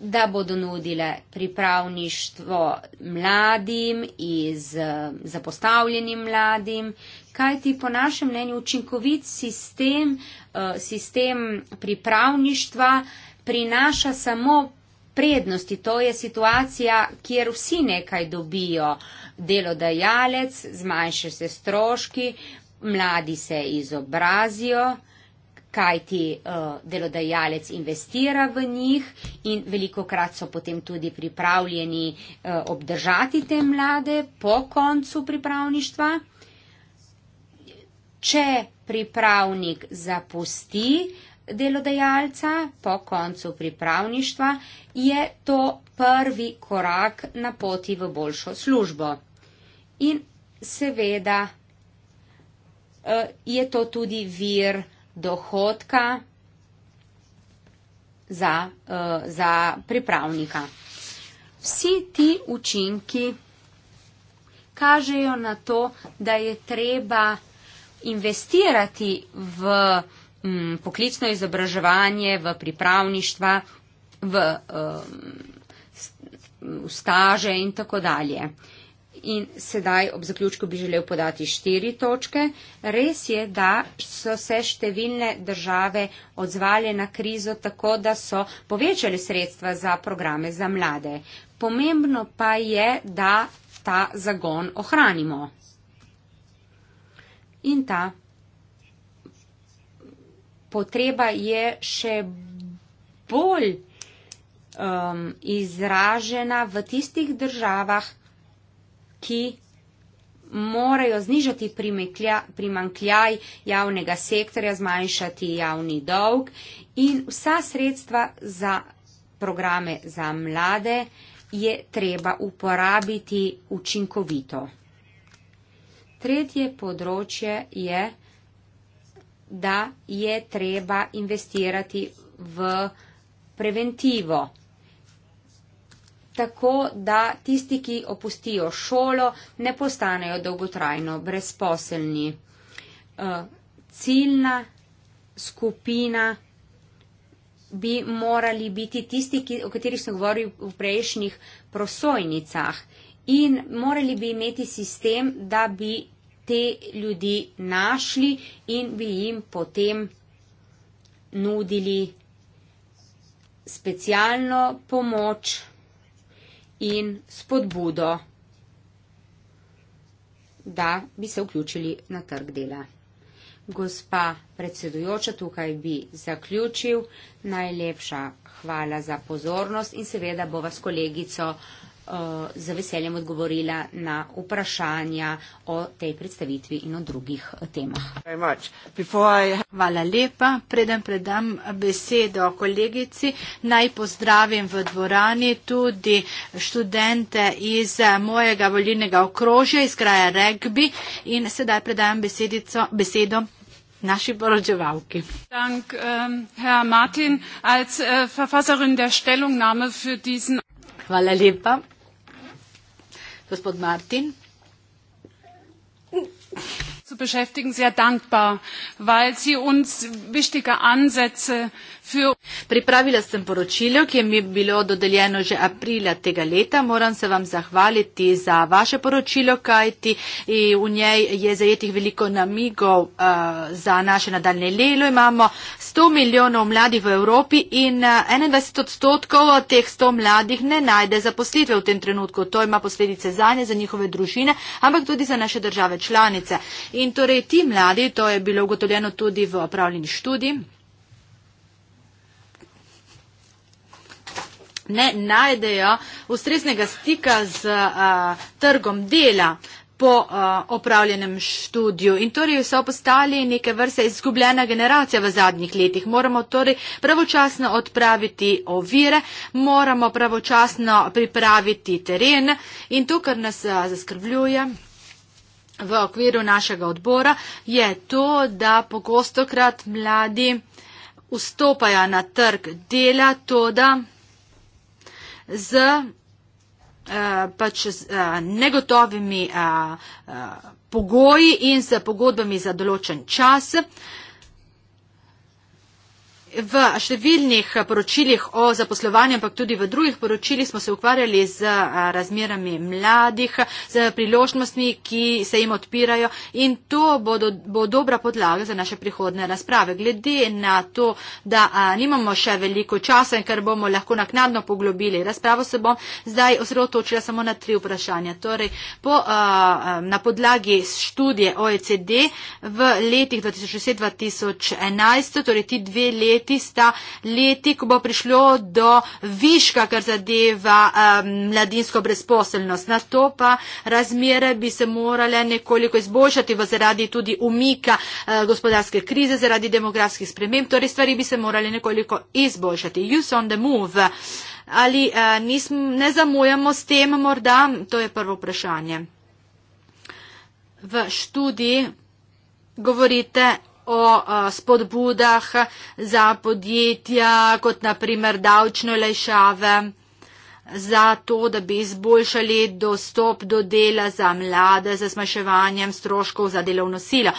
da bodo nudile pripravništvo mladim in eh, zapostavljenim mladim, kajti po našem mnenju učinkovit sistem, eh, sistem pripravništva prinaša samo prednosti. To je situacija, kjer vsi nekaj dobijo. Delodajalec, zmanjšajo se stroški, mladi se izobrazijo kaj ti uh, delodajalec investira v njih in veliko krat so potem tudi pripravljeni uh, obdržati te mlade po koncu pripravništva. Če pripravnik zapusti delodajalca po koncu pripravništva, je to prvi korak na poti v boljšo službo. In seveda uh, je to tudi vir, dohodka za, uh, za pripravnika. Vsi ti učinki kažejo na to, da je treba investirati v um, poklicno izobraževanje, v pripravništva, v um, staže in tako dalje. Uh, in sedaj ob zaključku bi želel podati štiri točke. Res je, da so se številne države odzvale na krizo tako, da so povečali sredstva za programe za mlade. Pomembno pa je, da ta zagon ohranimo. In ta potreba je še bolj um, izražena v tistih državah, ki morajo znižati primankljaj javnega sektorja, zmanjšati javni dolg in vsa sredstva za programe za mlade je treba uporabiti učinkovito. Tretje področje je, da je treba investirati v preventivo tako da tisti, ki opustijo šolo, ne postanejo dolgotrajno brezposelni. Eh, ciljna skupina bi morali biti tisti, ki, o katerih sem govoril v prejšnjih prosojnicah in morali bi imeti sistem, da bi te ljudi našli in bi jim potem nudili specialno pomoč in spodbudo, da bi se vključili na trg dela. Gospa predsedujoča, tukaj bi zaključil. Najlepša hvala za pozornost in seveda bova s kolegico. Eh, z veseljem odgovorila na vprašanja o tej predstavitvi in o drugih temah. Hvala lepa. Preden predam besedo kolegici, naj pozdravim v dvorani tudi študente iz eh, mojega volilnega okrožja iz kraja Regbi in sedaj predam besedico, besedo naši poročevalki. Ehm, eh, Hvala lepa. Gospod Martin. Zu beschäftigen sehr dankbar, weil Sie uns wichtige Ansätze Fjo. Pripravila sem poročilo, ki je mi bilo dodeljeno že aprila tega leta. Moram se vam zahvaliti za vaše poročilo, kajti eh, v njej je zajetih veliko namigov uh, za naše nadaljne lelo. Imamo 100 milijonov mladih v Evropi in 21 eh, odstotkov teh 100 mladih ne najde zaposlitve v tem trenutku. To ima posledice za nje, za njihove družine, ampak tudi za naše države članice. In torej ti mladi, to je bilo ugotovljeno tudi v opravljeni študiji. ne najdejo ustreznega stika z uh, trgom dela po uh, opravljenem študiju. In torej so postali neke vrste izgubljena generacija v zadnjih letih. Moramo torej pravočasno odpraviti ovire, moramo pravočasno pripraviti teren in to, kar nas uh, zaskrbljuje. V okviru našega odbora je to, da pogostokrat mladi vstopajo na trg dela, to da z eh, pač z eh, negotovimi eh, pogoji in z pogodbami za določen čas. V številnih poročilih o zaposlovanju, ampak tudi v drugih poročilih smo se ukvarjali z razmerami mladih, z priložnostmi, ki se jim odpirajo in to bo, do, bo dobra podlaga za naše prihodne razprave. Glede na to, da a, nimamo še veliko časa in ker bomo lahko naknadno poglobili razpravo, se bom zdaj osredotočila samo na tri vprašanja. Torej, po, a, a, na podlagi študije OECD v letih 2006-2011, torej ti dve leti, tista leti, ko bo prišlo do viška, kar zadeva um, mladinsko brezposelnost. Na to pa razmere bi se morale nekoliko izboljšati, zaradi tudi umika uh, gospodarske krize, zaradi demografskih sprememb, torej stvari bi se morale nekoliko izboljšati. Use on the move. Ali uh, eh, nism, ne zamujamo s tem morda? To je prvo vprašanje. V študiji govorite o spodbudah za podjetja, kot naprimer davčne lešave za to, da bi izboljšali dostop do dela za mlade, za smaševanjem stroškov za delovno silo.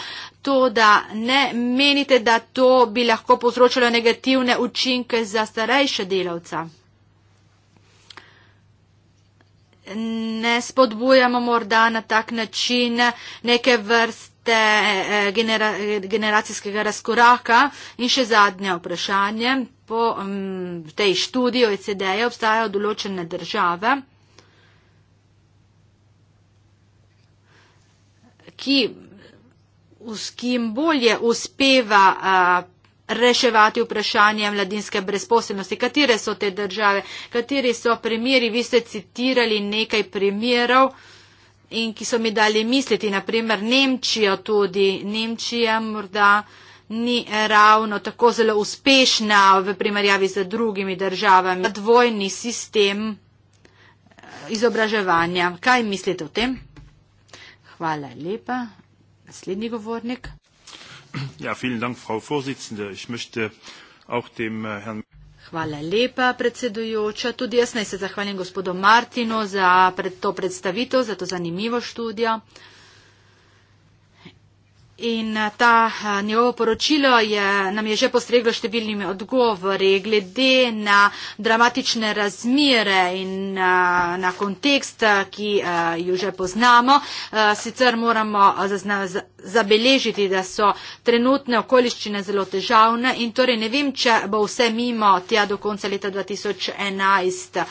To, da ne menite, da to bi lahko povzročilo negativne učinke za starejše delavca. Ne spodbujamo morda na tak način neke vrste te eh, genera, generacijskega razkoraka. In še zadnje vprašanje. Po um, tej študiji OECD-ja obstajajo določene države, ki, s kim bolje uspeva uh, reševati vprašanje mladinske brezposelnosti. Katere so te države, kateri so primeri, vi ste citirali nekaj primerov in ki so mi dali misliti, naprimer Nemčijo tudi. Nemčija morda ni ravno tako zelo uspešna v primerjavi z drugimi državami. Dvojni sistem eh, izobraževanja. Kaj mislite o tem? Hvala lepa. Naslednji govornik. Ja, vielen Dank, Frau Vorsitzende. Ich möchte auch dem äh, Herrn Hvala lepa, predsedujoča. Tudi jaz naj se zahvalim gospodu Martinu za pred to predstavitev, za to zanimivo študijo. In eh, ta eh, njegovo poročilo je, nam je že postreglo številnimi odgovori glede na dramatične razmire in eh, na kontekst, ki ju že poznamo. Sicer moramo zabeležiti, da so trenutne okoliščine zelo težavne in torej ne vem, če bo vse mimo tja do konca leta 2011.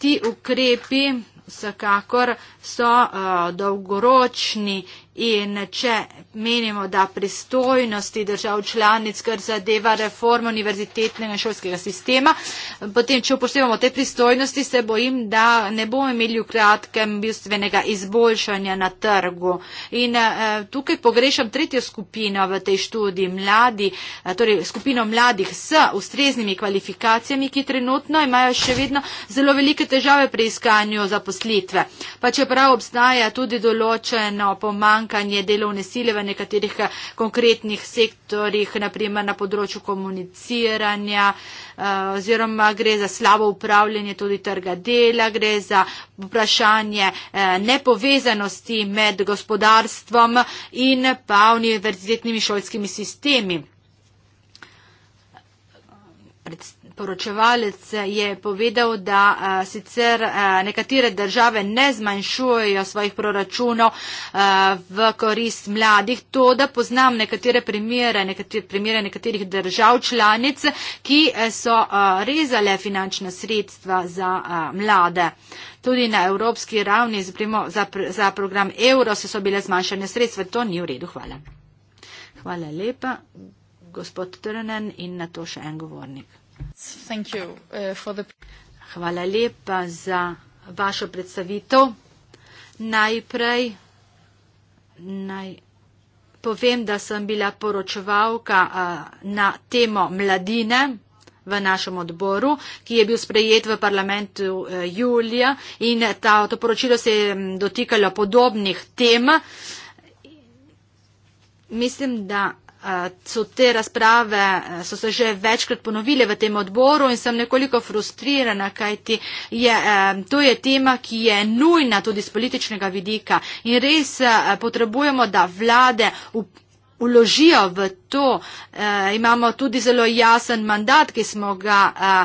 Ti ukrepi. Vsekakor so uh, dolgoročni In če menimo, da pristojnosti držav članic, kar zadeva reformo univerzitetnega šolskega sistema, potem, če upoštevamo te pristojnosti, se bojim, da ne bomo imeli v kratkem bistvenega izboljšanja na trgu. In eh, tukaj pogrešam tretjo skupino v tej študiji, mladi, eh, torej skupino mladih s ustreznimi kvalifikacijami, ki trenutno imajo še vedno zelo velike težave pri iskanju zaposlitve. Pa čeprav obstaja tudi določeno pomanjkanje, pomankanje delovne sile v nekaterih eh, konkretnih sektorjih, naprimer na področju komuniciranja eh, oziroma gre za slabo upravljanje tudi trga dela, gre za vprašanje eh, nepovezanosti med gospodarstvom in pa univerzitetnimi šolskimi sistemi. Predstavljamo poročevalec je povedal, da uh, sicer uh, nekatere države ne zmanjšujejo svojih proračunov uh, v korist mladih, to da poznam nekatere primere, nekatere primere nekaterih držav članic, ki so uh, rezale finančna sredstva za uh, mlade. Tudi na evropski ravni za, za program evro se so bile zmanjšane sredstva. To ni v redu. Hvala. Hvala lepa, gospod Trnen in na to še en govornik. Uh, Hvala lepa za vašo predstavitev. Najprej naj povem, da sem bila poročevalka uh, na temo mladine v našem odboru, ki je bil sprejet v parlamentu uh, julija in ta, to poročilo se je mm, dotikalo podobnih tem. Mislim, da Eh, so te razprave, eh, so se že večkrat ponovile v tem odboru in sem nekoliko frustrirana, kajti je, eh, to je tema, ki je nujna tudi z političnega vidika in res potrebujemo, da vlade uložijo v to. Imamo tudi zelo jasen mandat, ki smo ga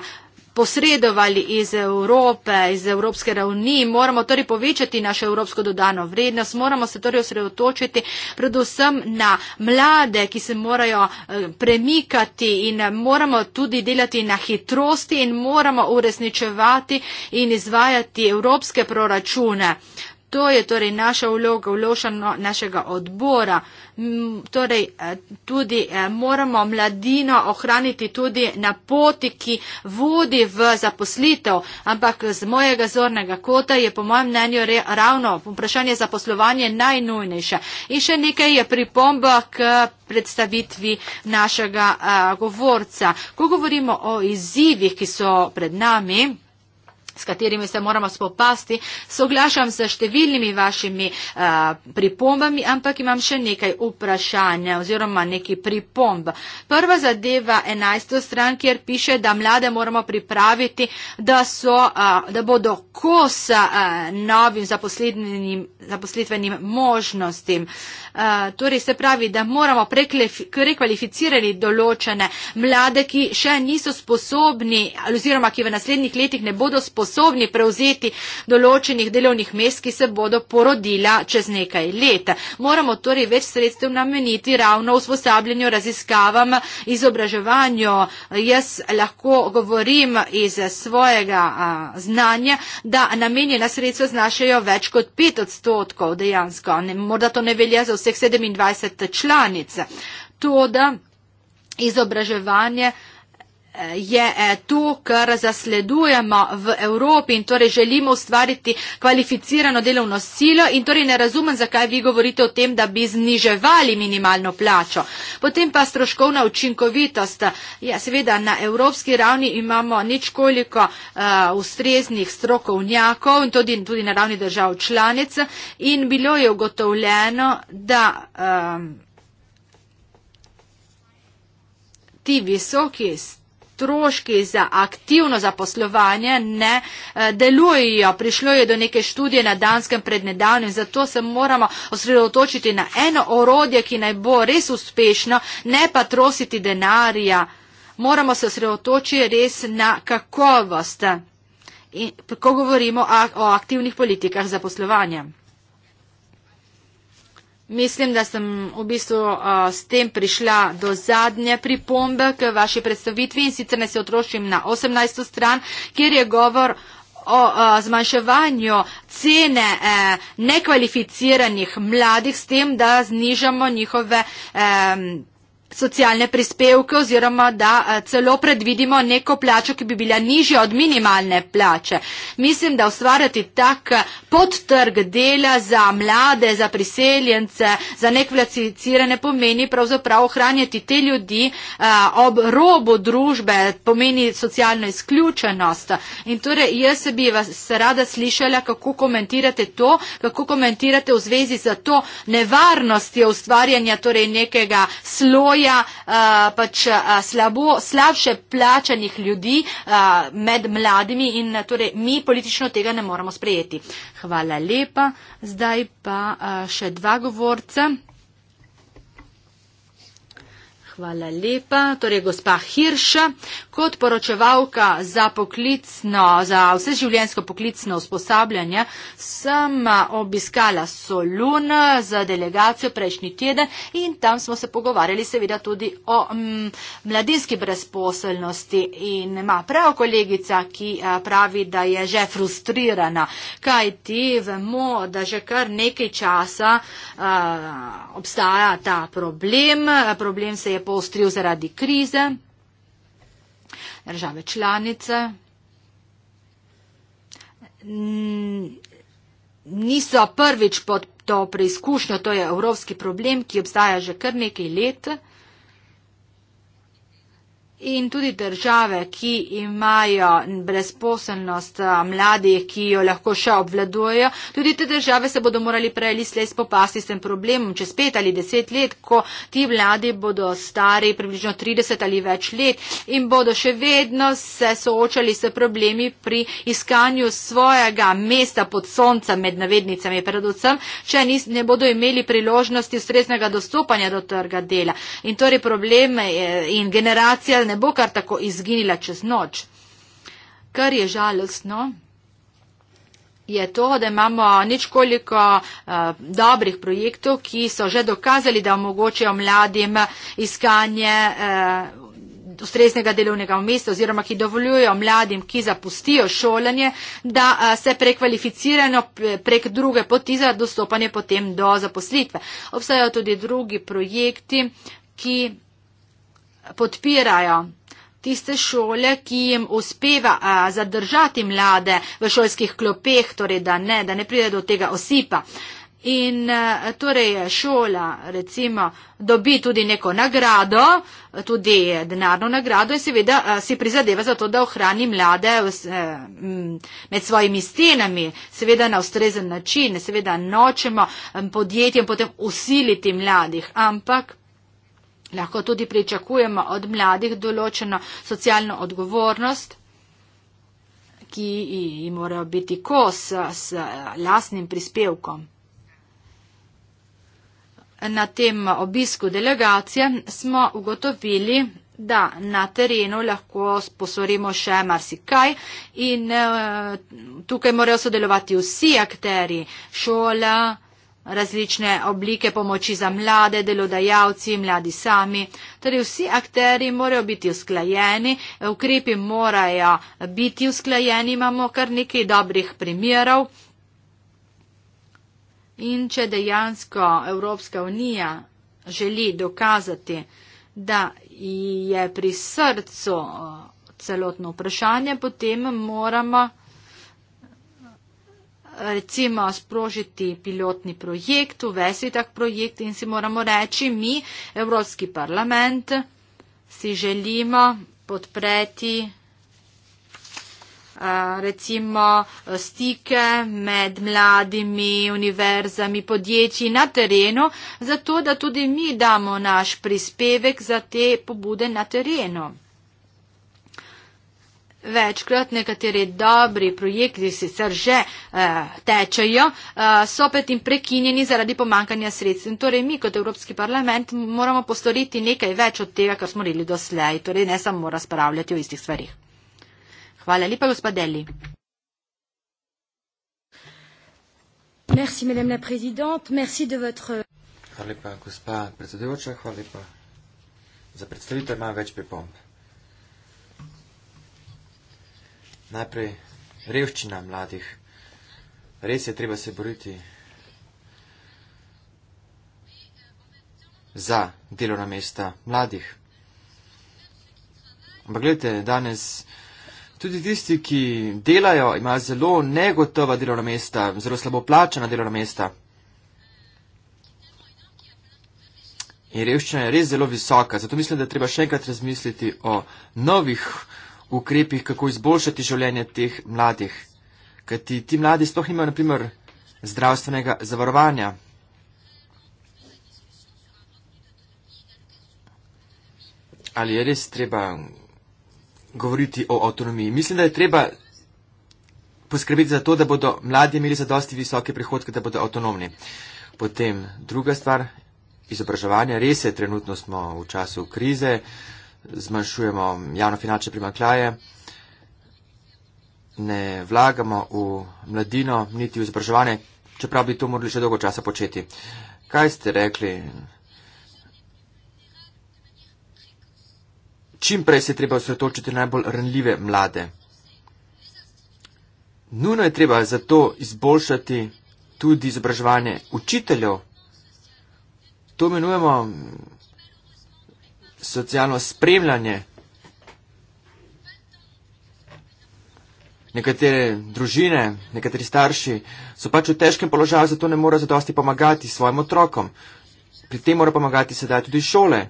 posredovali iz Evrope, iz Evropske ravni, moramo torej povečati našo evropsko dodano vrednost, moramo se torej osredotočiti predvsem na mlade, ki se morajo eh, premikati in moramo tudi delati na hitrosti in moramo uresničevati in izvajati evropske proračune. Uh, To je torej naša vloga, vloga našega odbora. Torej, eh, tudi eh, moramo mladino ohraniti tudi na poti, ki vodi v zaposlitev, ampak z mojega zornega kota je po mojem mnenju re, ravno vprašanje zaposlovanja najnujnejše. In še nekaj je pripomba k predstavitvi našega a, eh, govorca. Ko govorimo o izzivih, ki so pred nami, s katerimi se moramo spopasti. Soglašam se številnimi vašimi uh, pripombami, ampak imam še nekaj vprašanj oziroma nekaj pripomb. Prva zadeva 11. stran, kjer piše, da mlade moramo pripraviti, da, so, uh, da bodo kos uh, novim zaposlitvenim možnostim. Uh, torej se pravi, da moramo prekvalificirati določene mlade, ki še niso sposobni oziroma ki v naslednjih letih ne bodo sposobni prevzeti določenih delovnih mest, ki se bodo porodila čez nekaj let. Moramo torej več sredstev nameniti ravno usposabljanju, raziskavam, izobraževanju. Jaz lahko govorim iz svojega a, znanja, da namenjena sredstva znašajo več kot 5 odstotkov dejansko. Ne, morda to ne velja za vse vseh 27 članic. Toda izobraževanje Eh, je eh, to, kar zasledujemo v Evropi in torej želimo ustvariti kvalificirano delovno silo in torej ne razumem, zakaj vi govorite o tem, da bi zniževali minimalno plačo. Potem pa stroškovna učinkovitost. Ja, seveda na evropski ravni imamo ničkoliko uh, ustreznih strokovnjakov in tudi, tudi na ravni držav članic in bilo je ugotovljeno, da. Um, ti visoki stroški za aktivno zaposlovanje ne eh, delujejo. Prišlo je do neke študije na Danskem prednedavnem, zato se moramo osredotočiti na eno orodje, ki naj bo res uspešno, ne pa trositi denarja. Moramo se osredotočiti res na kakovost, in, ko govorimo o aktivnih politikah zaposlovanja. Mislim, da sem v bistvu uh, s tem prišla do zadnje pripombe k vaši predstavitvi in sicer ne se otrošim na 18. stran, kjer je govor o uh, zmanjševanju cene uh, nekvalificiranih mladih s tem, da znižamo njihove. Um, socialne prispevke oziroma da eh, celo predvidimo neko plačo, ki bi bila nižja od minimalne plače. Mislim, da ustvarjati tak eh, podtrg dela za mlade, za priseljence, za nekvalificirane pomeni pravzaprav ohranjati te ljudi eh, ob robu družbe, pomeni socialno izključenost. In torej jaz bi vas rada slišala, kako komentirate to, kako komentirate v zvezi z to nevarnostjo ustvarjanja torej nekega sloja, razkrija a, eh, pač a, eh, slabo, slabše plačanih ljudi a, eh, med mladimi in a, torej mi politično tega ne moremo sprejeti. Hvala lepa. Zdaj pa a, še dva govorca. Hvala lepa. Torej, gospa Hirša, kot poročevalka za, poklicno, za vse življensko poklicno usposabljanje, sem obiskala Solun za delegacijo prejšnji teden in tam smo se pogovarjali seveda tudi o m, mladinski brezposelnosti. In ima prav kolegica, ki pravi, da je že frustrirana, kaj ti vemo, da že kar nekaj časa a, obstaja ta problem. problem poostril zaradi krize. Države članice niso prvič pod to preizkušnjo, to je evropski problem, ki obstaja že kar nekaj let. In tudi države, ki imajo brezposelnost mladih, ki jo lahko še obvladujejo, tudi te države se bodo morali prej ali slej spopasti s tem problemom. Čez pet ali deset let, ko ti mladi bodo stari približno 30 ali več let in bodo še vedno se soočali s problemi pri iskanju svojega mesta pod soncem med navednicami, predvsem, če nis, ne bodo imeli priložnosti ustreznega dostopanja do trga dela. In torej problem je, in generacija ne bo kar tako izginila čez noč. Kar je žalostno, je to, da imamo ničkoliko uh, dobrih projektov, ki so že dokazali, da omogočajo mladim iskanje. Uh, ustreznega delovnega mesta oziroma ki dovoljujo mladim, ki zapustijo šolanje, da eh, se prekvalificirajo prek druge poti za dostopanje potem do zaposlitve. Obstajajo tudi drugi projekti, ki podpirajo tiste šole, ki jim uspeva a, zadržati mlade v šolskih klopeh, torej da ne, da ne pride do tega osipa. In torej šola recimo dobi tudi neko nagrado, tudi denarno nagrado in seveda si prizadeva za to, da ohrani mlade med svojimi stenami, seveda na ustrezen način, seveda nočemo podjetjem potem usiliti mladih, ampak Lahko tudi pričakujemo od mladih določeno socialno odgovornost, ki jim morajo biti kos s lasnim prispevkom. Na tem obisku delegacije smo ugotovili, da na terenu lahko sposorimo še marsikaj in eh, tukaj morajo sodelovati vsi akteri, šola, različne oblike pomoči za mlade, delodajalci, mladi sami. Torej vsi akteri morajo biti usklajeni, ukrepi morajo biti usklajeni, imamo kar nekaj dobrih primerov. In če dejansko Evropska unija želi dokazati, da je pri srcu eh, celotno vprašanje, potem moramo recimo sprožiti pilotni projekt, uvesti tak projekt in si moramo reči, mi, Evropski parlament, si želimo podpreti recimo stike med mladimi univerzami, podjetji na terenu, zato da tudi mi damo naš prispevek za te pobude na terenu večkrat nekateri dobri projekti sicer že eh, tečejo, eh, so pet in prekinjeni zaradi pomankanja sredstv. In torej mi kot Evropski parlament moramo postoriti nekaj več od tega, kar smo rili doslej. Torej ne samo razpravljati o istih stvarih. Hvala lepa, gospod Deli. Merci, madame la présidente. Merci de votre. Hvala lepa, gospa predsedujoča. Hvala lepa za predstavitev. Imam več pripomb. Najprej revščina mladih. Res je treba se boriti za delovna mesta mladih. Ampak gledajte, danes tudi tisti, ki delajo, imajo zelo negotova delovna mesta, zelo slabo plačena delovna mesta. In revščina je res zelo visoka, zato mislim, da treba še enkrat razmisliti o novih ukrepih, kako izboljšati življenje teh mladih. Ker ti, ti mladi sploh nimajo, na primer, zdravstvenega zavarovanja. Ali je res treba govoriti o avtonomiji? Mislim, da je treba poskrbeti za to, da bodo mladi imeli za dosti visoke prihodke, da bodo avtonomni. Potem druga stvar, izobraževanje. Res je, trenutno smo v času krize. Uh, zmanjšujemo javnofinančne primankljaje, ne vlagamo v mladino, niti v izobraževanje, čeprav bi to morali še dolgo časa početi. Kaj ste rekli? Čim prej se je treba osredotočiti na najbolj renljive mlade. Nuno je treba zato izboljšati tudi izobraževanje učiteljev. To imenujemo socialno spremljanje. Nekatere družine, nekateri starši so pač v težkem položaju, zato ne morejo zadosti pomagati svojim otrokom. Pri tem morajo pomagati sedaj tudi šole.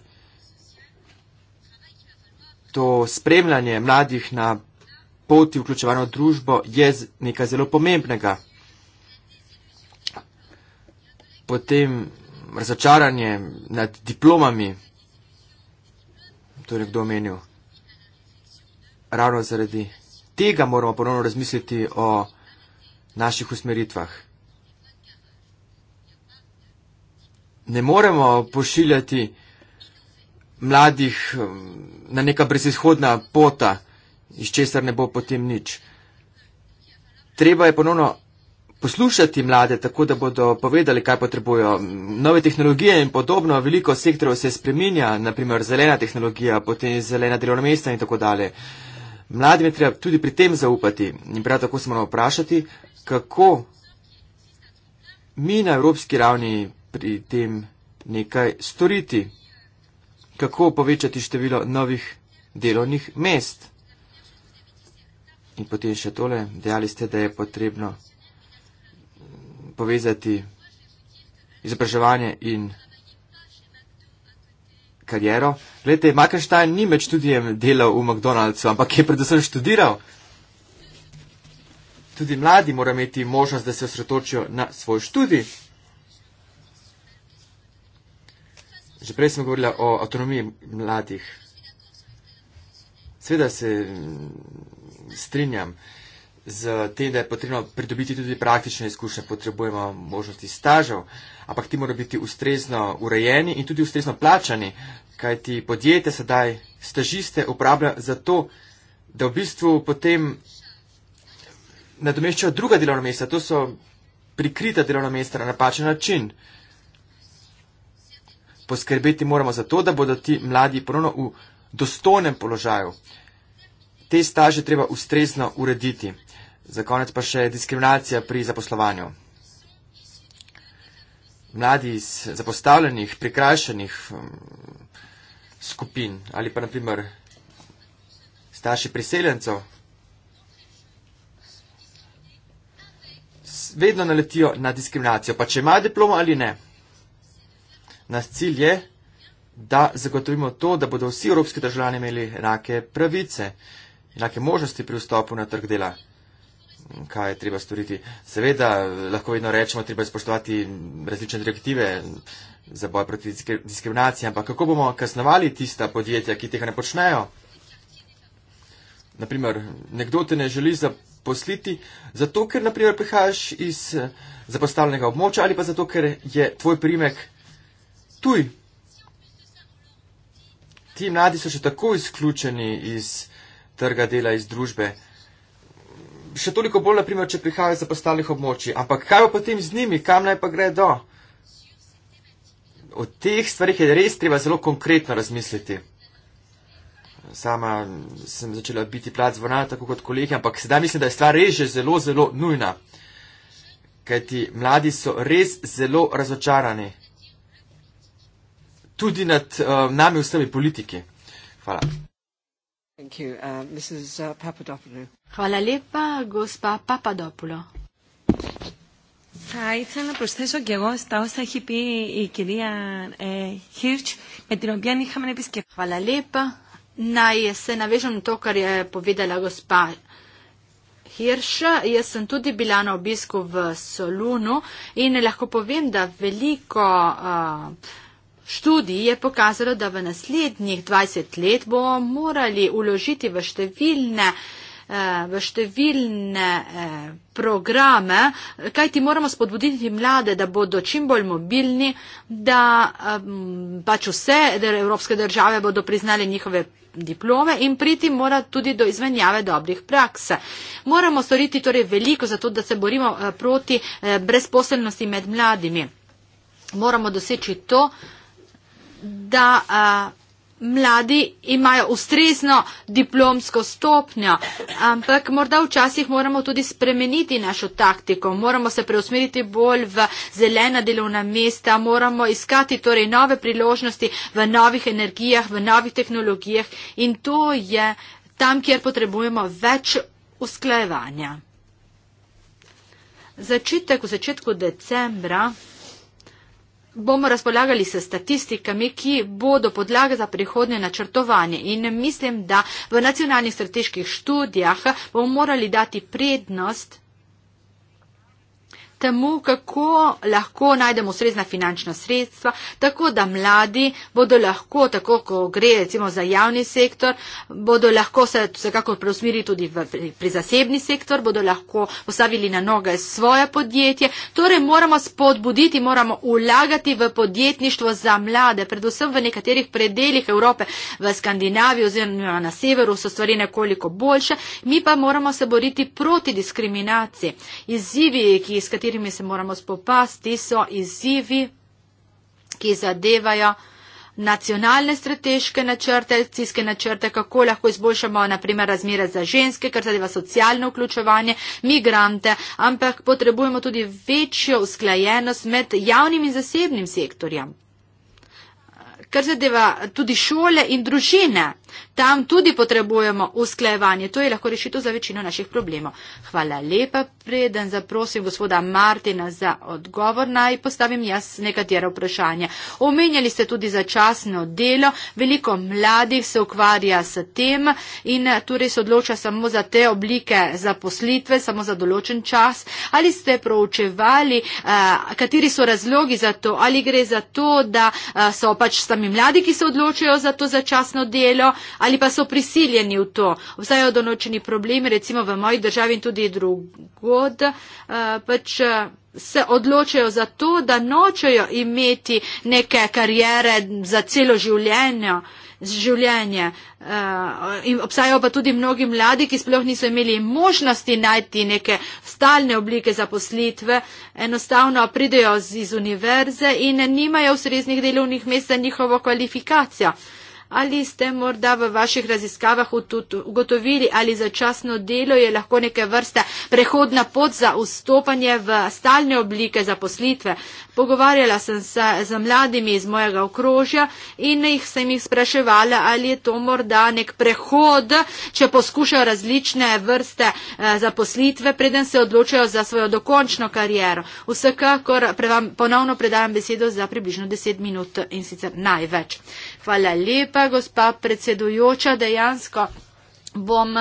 To spremljanje mladih na poti vključevanja v družbo je nekaj zelo pomembnega. Potem razočaranje nad diplomami, to torej, je kdo omenil. Ravno zaradi tega moramo ponovno razmisliti o naših usmeritvah. Ne moremo pošiljati mladih um, na neka brezizhodna pota, iz česar ne bo potem nič. Treba je ponovno poslušati mlade, tako da bodo povedali, kaj potrebujo. Nove tehnologije in podobno, veliko sektorov se spreminja, naprimer zelena tehnologija, potem zelena delovna mesta in tako dalje. Mladim je treba tudi pri tem zaupati in prav tako se moramo vprašati, kako mi na evropski ravni pri tem nekaj storiti, kako povečati število novih delovnih mest. In potem še tole, dejali ste, da je potrebno povezati izobraževanje in kariero. Glede, Markenstein ni med študijem delal v McDonald'su, ampak je predvsem študiral. Tudi mladi morajo imeti možnost, da se osredotočijo na svoj študij. Že prej sem govorila o avtonomiji mladih. Sveda se strinjam z tem, da je potrebno pridobiti tudi praktične izkušnje, potrebujemo možnosti stažev, ampak ti morajo biti ustrezno urejeni in tudi ustrezno plačani, kaj ti podjetje sedaj stažiste uporablja za to, da v bistvu potem nadomeščajo druga delovna mesta. To so prikrita delovna mesta na napačen način. Poskrbeti moramo za to, da bodo ti mladi ponovno v dostojnem položaju. Te staže treba ustrezno urediti. Za konec pa še diskriminacija pri zaposlovanju. Mladi iz zapostavljenih, prikrajšanih mm, skupin ali pa naprimer starši priseljencev vedno naletijo na diskriminacijo, pa če ima diplomo ali ne. Nas cilj je, da zagotovimo to, da bodo vsi evropski državljani imeli enake pravice, enake možnosti pri vstopu na trg dela kaj je treba storiti. Seveda, lahko vedno rečemo, treba je spoštovati različne direktive za boj proti diskriminaciji, ampak kako bomo kasnovali tista podjetja, ki tega ne počnejo? Naprimer, nekdo te ne želi zaposliti, zato ker, naprimer, prihajaš iz eh, zapostavljenega območja ali pa zato, ker je tvoj primek tuj. Ti mladi so še tako izključeni iz trga dela, iz družbe še toliko bolj, naprimer, če prihajajo iz zapostalih območij. Ampak kaj pa potem z njimi, kam naj pa gredo? O teh stvarih je res treba zelo konkretno razmisliti. Sama sem začela biti plat zvona, tako kot kolegi, ampak sedaj mislim, da je stvar res že zelo, zelo nujna. Ker ti mladi so res zelo razočarani. Tudi nad uh, nami, vsemi politiki. Hvala. Thank you. Uh, Mrs. Papadopoulou. Hvala lepa, gospa Papadopulo. Θα ήθελα να προσθέσω και εγώ στα όσα έχει πει η κυρία Χίρτς, ε, με την οποία είχαμε επισκεφθεί. Χαλά λίπα. Να είσαι να βίζω το κάρια που βίδα λάγος πά. Χίρτς, είσαι τούτη πιλάνα ο μπίσκου βε Σολούνου. Είναι λαχκό που βίντα βελίκο... Študij je pokazalo, da v naslednjih 20 let bomo morali uložiti v številne Eh, v številne eh, programe, kajti moramo spodbuditi mlade, da bodo čim bolj mobilni, da eh, pač vse evropske države bodo priznali njihove diplome in priti mora tudi do izmenjave dobrih praks. Moramo storiti torej veliko za to, da se borimo proti brezposelnosti med mladimi. Moramo doseči to, da a, mladi imajo ustrezno diplomsko stopnjo, ampak morda včasih moramo tudi spremeniti našo taktiko, moramo se preusmeriti bolj v zelena delovna mesta, moramo iskati torej nove priložnosti v novih energijah, v novih tehnologijah in to je tam, kjer potrebujemo več usklajevanja. Začetek v začetku decembra bomo razpolagali s statistikami, ki bodo podlaga za prihodnje načrtovanje. In mislim, da v nacionalnih strateških študijah bomo morali dati prednost temu, kako lahko najdemo srezna finančna sredstva, tako da mladi bodo lahko, tako ko gre recimo za javni sektor, bodo lahko se vsekako preusmirili tudi v, pri, pri zasebni sektor, bodo lahko postavili na noge svoje podjetje. Torej moramo spodbuditi, moramo ulagati v podjetništvo za mlade, predvsem v nekaterih predeljih Evrope, v Skandinaviji oziroma na severu so stvari nekoliko boljše, mi pa moramo se boriti proti diskriminaciji. Izzivi, ki, katerimi se moramo spopasti, so izzivi, ki zadevajo nacionalne strateške načrte, ciljske načrte, kako lahko izboljšamo, naprimer, razmere za ženske, kar zadeva socialno vključevanje, migrante, ampak potrebujemo tudi večjo usklajenost med javnim in zasebnim sektorjem, kar zadeva tudi šole in družine. Tam tudi potrebujemo usklejevanje. To je lahko rešitev za večino naših problemov. Hvala lepa. Preden zaprosim gospoda Martina za odgovor, naj postavim jaz nekatera vprašanja. Omenjali ste tudi začasno delo. Veliko mladih se ukvarja s tem in eh, torej se odloča samo za te oblike zaposlitve, samo za določen čas. Ali ste proučevali, eh, kateri so razlogi za to? Ali gre za to, da eh, so pač sami mladi, ki se odločajo za to začasno delo? ali pa so prisiljeni v to. Obstajajo določeni problemi, recimo v moji državi in tudi drugod, eh, pač eh, se odločajo za to, da nočejo imeti neke karijere za celo življenje. Življenje. Uh, obstajajo pa tudi mnogi mladi, ki sploh niso imeli možnosti najti neke stalne oblike zaposlitve, enostavno pridejo iz univerze in nimajo ustreznih delovnih mest za njihovo kvalifikacijo. Uh, Ali ste morda v vaših raziskavah ugotovili, ali začasno delo je lahko neke vrste prehodna pot za vstopanje v stalne oblike zaposlitve? Pogovarjala sem se z mladimi iz mojega okrožja in jih sem jih spraševala, ali je to morda nek prehod, če poskušajo različne vrste eh, zaposlitve, preden se odločajo za svojo dokončno kariero. Vsekakor ponovno predajam besedo za približno 10 minut in sicer največ. Hvala lepa gospa predsedujoča, dejansko bom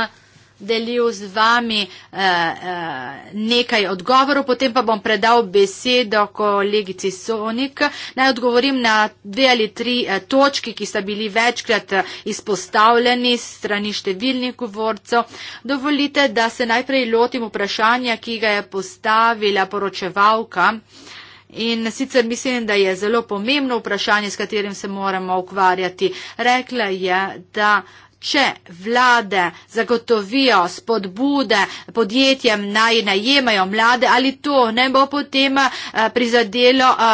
delil z vami eh, eh, nekaj odgovorov, potem pa bom predal besedo kolegici Sonik. Naj odgovorim na dve ali tri eh, točke, ki sta bili večkrat eh, izpostavljeni strani številnih govorcev. Dovolite, da se najprej lotim vprašanja, ki ga je postavila poročevalka eh, In sicer mislim, da je zelo pomembno vprašanje, s katerim se moramo ukvarjati. Rekla je, da če vlade zagotovijo spodbude podjetjem naj najemajo mlade, ali to ne bo potem eh, prizadelo eh,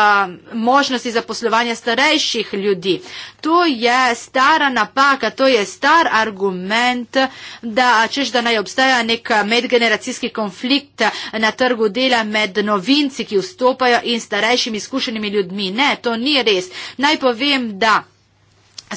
možnosti zaposlovanja starejših ljudi. To je stara napaka, to je star argument, da češ, da naj obstaja nek medgeneracijski konflikt eh, na trgu dela med novinci, ki vstopajo in starejšimi izkušenimi ljudmi. Ne, to ni res. Naj povem, da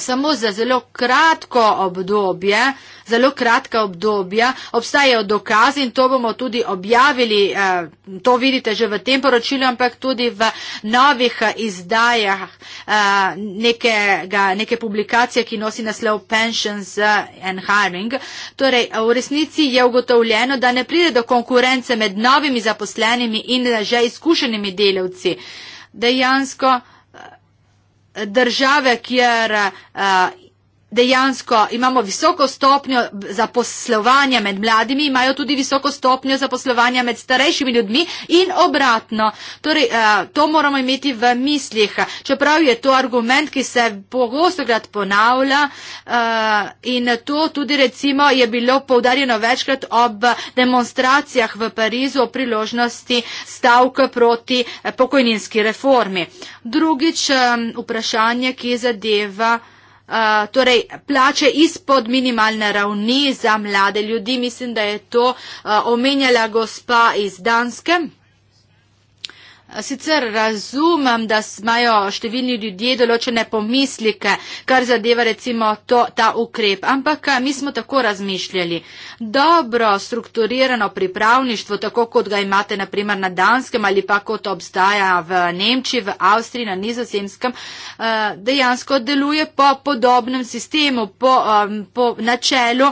samo za zelo kratko obdobje, zelo kratka obdobja, obstajajo dokazi in to bomo tudi objavili, eh, to vidite že v tem poročilu, ampak tudi v novih eh, izdajah eh, nekega, neke publikacije, ki nosi naslov Pensions and Hiring. Torej, v resnici je ugotovljeno, da ne pride do konkurence med novimi zaposlenimi in že izkušenimi delavci. Dejansko države, kjer uh, dejansko imamo visoko stopnjo zaposlovanja med mladimi, imajo tudi visoko stopnjo zaposlovanja med starejšimi ljudmi in obratno. Torej, eh, to moramo imeti v mislih. Čeprav je to argument, ki se pogosto krat ponavlja eh, in to tudi recimo je bilo poudarjeno večkrat ob demonstracijah v Parizu o priložnosti stavka proti eh, pokojninski reformi. Drugič, vprašanje, ki zadeva torej plače izpod minimalne ravni za mlade ljudi. Mislim, da je to uh, omenjala gospa iz Danske. Sicer razumem, da imajo številni ljudje določene pomislike, kar zadeva recimo to, ta ukrep, ampak mi smo tako razmišljali. Dobro strukturirano pripravništvo, tako kot ga imate naprimer na Danskem ali pa kot obstaja v Nemčiji, v Avstriji, na Nizozemskem, dejansko deluje po podobnem sistemu, po, po načelu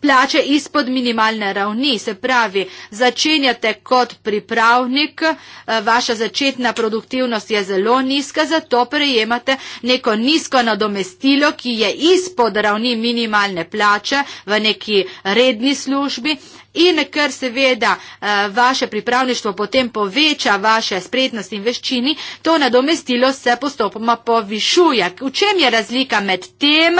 plače izpod minimalne ravni, se pravi, začenjate kot pripravnik, eh, vaša začetna produktivnost je zelo nizka, zato prejemate neko nizko nadomestilo, ki je izpod ravni minimalne plače v neki redni službi. In ker seveda eh, vaše pripravništvo potem poveča vaše spretnosti in veščini, to nadomestilo se postopoma povišuje. V čem je razlika med tem,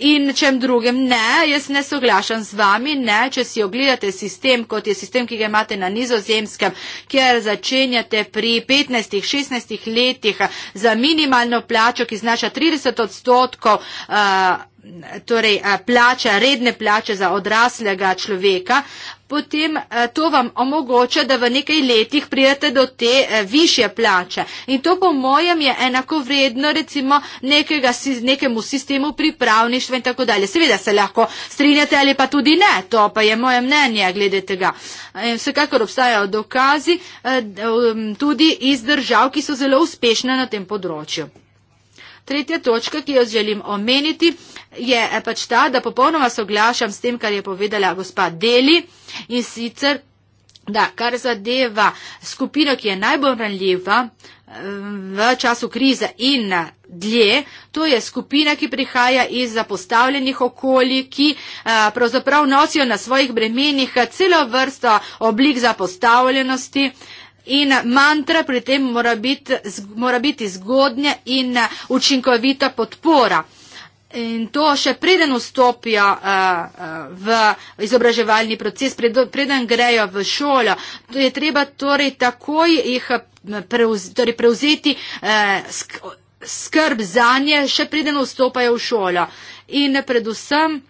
in čem drugem ne, jaz ne soglašam z vami, ne, če si ogledate sistem, kot je sistem, ki ga imate na nizozemskem, kjer začenjate pri 15-16 letih za minimalno plačo, ki znaša 30 odstotkov. Uh, torej eh, plače, redne plače za odraslega človeka, potem eh, to vam omogoča, da v nekaj letih prijete do te eh, višje plače. In to po mojem je enako vredno recimo si, nekemu sistemu pripravništva in tako dalje. Seveda se lahko strinjate ali pa tudi ne, to pa je moje mnenje glede tega. Vsekakor obstajajo dokazi eh, um, tudi iz držav, ki so zelo uspešne na tem področju. Tretja točka, ki jo želim omeniti, je eh, pač ta, da popolnoma soglašam s tem, kar je povedala gospa Deli in sicer, da kar zadeva skupino, ki je najbolj ranljiva eh, v času krize in eh, dlje, to je skupina, ki prihaja iz zapostavljenih okolij, ki a, pravzaprav nosijo na svojih bremenih celo vrsto oblik zapostavljenosti. In mantra pri tem mora biti, mora biti zgodnja in učinkovita podpora. In to še preden vstopijo uh, eh, uh, eh, v izobraževalni proces, pred, preden grejo v šolo. To je treba torej takoj jih preuz, torej preuzeti uh, eh, sk skrb za nje, še preden vstopajo v šolo. In predvsem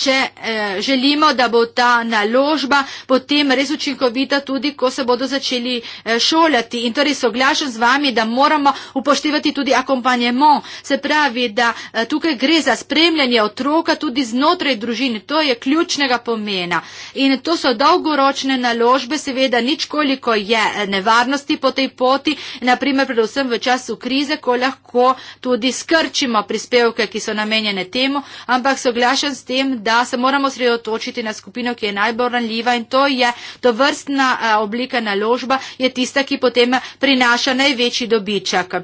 Če eh, želimo, da bo ta naložba potem res učinkovita, tudi ko se bodo začeli eh, šolati. In torej soglašam z vami, da moramo upoštevati tudi akompanjemo. Se pravi, da eh, tukaj gre za spremljanje otroka tudi znotraj družine. To je ključnega pomena. In to so dolgoročne naložbe, seveda nič koliko je eh, nevarnosti po tej poti, naprimer predvsem v času krize, ko lahko tudi skrčimo prispevke, ki so namenjene temu, ampak soglašam s tem, tem, da se moramo sredotočiti na skupino, ki je najbolj ranljiva in to je to vrstna oblika naložba, je tista, ki potem prinaša največji dobiček.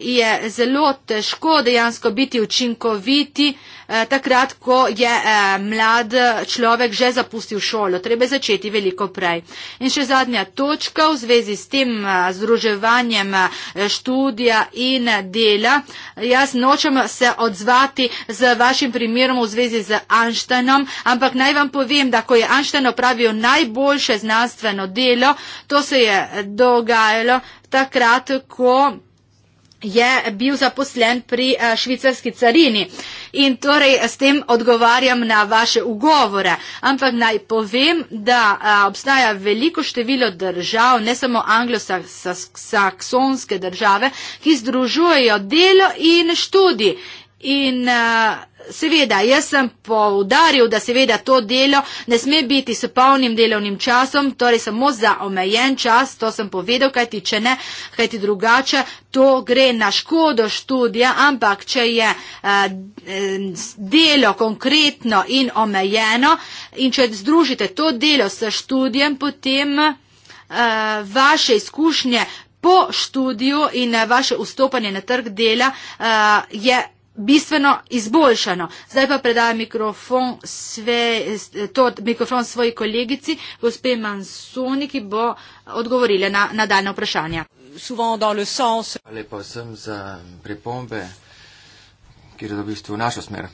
Je zelo težko dejansko biti učinkoviti eh, takrat, ko je eh, mlad človek že zapustil šolo. Treba začeti veliko prej. In še zadnja točka v zvezi s tem eh, združevanjem eh, študija in dela. Jaz nočem se odzvati z vašim primerom v zvezi z A Anštenom, ampak naj vam povem, da ko je Anšten opravil najboljše znanstveno delo, to se je dogajalo takrat, ko je bil zaposlen pri eh, švicarski carini. In torej s tem odgovarjam na vaše ugovore. Ampak naj povem, da eh, obstaja veliko število držav, ne samo anglosaksonske države, ki združujejo delo in študij. In uh, seveda, jaz sem poudaril, da seveda to delo ne sme biti s polnim delovnim časom, torej samo za omejen čas, to sem povedal, kajti če ne, kajti drugače, to gre na škodo študija, ampak če je uh, delo konkretno in omejeno in če združite to delo s študijem, potem uh, vaše izkušnje po študiju in uh, vaše vstopanje na trg dela uh, je bistveno izboljšano. Zdaj pa predajam mikrofon, mikrofon svoji kolegici, gospe Mansuni, ki bo odgovorila na nadaljne vprašanja. Lepo sem za pripombe, ki gredo v bistvu v našo smer.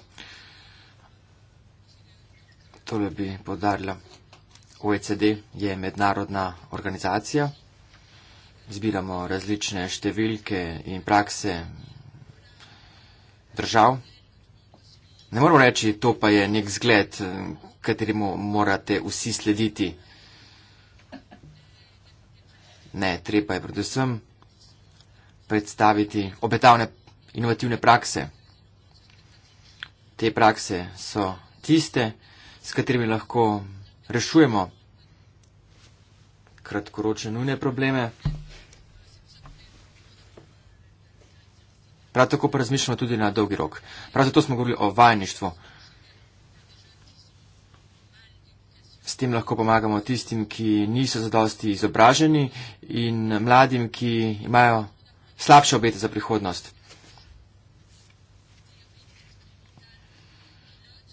Tole bi podarila. OECD je mednarodna organizacija. Zbiramo različne številke in prakse držav. Ne moramo reči, to pa je nek zgled, eh, kateremu morate vsi slediti. Ne, treba je predvsem predstaviti obetavne inovativne prakse. Te prakse so tiste, s katerimi lahko rešujemo kratkoročne nujne probleme. Prav tako pa razmišljamo tudi na dolgi rok. Prav zato smo govorili o vajništvu. S tem lahko pomagamo tistim, ki niso zadosti izobraženi in mladim, ki imajo slabše obete za prihodnost.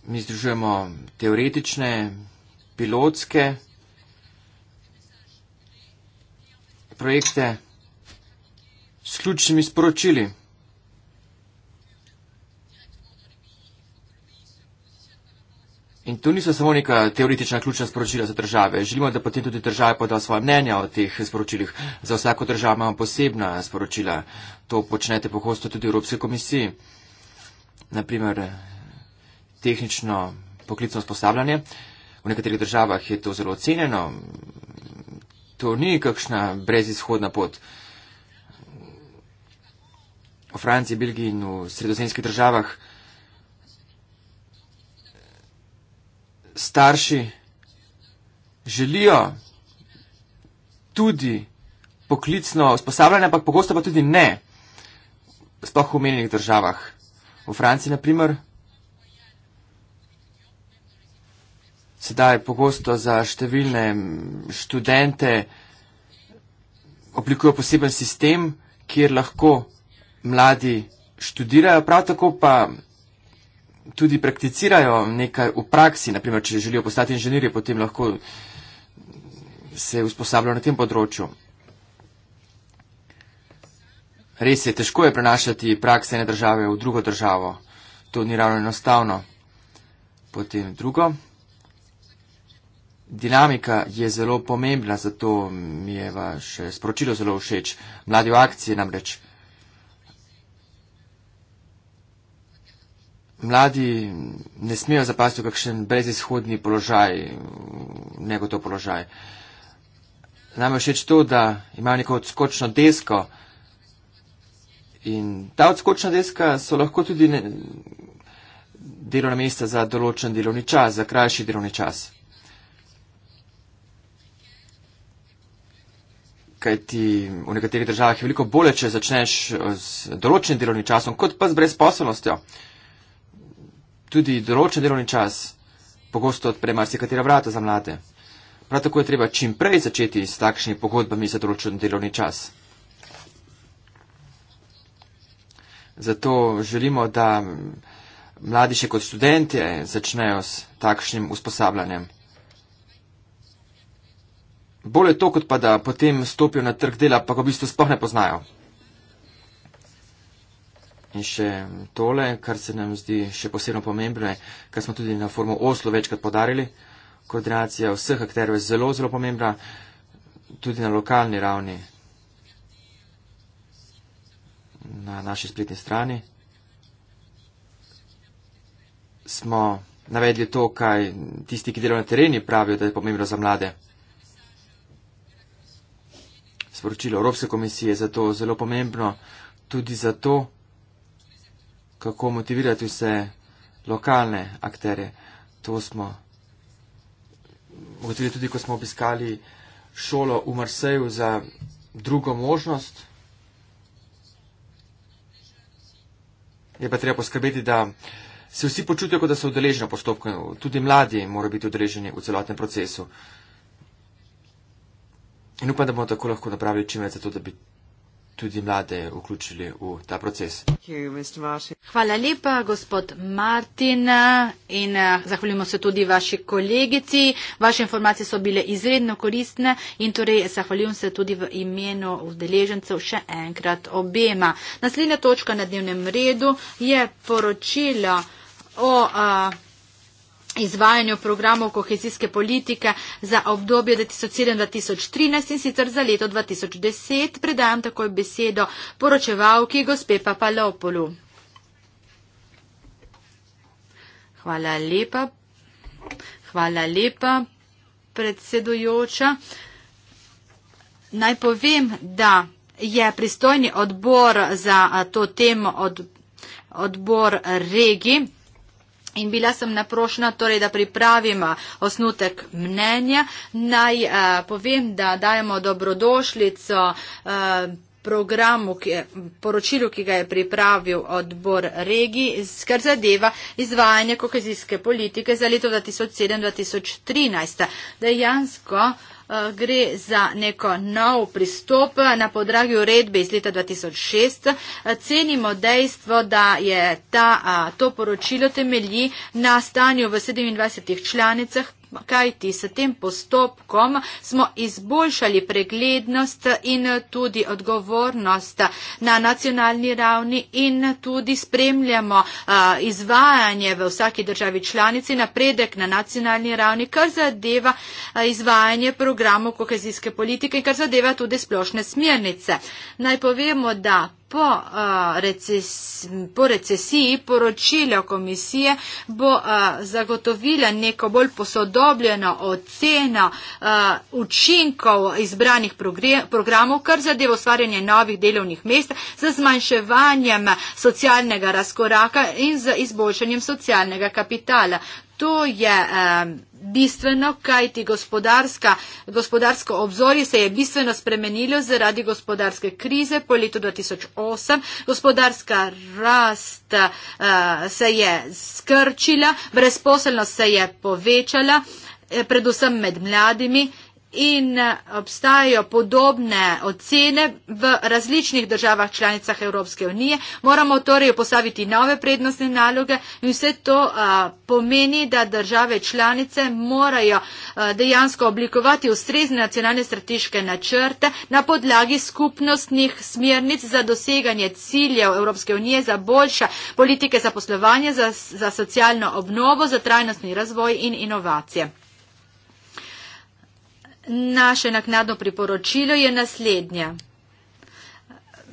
Mi združujemo teoretične, pilotske projekte s ključnimi sporočili. In to niso samo neka teoretična ključna sporočila za države. Želimo, da potem tudi države podajo svoje mnenja o teh sporočilih. Za vsako državo imamo posebna sporočila. To počnete pohosto tudi v Evropski komisiji. Naprimer, tehnično poklicno usposabljanje. V nekaterih državah je to zelo ocenjeno. To ni kakšna brezizhodna pot. V Franciji, Belgiji in v sredozemskih državah. starši želijo tudi poklicno usposabljanje, ampak pogosto pa tudi ne, sploh v omenjenih državah. V Franciji, na primer, sedaj pogosto za številne študente oblikujejo poseben sistem, kjer lahko mladi študirajo, prav tako pa tudi prakticirajo nekaj v praksi, naprimer, če želijo postati inženirje, potem lahko se usposabljajo na tem področju. Res je, težko je prenašati prakse ene države v drugo državo. To ni ravno enostavno. Potem drugo. Dinamika je zelo pomembna, zato mi je vaše sporočilo zelo všeč. Mladi v akciji namreč. mladi ne smejo zapasti v kakšen brezizhodni položaj, negotov položaj. Nam je všeč to, da imajo neko odskočno desko in ta odskočna deska so lahko tudi ne, delovna mesta za določen delovni čas, za krajši delovni čas. Kaj ti v nekaterih državah je veliko bolje, če začneš z določenim delovnim časom, kot pa z brezposobnostjo tudi določen delovni čas pogosto odpre marsikatera vrata za mlade. Prav tako je treba čim prej začeti s takšnimi pogodbami za določen delovni čas. Zato želimo, da mladi še kot študente začnejo s takšnim usposabljanjem. Bolje to, kot pa da potem stopijo na trg dela, pa ga v bistvu sploh ne poznajo. In še tole, kar se nam zdi še posebno pomembno, je, kar smo tudi na forumu Oslo večkrat podarili, koordinacija vseh akterjev je zelo, zelo pomembna, tudi na lokalni ravni, na naši spletni strani. Smo navedli to, kaj tisti, ki delajo na tereni, pravijo, da je pomembno za mlade. Sporočilo Evropske komisije je zato zelo pomembno, tudi zato, kako motivirati vse lokalne akterje. To smo ugotovili tudi, ko smo obiskali šolo v Marseju za drugo možnost. Je pa treba poskrbeti, da se vsi počutijo, kot da so udeleženi v postopku. Tudi mladi morajo biti udeleženi v celotnem procesu. In upam, da bomo tako lahko napravili čim več za to, da bi tudi mlade vključili v ta proces. Hvala lepa, gospod Martin, in eh, zahvaljujemo se tudi vaši kolegici. Vaše informacije so bile izredno koristne in torej zahvaljujem se tudi v imenu vdeležencev še enkrat obema. Naslednja točka na dnevnem redu je poročilo o. A, eh, izvajanju programov kohezijske politike za obdobje 2007-2013 in sicer za leto 2010. Predajam takoj besedo poročevalki gospe Papalopolu. Hvala lepa. Hvala lepa, predsedujoča. Naj povem, da je pristojni odbor za to temo od, odbor regi. In bila sem naprošena, torej, da pripravimo osnutek mnenja. Naj uh, povem, da dajemo dobrodošljico. Uh, programu, ki je, poročilu, ki ga je pripravil odbor regij, kar zadeva izvajanje kohezijske politike za leto 2007-2013. Dejansko uh, Eh, gre za neko nov pristop eh, na podragi uredbe iz leta 2006. Eh, cenimo dejstvo, da je ta, to poročilo temelji na stanju v 27 članicah, kajti s tem postopkom smo izboljšali preglednost in tudi odgovornost na nacionalni ravni in tudi spremljamo izvajanje v vsaki državi članici, napredek na nacionalni ravni, kar zadeva izvajanje programov kohezijske politike in kar zadeva tudi splošne smernice. Naj povemo, da po, uh, eh, recesi, po recesiji poročila komisije bo uh, eh, zagotovila neko bolj posodobljeno oceno uh, učinkov izbranih programov, kar zadeva ustvarjanje novih delovnih mest z zmanjševanjem socialnega razkoraka in z izboljšanjem socialnega kapitala. To je um, bistveno, kajti gospodarsko obzorje se je bistveno spremenilo zaradi gospodarske krize po letu 2008. Gospodarska rast uh, se je skrčila, brezposelnost se je povečala, eh, predvsem med mladimi. Uh, in eh, obstajajo podobne ocene v različnih državah članicah Evropske unije. Moramo torej postaviti nove prednostne naloge in vse to a, eh, pomeni, da države članice morajo a, eh, dejansko oblikovati ustrezne nacionalne strateške načrte na podlagi skupnostnih smernic za doseganje ciljev Evropske unije za boljša politike za poslovanje, za, za socialno obnovo, za trajnostni razvoj in inovacije. Naše naknadno priporočilo je naslednje.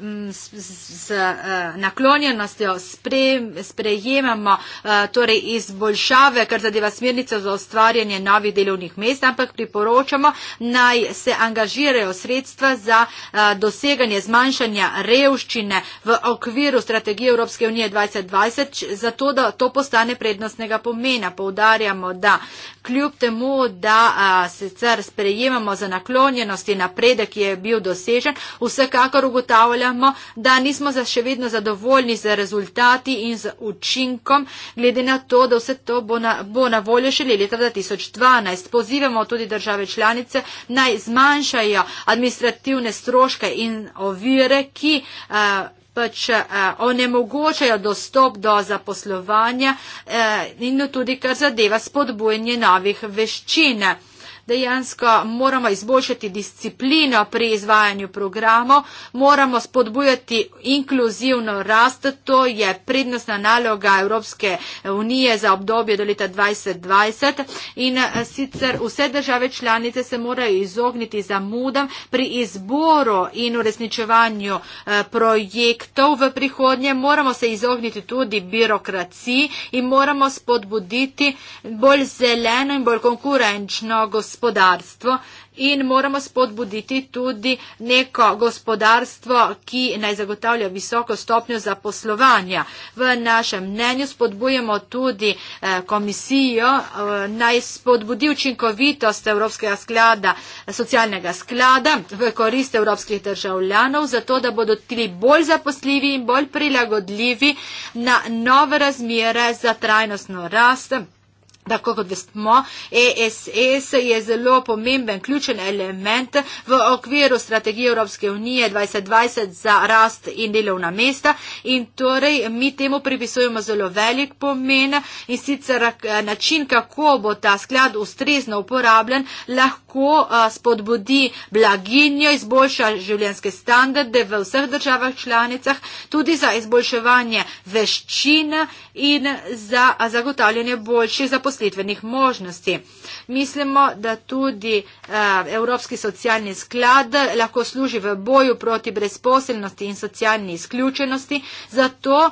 Mm, s, s, s eh, naklonjenostjo spre, sprejemamo eh, torej izboljšave, kar zadeva smernico za ustvarjanje novih delovnih mest, ampak priporočamo naj se angažirajo sredstva za eh, doseganje zmanjšanja revščine v okviru strategije Evropske unije 2020, zato da to postane prednostnega pomena. Poudarjamo, da kljub temu, da a, sicer sprejemamo za naklonjenosti napredek, ki je bil dosežen, vsekakor ugotavlja ugotavljamo, da nismo za še vedno zadovoljni z rezultati in z učinkom, glede na to, da vse to bo na, bo na voljo šele leta 2012. Pozivamo tudi države članice naj zmanjšajo administrativne stroške in ovire, ki. Uh, pač eh, onemogočajo dostop do zaposlovanja eh, in tudi kar zadeva spodbujanje novih veščin dejansko moramo izboljšati disciplino pri izvajanju programov, moramo spodbujati inkluzivno rast, to je prednostna naloga Evropske unije za obdobje do leta 2020 in eh, sicer vse države članice se morajo izogniti zamudam pri izboru in uresničevanju eh, projektov v prihodnje, moramo se izogniti tudi birokraciji in moramo spodbuditi bolj zeleno in bolj konkurenčno gospodarstvo gospodarstvo in moramo spodbuditi tudi neko gospodarstvo, ki naj zagotavlja visoko stopnjo zaposlovanja. V našem mnenju spodbujemo tudi eh, komisijo, eh, naj spodbudi učinkovitost Evropskega sklada, socialnega sklada v korist evropskih državljanov, zato da bodo tudi bolj zaposljivi in bolj prilagodljivi na nove razmere za trajnostno rast da kot vemo, ESS je zelo pomemben, ključen element v okviru strategije Evropske unije 2020 za rast in delovna mesta in torej mi temu pripisujemo zelo velik pomen in sicer eh, način, kako bo ta sklad ustrezno uporabljen, lahko eh, spodbudi blaginjo, izboljša življenjske standarde v vseh državah članicah, tudi za izboljševanje veščina in za zagotavljanje boljših zaposlitvenih možnosti. Mislimo, da tudi Evropski socialni sklad lahko služi v boju proti brezposelnosti in socialni izključenosti, zato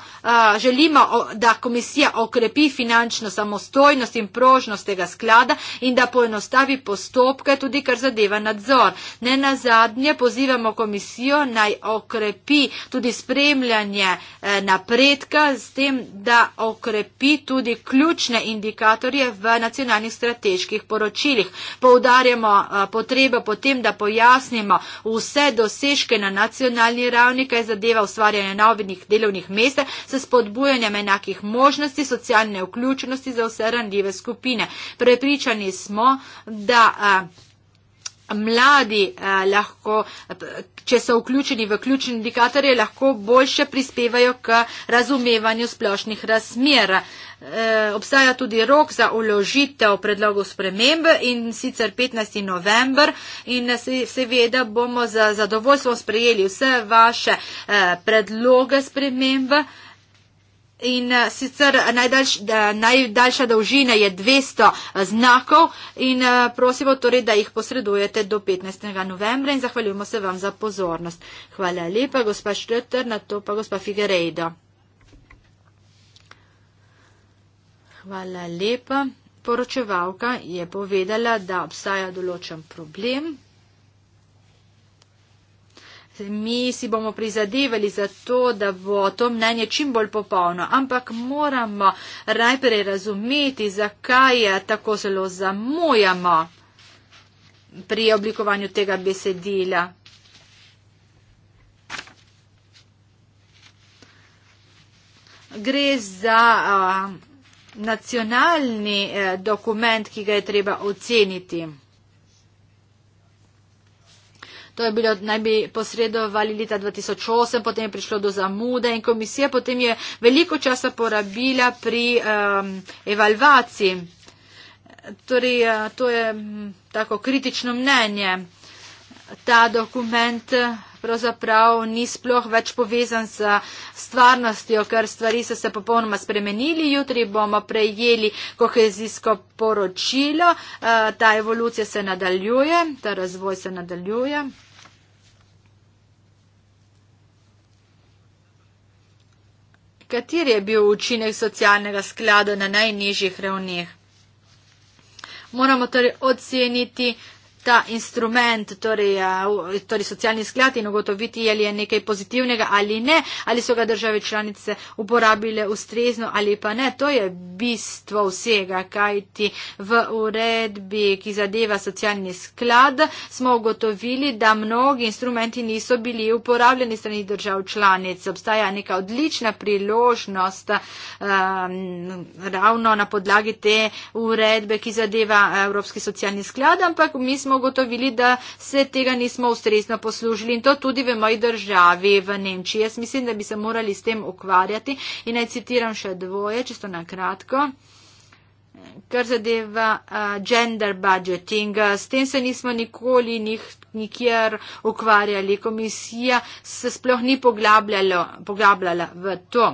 želimo, da komisija okrepi finančno samostojnost in prožnost tega sklada in da poenostavi postopke tudi kar zadeva nadzor. Ne na zadnje pozivamo komisijo naj okrepi tudi spremljanje e, napredka s tem, da okrepi tudi ključne indikatorje v nacionalnih strateških poročilih. Poudarjamo eh, potrebo potem, da pojasnimo vse dosežke na nacionalni ravni, kaj zadeva ustvarjanje novih delovnih mest s spodbujanjem enakih možnosti, socialne vključnosti za vse randljive skupine. Prepričani smo, da. A, eh, mladi eh, lahko, če so vključeni v ključne indikatorje, lahko boljše prispevajo k razumevanju splošnih razmer. Eh, obstaja tudi rok za uložitev predlogov sprememb in sicer 15. november in eh, seveda bomo z zadovoljstvom sprejeli vse vaše eh, predloge sprememb. Eh, In uh, sicer eh, najdaljš, uh, najdaljša dolžina je 200 znakov in uh, prosimo torej, da jih posredujete do 15. novembra in zahvaljujemo se vam za pozornost. Hvala lepa, gospa Štrter, na to pa gospa Figerejda. Hvala lepa. Poročevalka je povedala, da obstaja določen problem mi si bomo prizadevali za to, da bo to mnenje čim bolj popolno, ampak moramo najprej razumeti, zakaj tako zelo zamujamo pri oblikovanju tega besedila. Gre za uh, nacionalni uh, dokument, ki ga je treba oceniti. To je bilo, naj bi posredovali leta 2008, potem je prišlo do zamude in komisija potem je veliko časa porabila pri um, evalvaciji. Torej, uh, to je mm, tako kritično mnenje. Ta dokument eh, pravzaprav ni sploh več povezan s stvarnostjo, ker stvari so se popolnoma spremenili. Jutri bomo prejeli kohezijsko poročilo. Eh, ta evolucija se nadaljuje, ta razvoj se nadaljuje. kateri je bil učinek socialnega sklada na najnižjih ravneh. Moramo torej oceniti, ta instrument, torej, torej socialni sklad in ugotoviti, ali je nekaj pozitivnega ali ne, ali so ga države članice uporabile ustrezno ali pa ne. To je bistvo vsega, kajti v uredbi, ki zadeva socialni sklad, smo ugotovili, da mnogi instrumenti niso bili uporabljeni strani držav članic. Obstaja neka odlična priložnost um, ravno na podlagi te uredbe, ki zadeva Evropski socialni sklad, ampak mi smo ugotovili, da se tega nismo ustrezno poslužili in to tudi v moji državi, v Nemčiji. Jaz mislim, da bi se morali s tem ukvarjati in naj citiram še dvoje, čisto na kratko. Kar zadeva uh, gender budgeting, s tem se nismo nikoli nik, nikjer ukvarjali. Komisija se sploh ni poglabljala v to.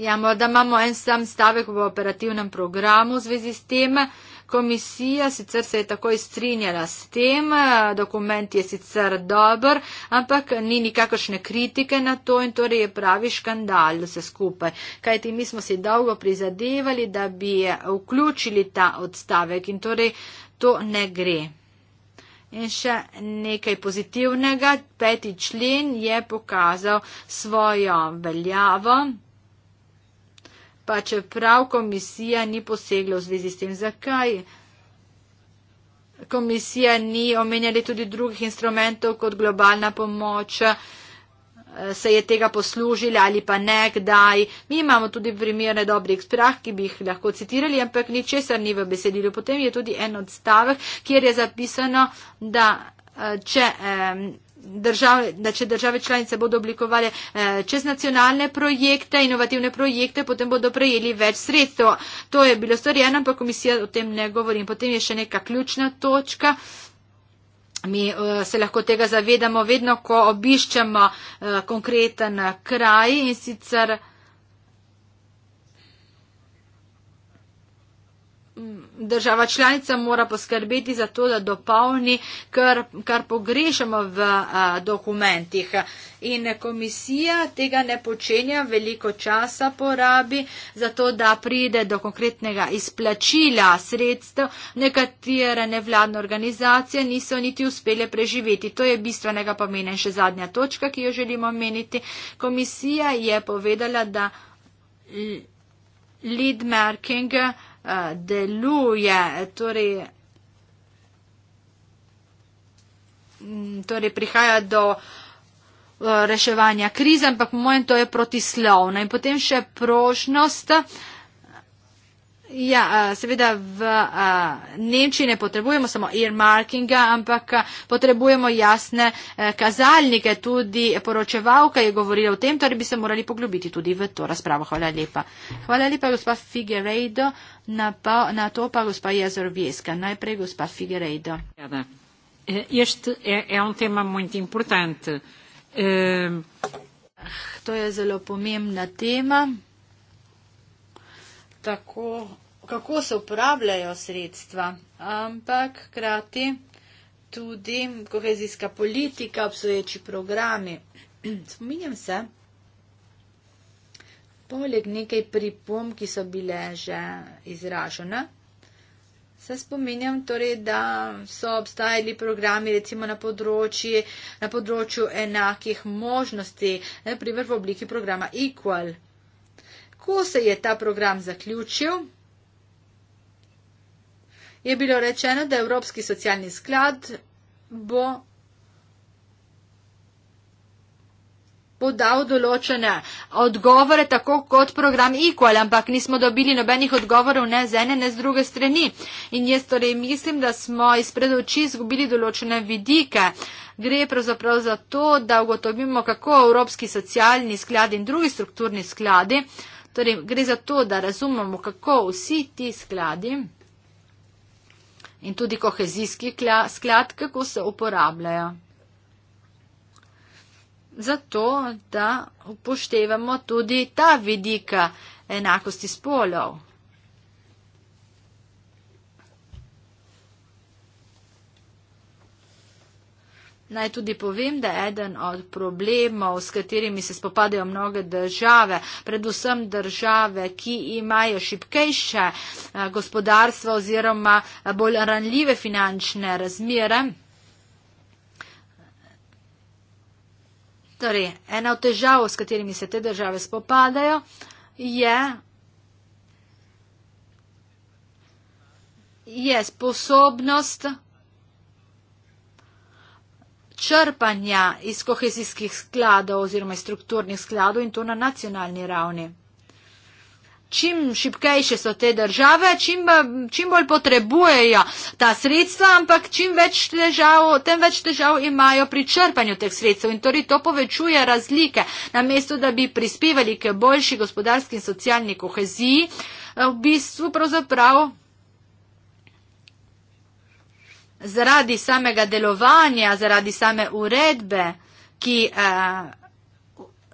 Ja, morda imamo en sam stavek v operativnem programu v zvezi s tem. Uh, Komisija sicer se je takoj strinjala s tem, eh, dokument je sicer dober, ampak ni nikakršne kritike na to in torej je pravi škandal vse skupaj. Kajti mi smo si dolgo prizadevali, da bi vključili ta odstavek in torej to ne gre. In še nekaj pozitivnega, peti člen je pokazal svojo veljavo pa čeprav komisija ni posegla v zvezi s tem, zakaj. Komisija ni omenjali tudi drugih instrumentov kot globalna pomoč, eh, se je tega poslužila ali pa nekdaj. Mi imamo tudi primere dobrih sprah, ki bi jih lahko citirali, ampak ničesar ni v besedilu. Potem je tudi en odstavek, kjer je zapisano, da eh, če. Eh, Držav, da če države članice bodo oblikovali eh, čez nacionalne projekte, inovativne projekte, potem bodo prejeli več sredstev. To je bilo storjeno, ampak komisija o tem ne govori. In potem je še neka ključna točka. Mi eh, se lahko tega zavedamo vedno, ko obiščemo eh, konkreten kraj in sicer. država članica mora poskrbeti za to, da dopolni, kar, kar pogrešamo v a, dokumentih. In komisija tega ne počenja, veliko časa porabi za to, da pride do konkretnega izplačila sredstev. Nekatere nevladne organizacije niso niti uspele preživeti. To je bistvenega pomena. In še zadnja točka, ki jo želimo omeniti. Komisija je povedala, da lead marking Eh, deluje. Torej, mm, torej prihaja do eh, reševanja krize, ampak po mojem to je protislovno. In potem še prošnost. Uh, Ja, seveda v Nemčiji ne potrebujemo samo earmarkinga, ampak potrebujemo jasne e, kazalnike. Tudi poročevalka je govorila o tem, torej bi se morali poglobiti tudi v to razpravo. Hvala lepa. Hvala lepa, gospa Figueiredo. Na, pa, na to pa gospa Jezor Vieska. Najprej gospa Figueiredo. Ja, e, e, um ah, to je zelo pomembna tema. Tako kako se uporabljajo sredstva, ampak krati tudi kohezijska politika, obstoječi programi. Spominjam se, poleg nekaj pripomb, ki so bile že izražene, se spominjam torej, da so obstajali programi recimo na, področji, na področju enakih možnosti, naprimer v obliki programa Equal. Ko se je ta program zaključil, je bilo rečeno, da Evropski socialni sklad bo, bo dal določene odgovore, tako kot program IQL, ampak nismo dobili nobenih odgovorov ne z ene, ne z druge strani. In jaz torej mislim, da smo izpred oči izgubili določene vidike. Gre pravzaprav za to, da ugotovimo, kako Evropski socialni sklad in drugi strukturni skladi, torej gre za to, da razumemo, kako vsi ti skladi, in tudi kohezijski sklad, kako se uporabljajo. Zato, da upoštevamo tudi ta vidika enakosti spolov. Naj tudi povem, da je eden od problemov, s katerimi se spopadajo mnoge države, predvsem države, ki imajo šipkejše eh, gospodarstvo oziroma eh, bolj ranljive finančne razmere. Torej, ena od težav, s katerimi se te države spopadajo, je, je sposobnost črpanja iz kohezijskih skladov oziroma iz strukturnih skladov in to na nacionalni ravni. Čim šipkejše so te države, čim, čim bolj potrebujejo ta sredstva, ampak čim več težav, tem več težav imajo pri črpanju teh sredstev. In torej to povečuje razlike. Namesto, da bi prispevali k boljši gospodarski in socialni koheziji, eh, v bistvu pravzaprav zaradi samega delovanja, zaradi same uredbe, ki eh,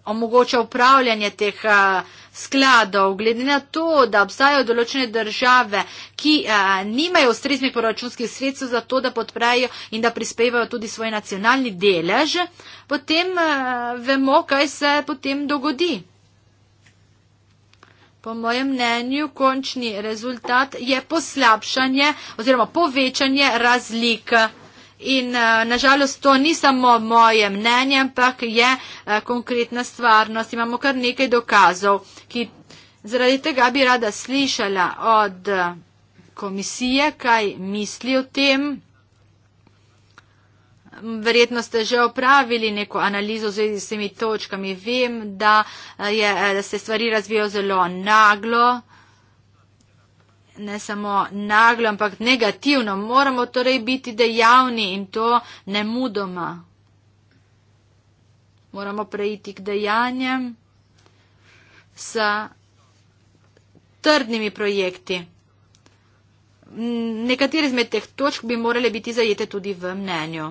omogoča upravljanje teh eh, skladov, glede na to, da obstajajo določene države, ki eh, nimajo ustreznih proračunskih sredstev za to, da podprejo in da prispevajo tudi svoj nacionalni delež, potem eh, vemo, kaj se potem dogodi. Po mojem mnenju, končni rezultat je poslabšanje oziroma povečanje razlik. In eh, nažalost to ni samo moje mnenje, ampak je eh, konkretna stvarnost. Imamo kar nekaj dokazov, ki zaradi tega bi rada slišala od eh, komisije, kaj misli o tem. Verjetno ste že opravili neko analizo z vsemi točkami. Vem, da, eh, je, eh, da se stvari razvijajo zelo naglo. Ne samo naglo, ampak negativno. Moramo torej biti dejavni in to ne mudoma. Moramo preiti k dejanjem s trdnimi projekti. Nekatere izmed teh točk bi morale biti zajete tudi v mnenju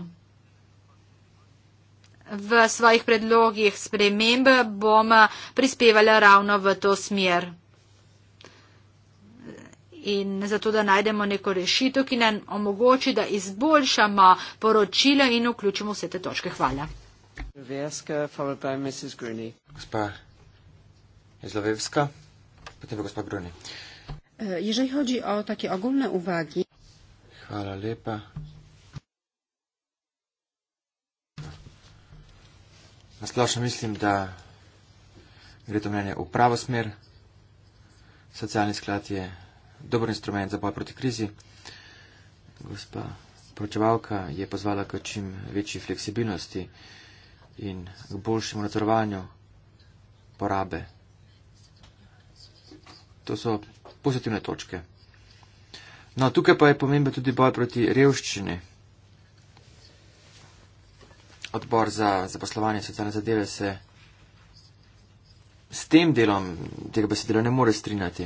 v svojih predlogih spremembe bom prispevala ravno v to smer. In zato, da najdemo neko rešitev, ki nam omogoči, da izboljšamo poročila in vključimo vse te točke. Hvala. Gospa iz Lovevska, potem gospa Bruni. E, Hvala lepa. Nasplošno mislim, da gre to mnenje v pravo smer. Socialni sklad je dober instrument za boj proti krizi. Gospa poročevalka je pozvala k čim večji fleksibilnosti in k boljšemu nadzorovanju porabe. To so pozitivne točke. No, tukaj pa je pomemben tudi boj proti revščini odbor za zaposlovanje in socialne zadeve se s tem delom tega besedila ne more strinjati.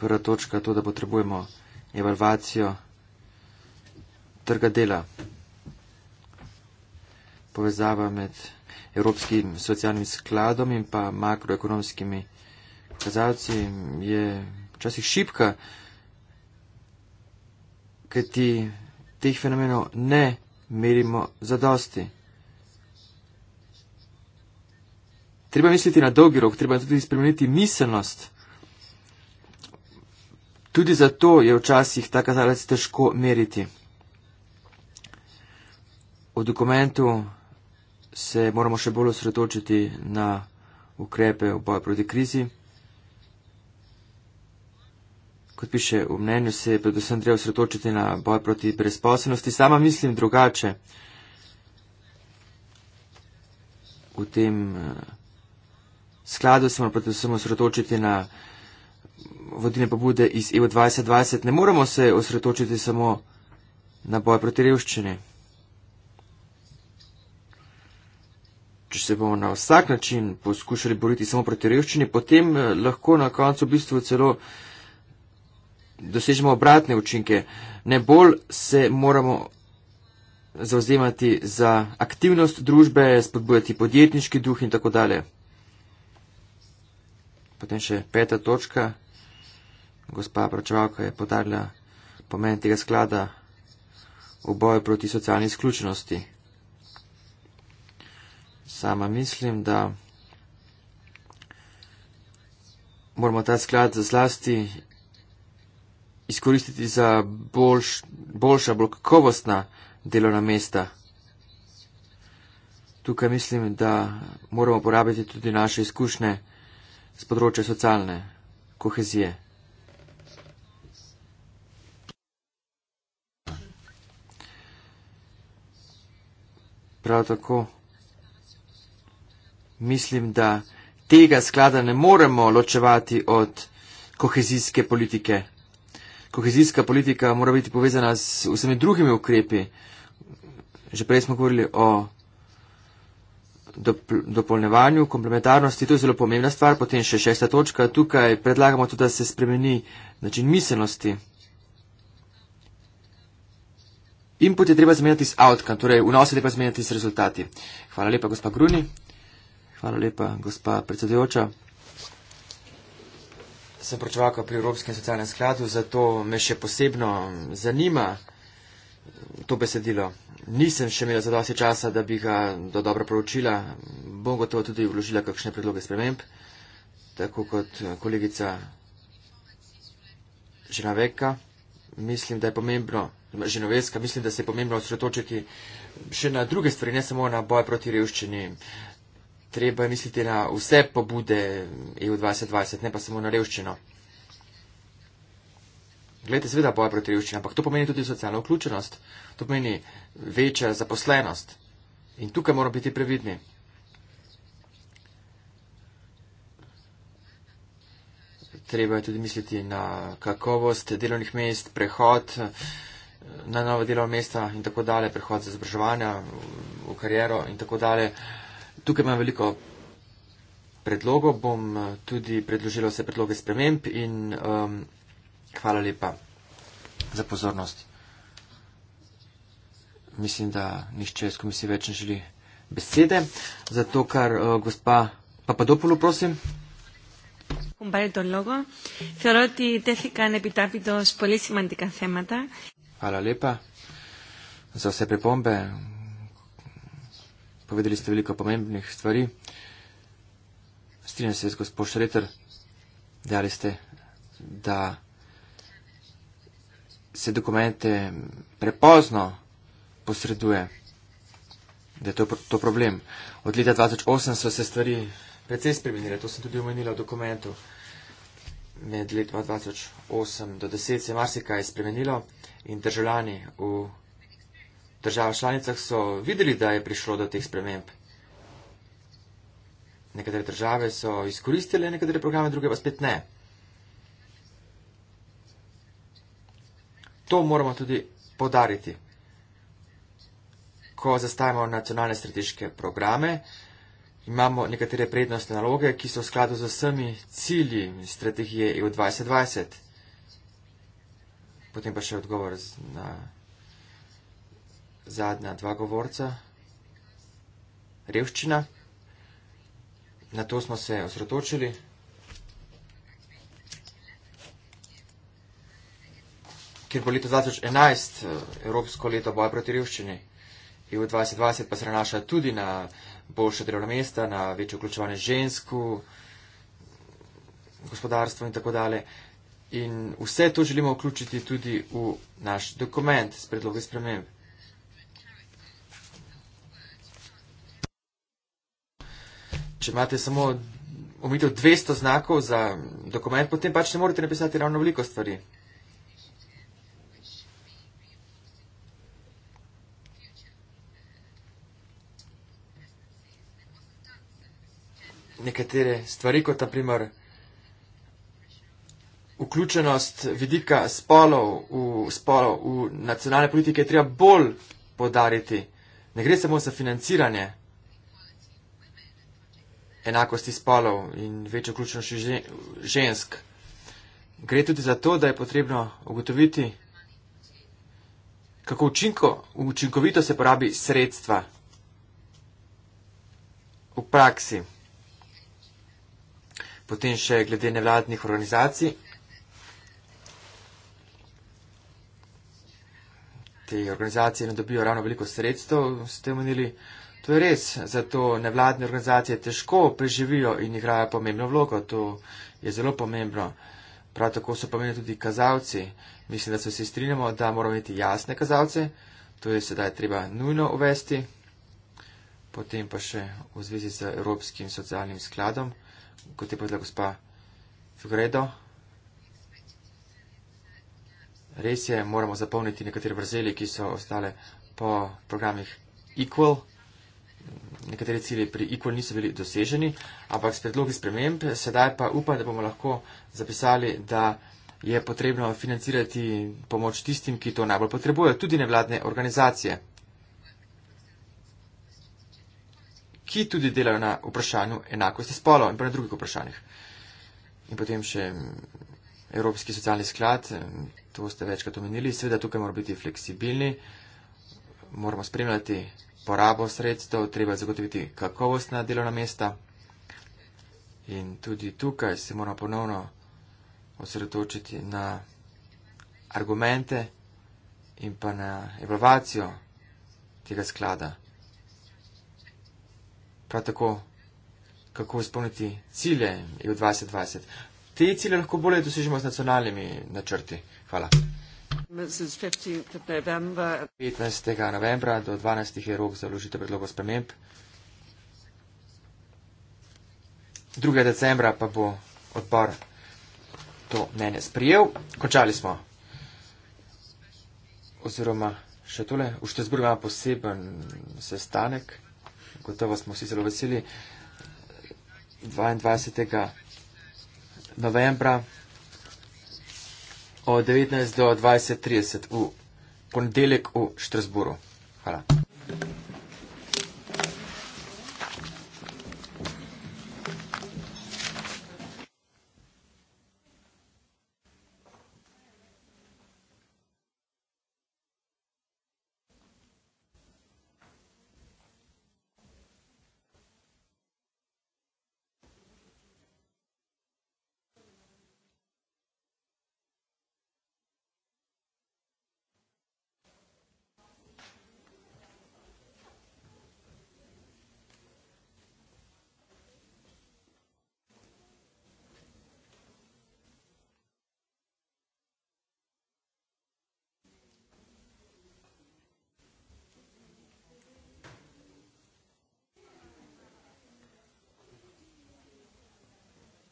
Prva točka je to, da potrebujemo evalvacijo trga dela, povezava med Evropskim socialnim skladom in pa makroekonomskimi kazalci je včasih šipka, ker ti teh fenomenov ne merimo za dosti. Treba misliti na dolgi rok, treba tudi spremeniti miselnost. Tudi zato je včasih ta kazalec težko meriti. V dokumentu se moramo še bolj osredotočiti na ukrepe v boju proti krizi kot piše v mnenju, se je predvsem treba osredotočiti na boj proti brezposobnosti. Sama mislim drugače v tem uh, skladu, se moramo predvsem osredotočiti na vodine pobude iz EU 2020. Ne moramo se osredotočiti samo na boj proti revščini. Če se bomo na vsak način poskušali boriti samo proti revščini, potem eh, lahko na koncu v bistvu celo uh, dosežemo obratne učinke. Ne bolj se moramo zauzemati za aktivnost družbe, spodbujati podjetniški duh in tako dalje. Potem še peta točka. Gospa Pračevalka je podarila pomen tega sklada v boju proti socialni izključenosti. Sama mislim, da moramo ta sklad zlasti izkoristiti za boljš, boljša, bolj kakovostna delovna mesta. Tukaj mislim, da moramo uporabiti tudi naše izkušnje z področja socialne kohezije. Prav tako mislim, da tega sklada ne moremo ločevati od kohezijske politike kohezijska politika mora biti povezana z vsemi drugimi ukrepi. Že prej smo govorili o dop dopolnevanju, komplementarnosti, to je zelo pomembna stvar. Potem še šesta točka. Tukaj predlagamo tudi, da se spremeni način miselnosti. Input je treba zamenjati s outcome, torej vnos je treba zamenjati s rezultati. Hvala lepa, gospa Gruni. Hvala lepa, gospa predsedujoča sem pročevalka pri Evropskem socialnem skladu, zato me še posebno zanima to besedilo. Nisem še imela zadosti časa, da bi ga do dobro proučila. Bom gotovo tudi vložila kakšne predloge sprememb, tako kot kolegica Ženoveka. Mislim, da je pomembno, Ženoveska, mislim, da se je pomembno osredotočiti še na druge stvari, ne samo na boj proti revščini treba je misliti na vse pobude EU 2020, ne pa samo na revščino. Glede, seveda, boja proti revščini, ampak to pomeni tudi socialno vključenost, to pomeni večja zaposlenost. In tukaj moramo biti previdni. Treba je tudi misliti na kakovost delovnih mest, prehod na nove delovne mesta in tako dalje, prehod za izobraževanje v kariero in tako dalje. Tukaj imam veliko predlogov, bom eh, tudi predložila vse predloge sprememb in um, hvala lepa za pozornost. Mislim, da nišče iz komisije več ne želi besede. Zato, kar uh, gospa Papadopolo, prosim. Hvala lepa za vse pripombe. Povedali ste veliko pomembnih stvari. Strinjam se z gospod Šreter, dejali ste, da se dokumente prepozno posreduje, da je to, to problem. Od leta 2008 so se stvari precej spremenile, to sem tudi omenila v dokumentu. Med letoma 2008 do 2010 se je marsikaj spremenilo in državljani v Države članicah so videli, da je prišlo do teh sprememb. Nekatere države so izkoristile nekatere programe, druge pa spet ne. To moramo tudi podariti. Ko zastavimo nacionalne strateške programe, imamo nekatere prednostne naloge, ki so v skladu z vsemi cilji strategije EU 2020. Potem pa še odgovor na zadnja dva govorca. Revščina. Na to smo se osredotočili. Ker bo leto 2011 eh, Evropsko leto boja proti revščini, EU 2020 pa se nanaša tudi na boljše delovna mesta, na večje vključevanje žensk v gospodarstvo in tako dalje. In vse to želimo vključiti tudi v naš dokument s predlogi sprememb. če imate samo omitev 200 znakov za dokument, potem pač ne morete napisati ravno veliko stvari. Nekatere stvari, kot naprimer vključenost vidika spolov v, spolov v nacionalne politike, je treba bolj podariti. Ne gre samo za financiranje enakosti spolov in večjo vključenost žensk. Gre tudi za to, da je potrebno ugotoviti, kako učinko, učinkovito se porabi sredstva v praksi. Potem še glede nevladnih organizacij. Te organizacije ne dobijo ravno veliko sredstev, ste omenili. Uh, To je res, zato nevladne organizacije težko preživijo in igrajo pomembno vlogo, to je zelo pomembno. Prav tako so pomembni tudi kazalci. Mislim, da se vsi strinjamo, da moramo imeti jasne kazalce, to je sedaj treba nujno uvesti. Potem pa še v zvezi z Evropskim socialnim skladom, kot je povedala gospa Figredo. Res je, moramo zapolniti nekatere vrzeli, ki so ostale po programih Equal nekateri cilji pri IQL niso bili doseženi, ampak s predlogi sprememb, sedaj pa upam, da bomo lahko zapisali, da je potrebno financirati pomoč tistim, ki to najbolj potrebujejo, tudi nevladne organizacije, ki tudi delajo na vprašanju enakosti spolov in pa na drugih vprašanjih. In potem še Evropski socialni sklad, to ste večkrat omenili, seveda tukaj moramo biti fleksibilni, moramo spremljati porabo sredstev, treba je zagotoviti kakovostna delovna mesta. In tudi tukaj se moramo ponovno osredotočiti na argumente in pa na evalvacijo tega sklada. Prav tako, kako izpolniti cilje EU 2020. Te cilje lahko bolje dosežemo z nacionalnimi načrti. Hvala. 15. novembra do 12. je rok za vložitev predlogov sprememb. 2. decembra pa bo odbor to mnenje sprijel. Končali smo. Oziroma še tole. V Štezburgu imamo poseben sestanek. Gotovo smo vsi zelo veseli. 22. novembra od 19 do 20.30 v ponedeljek v Štrasburu. Hvala.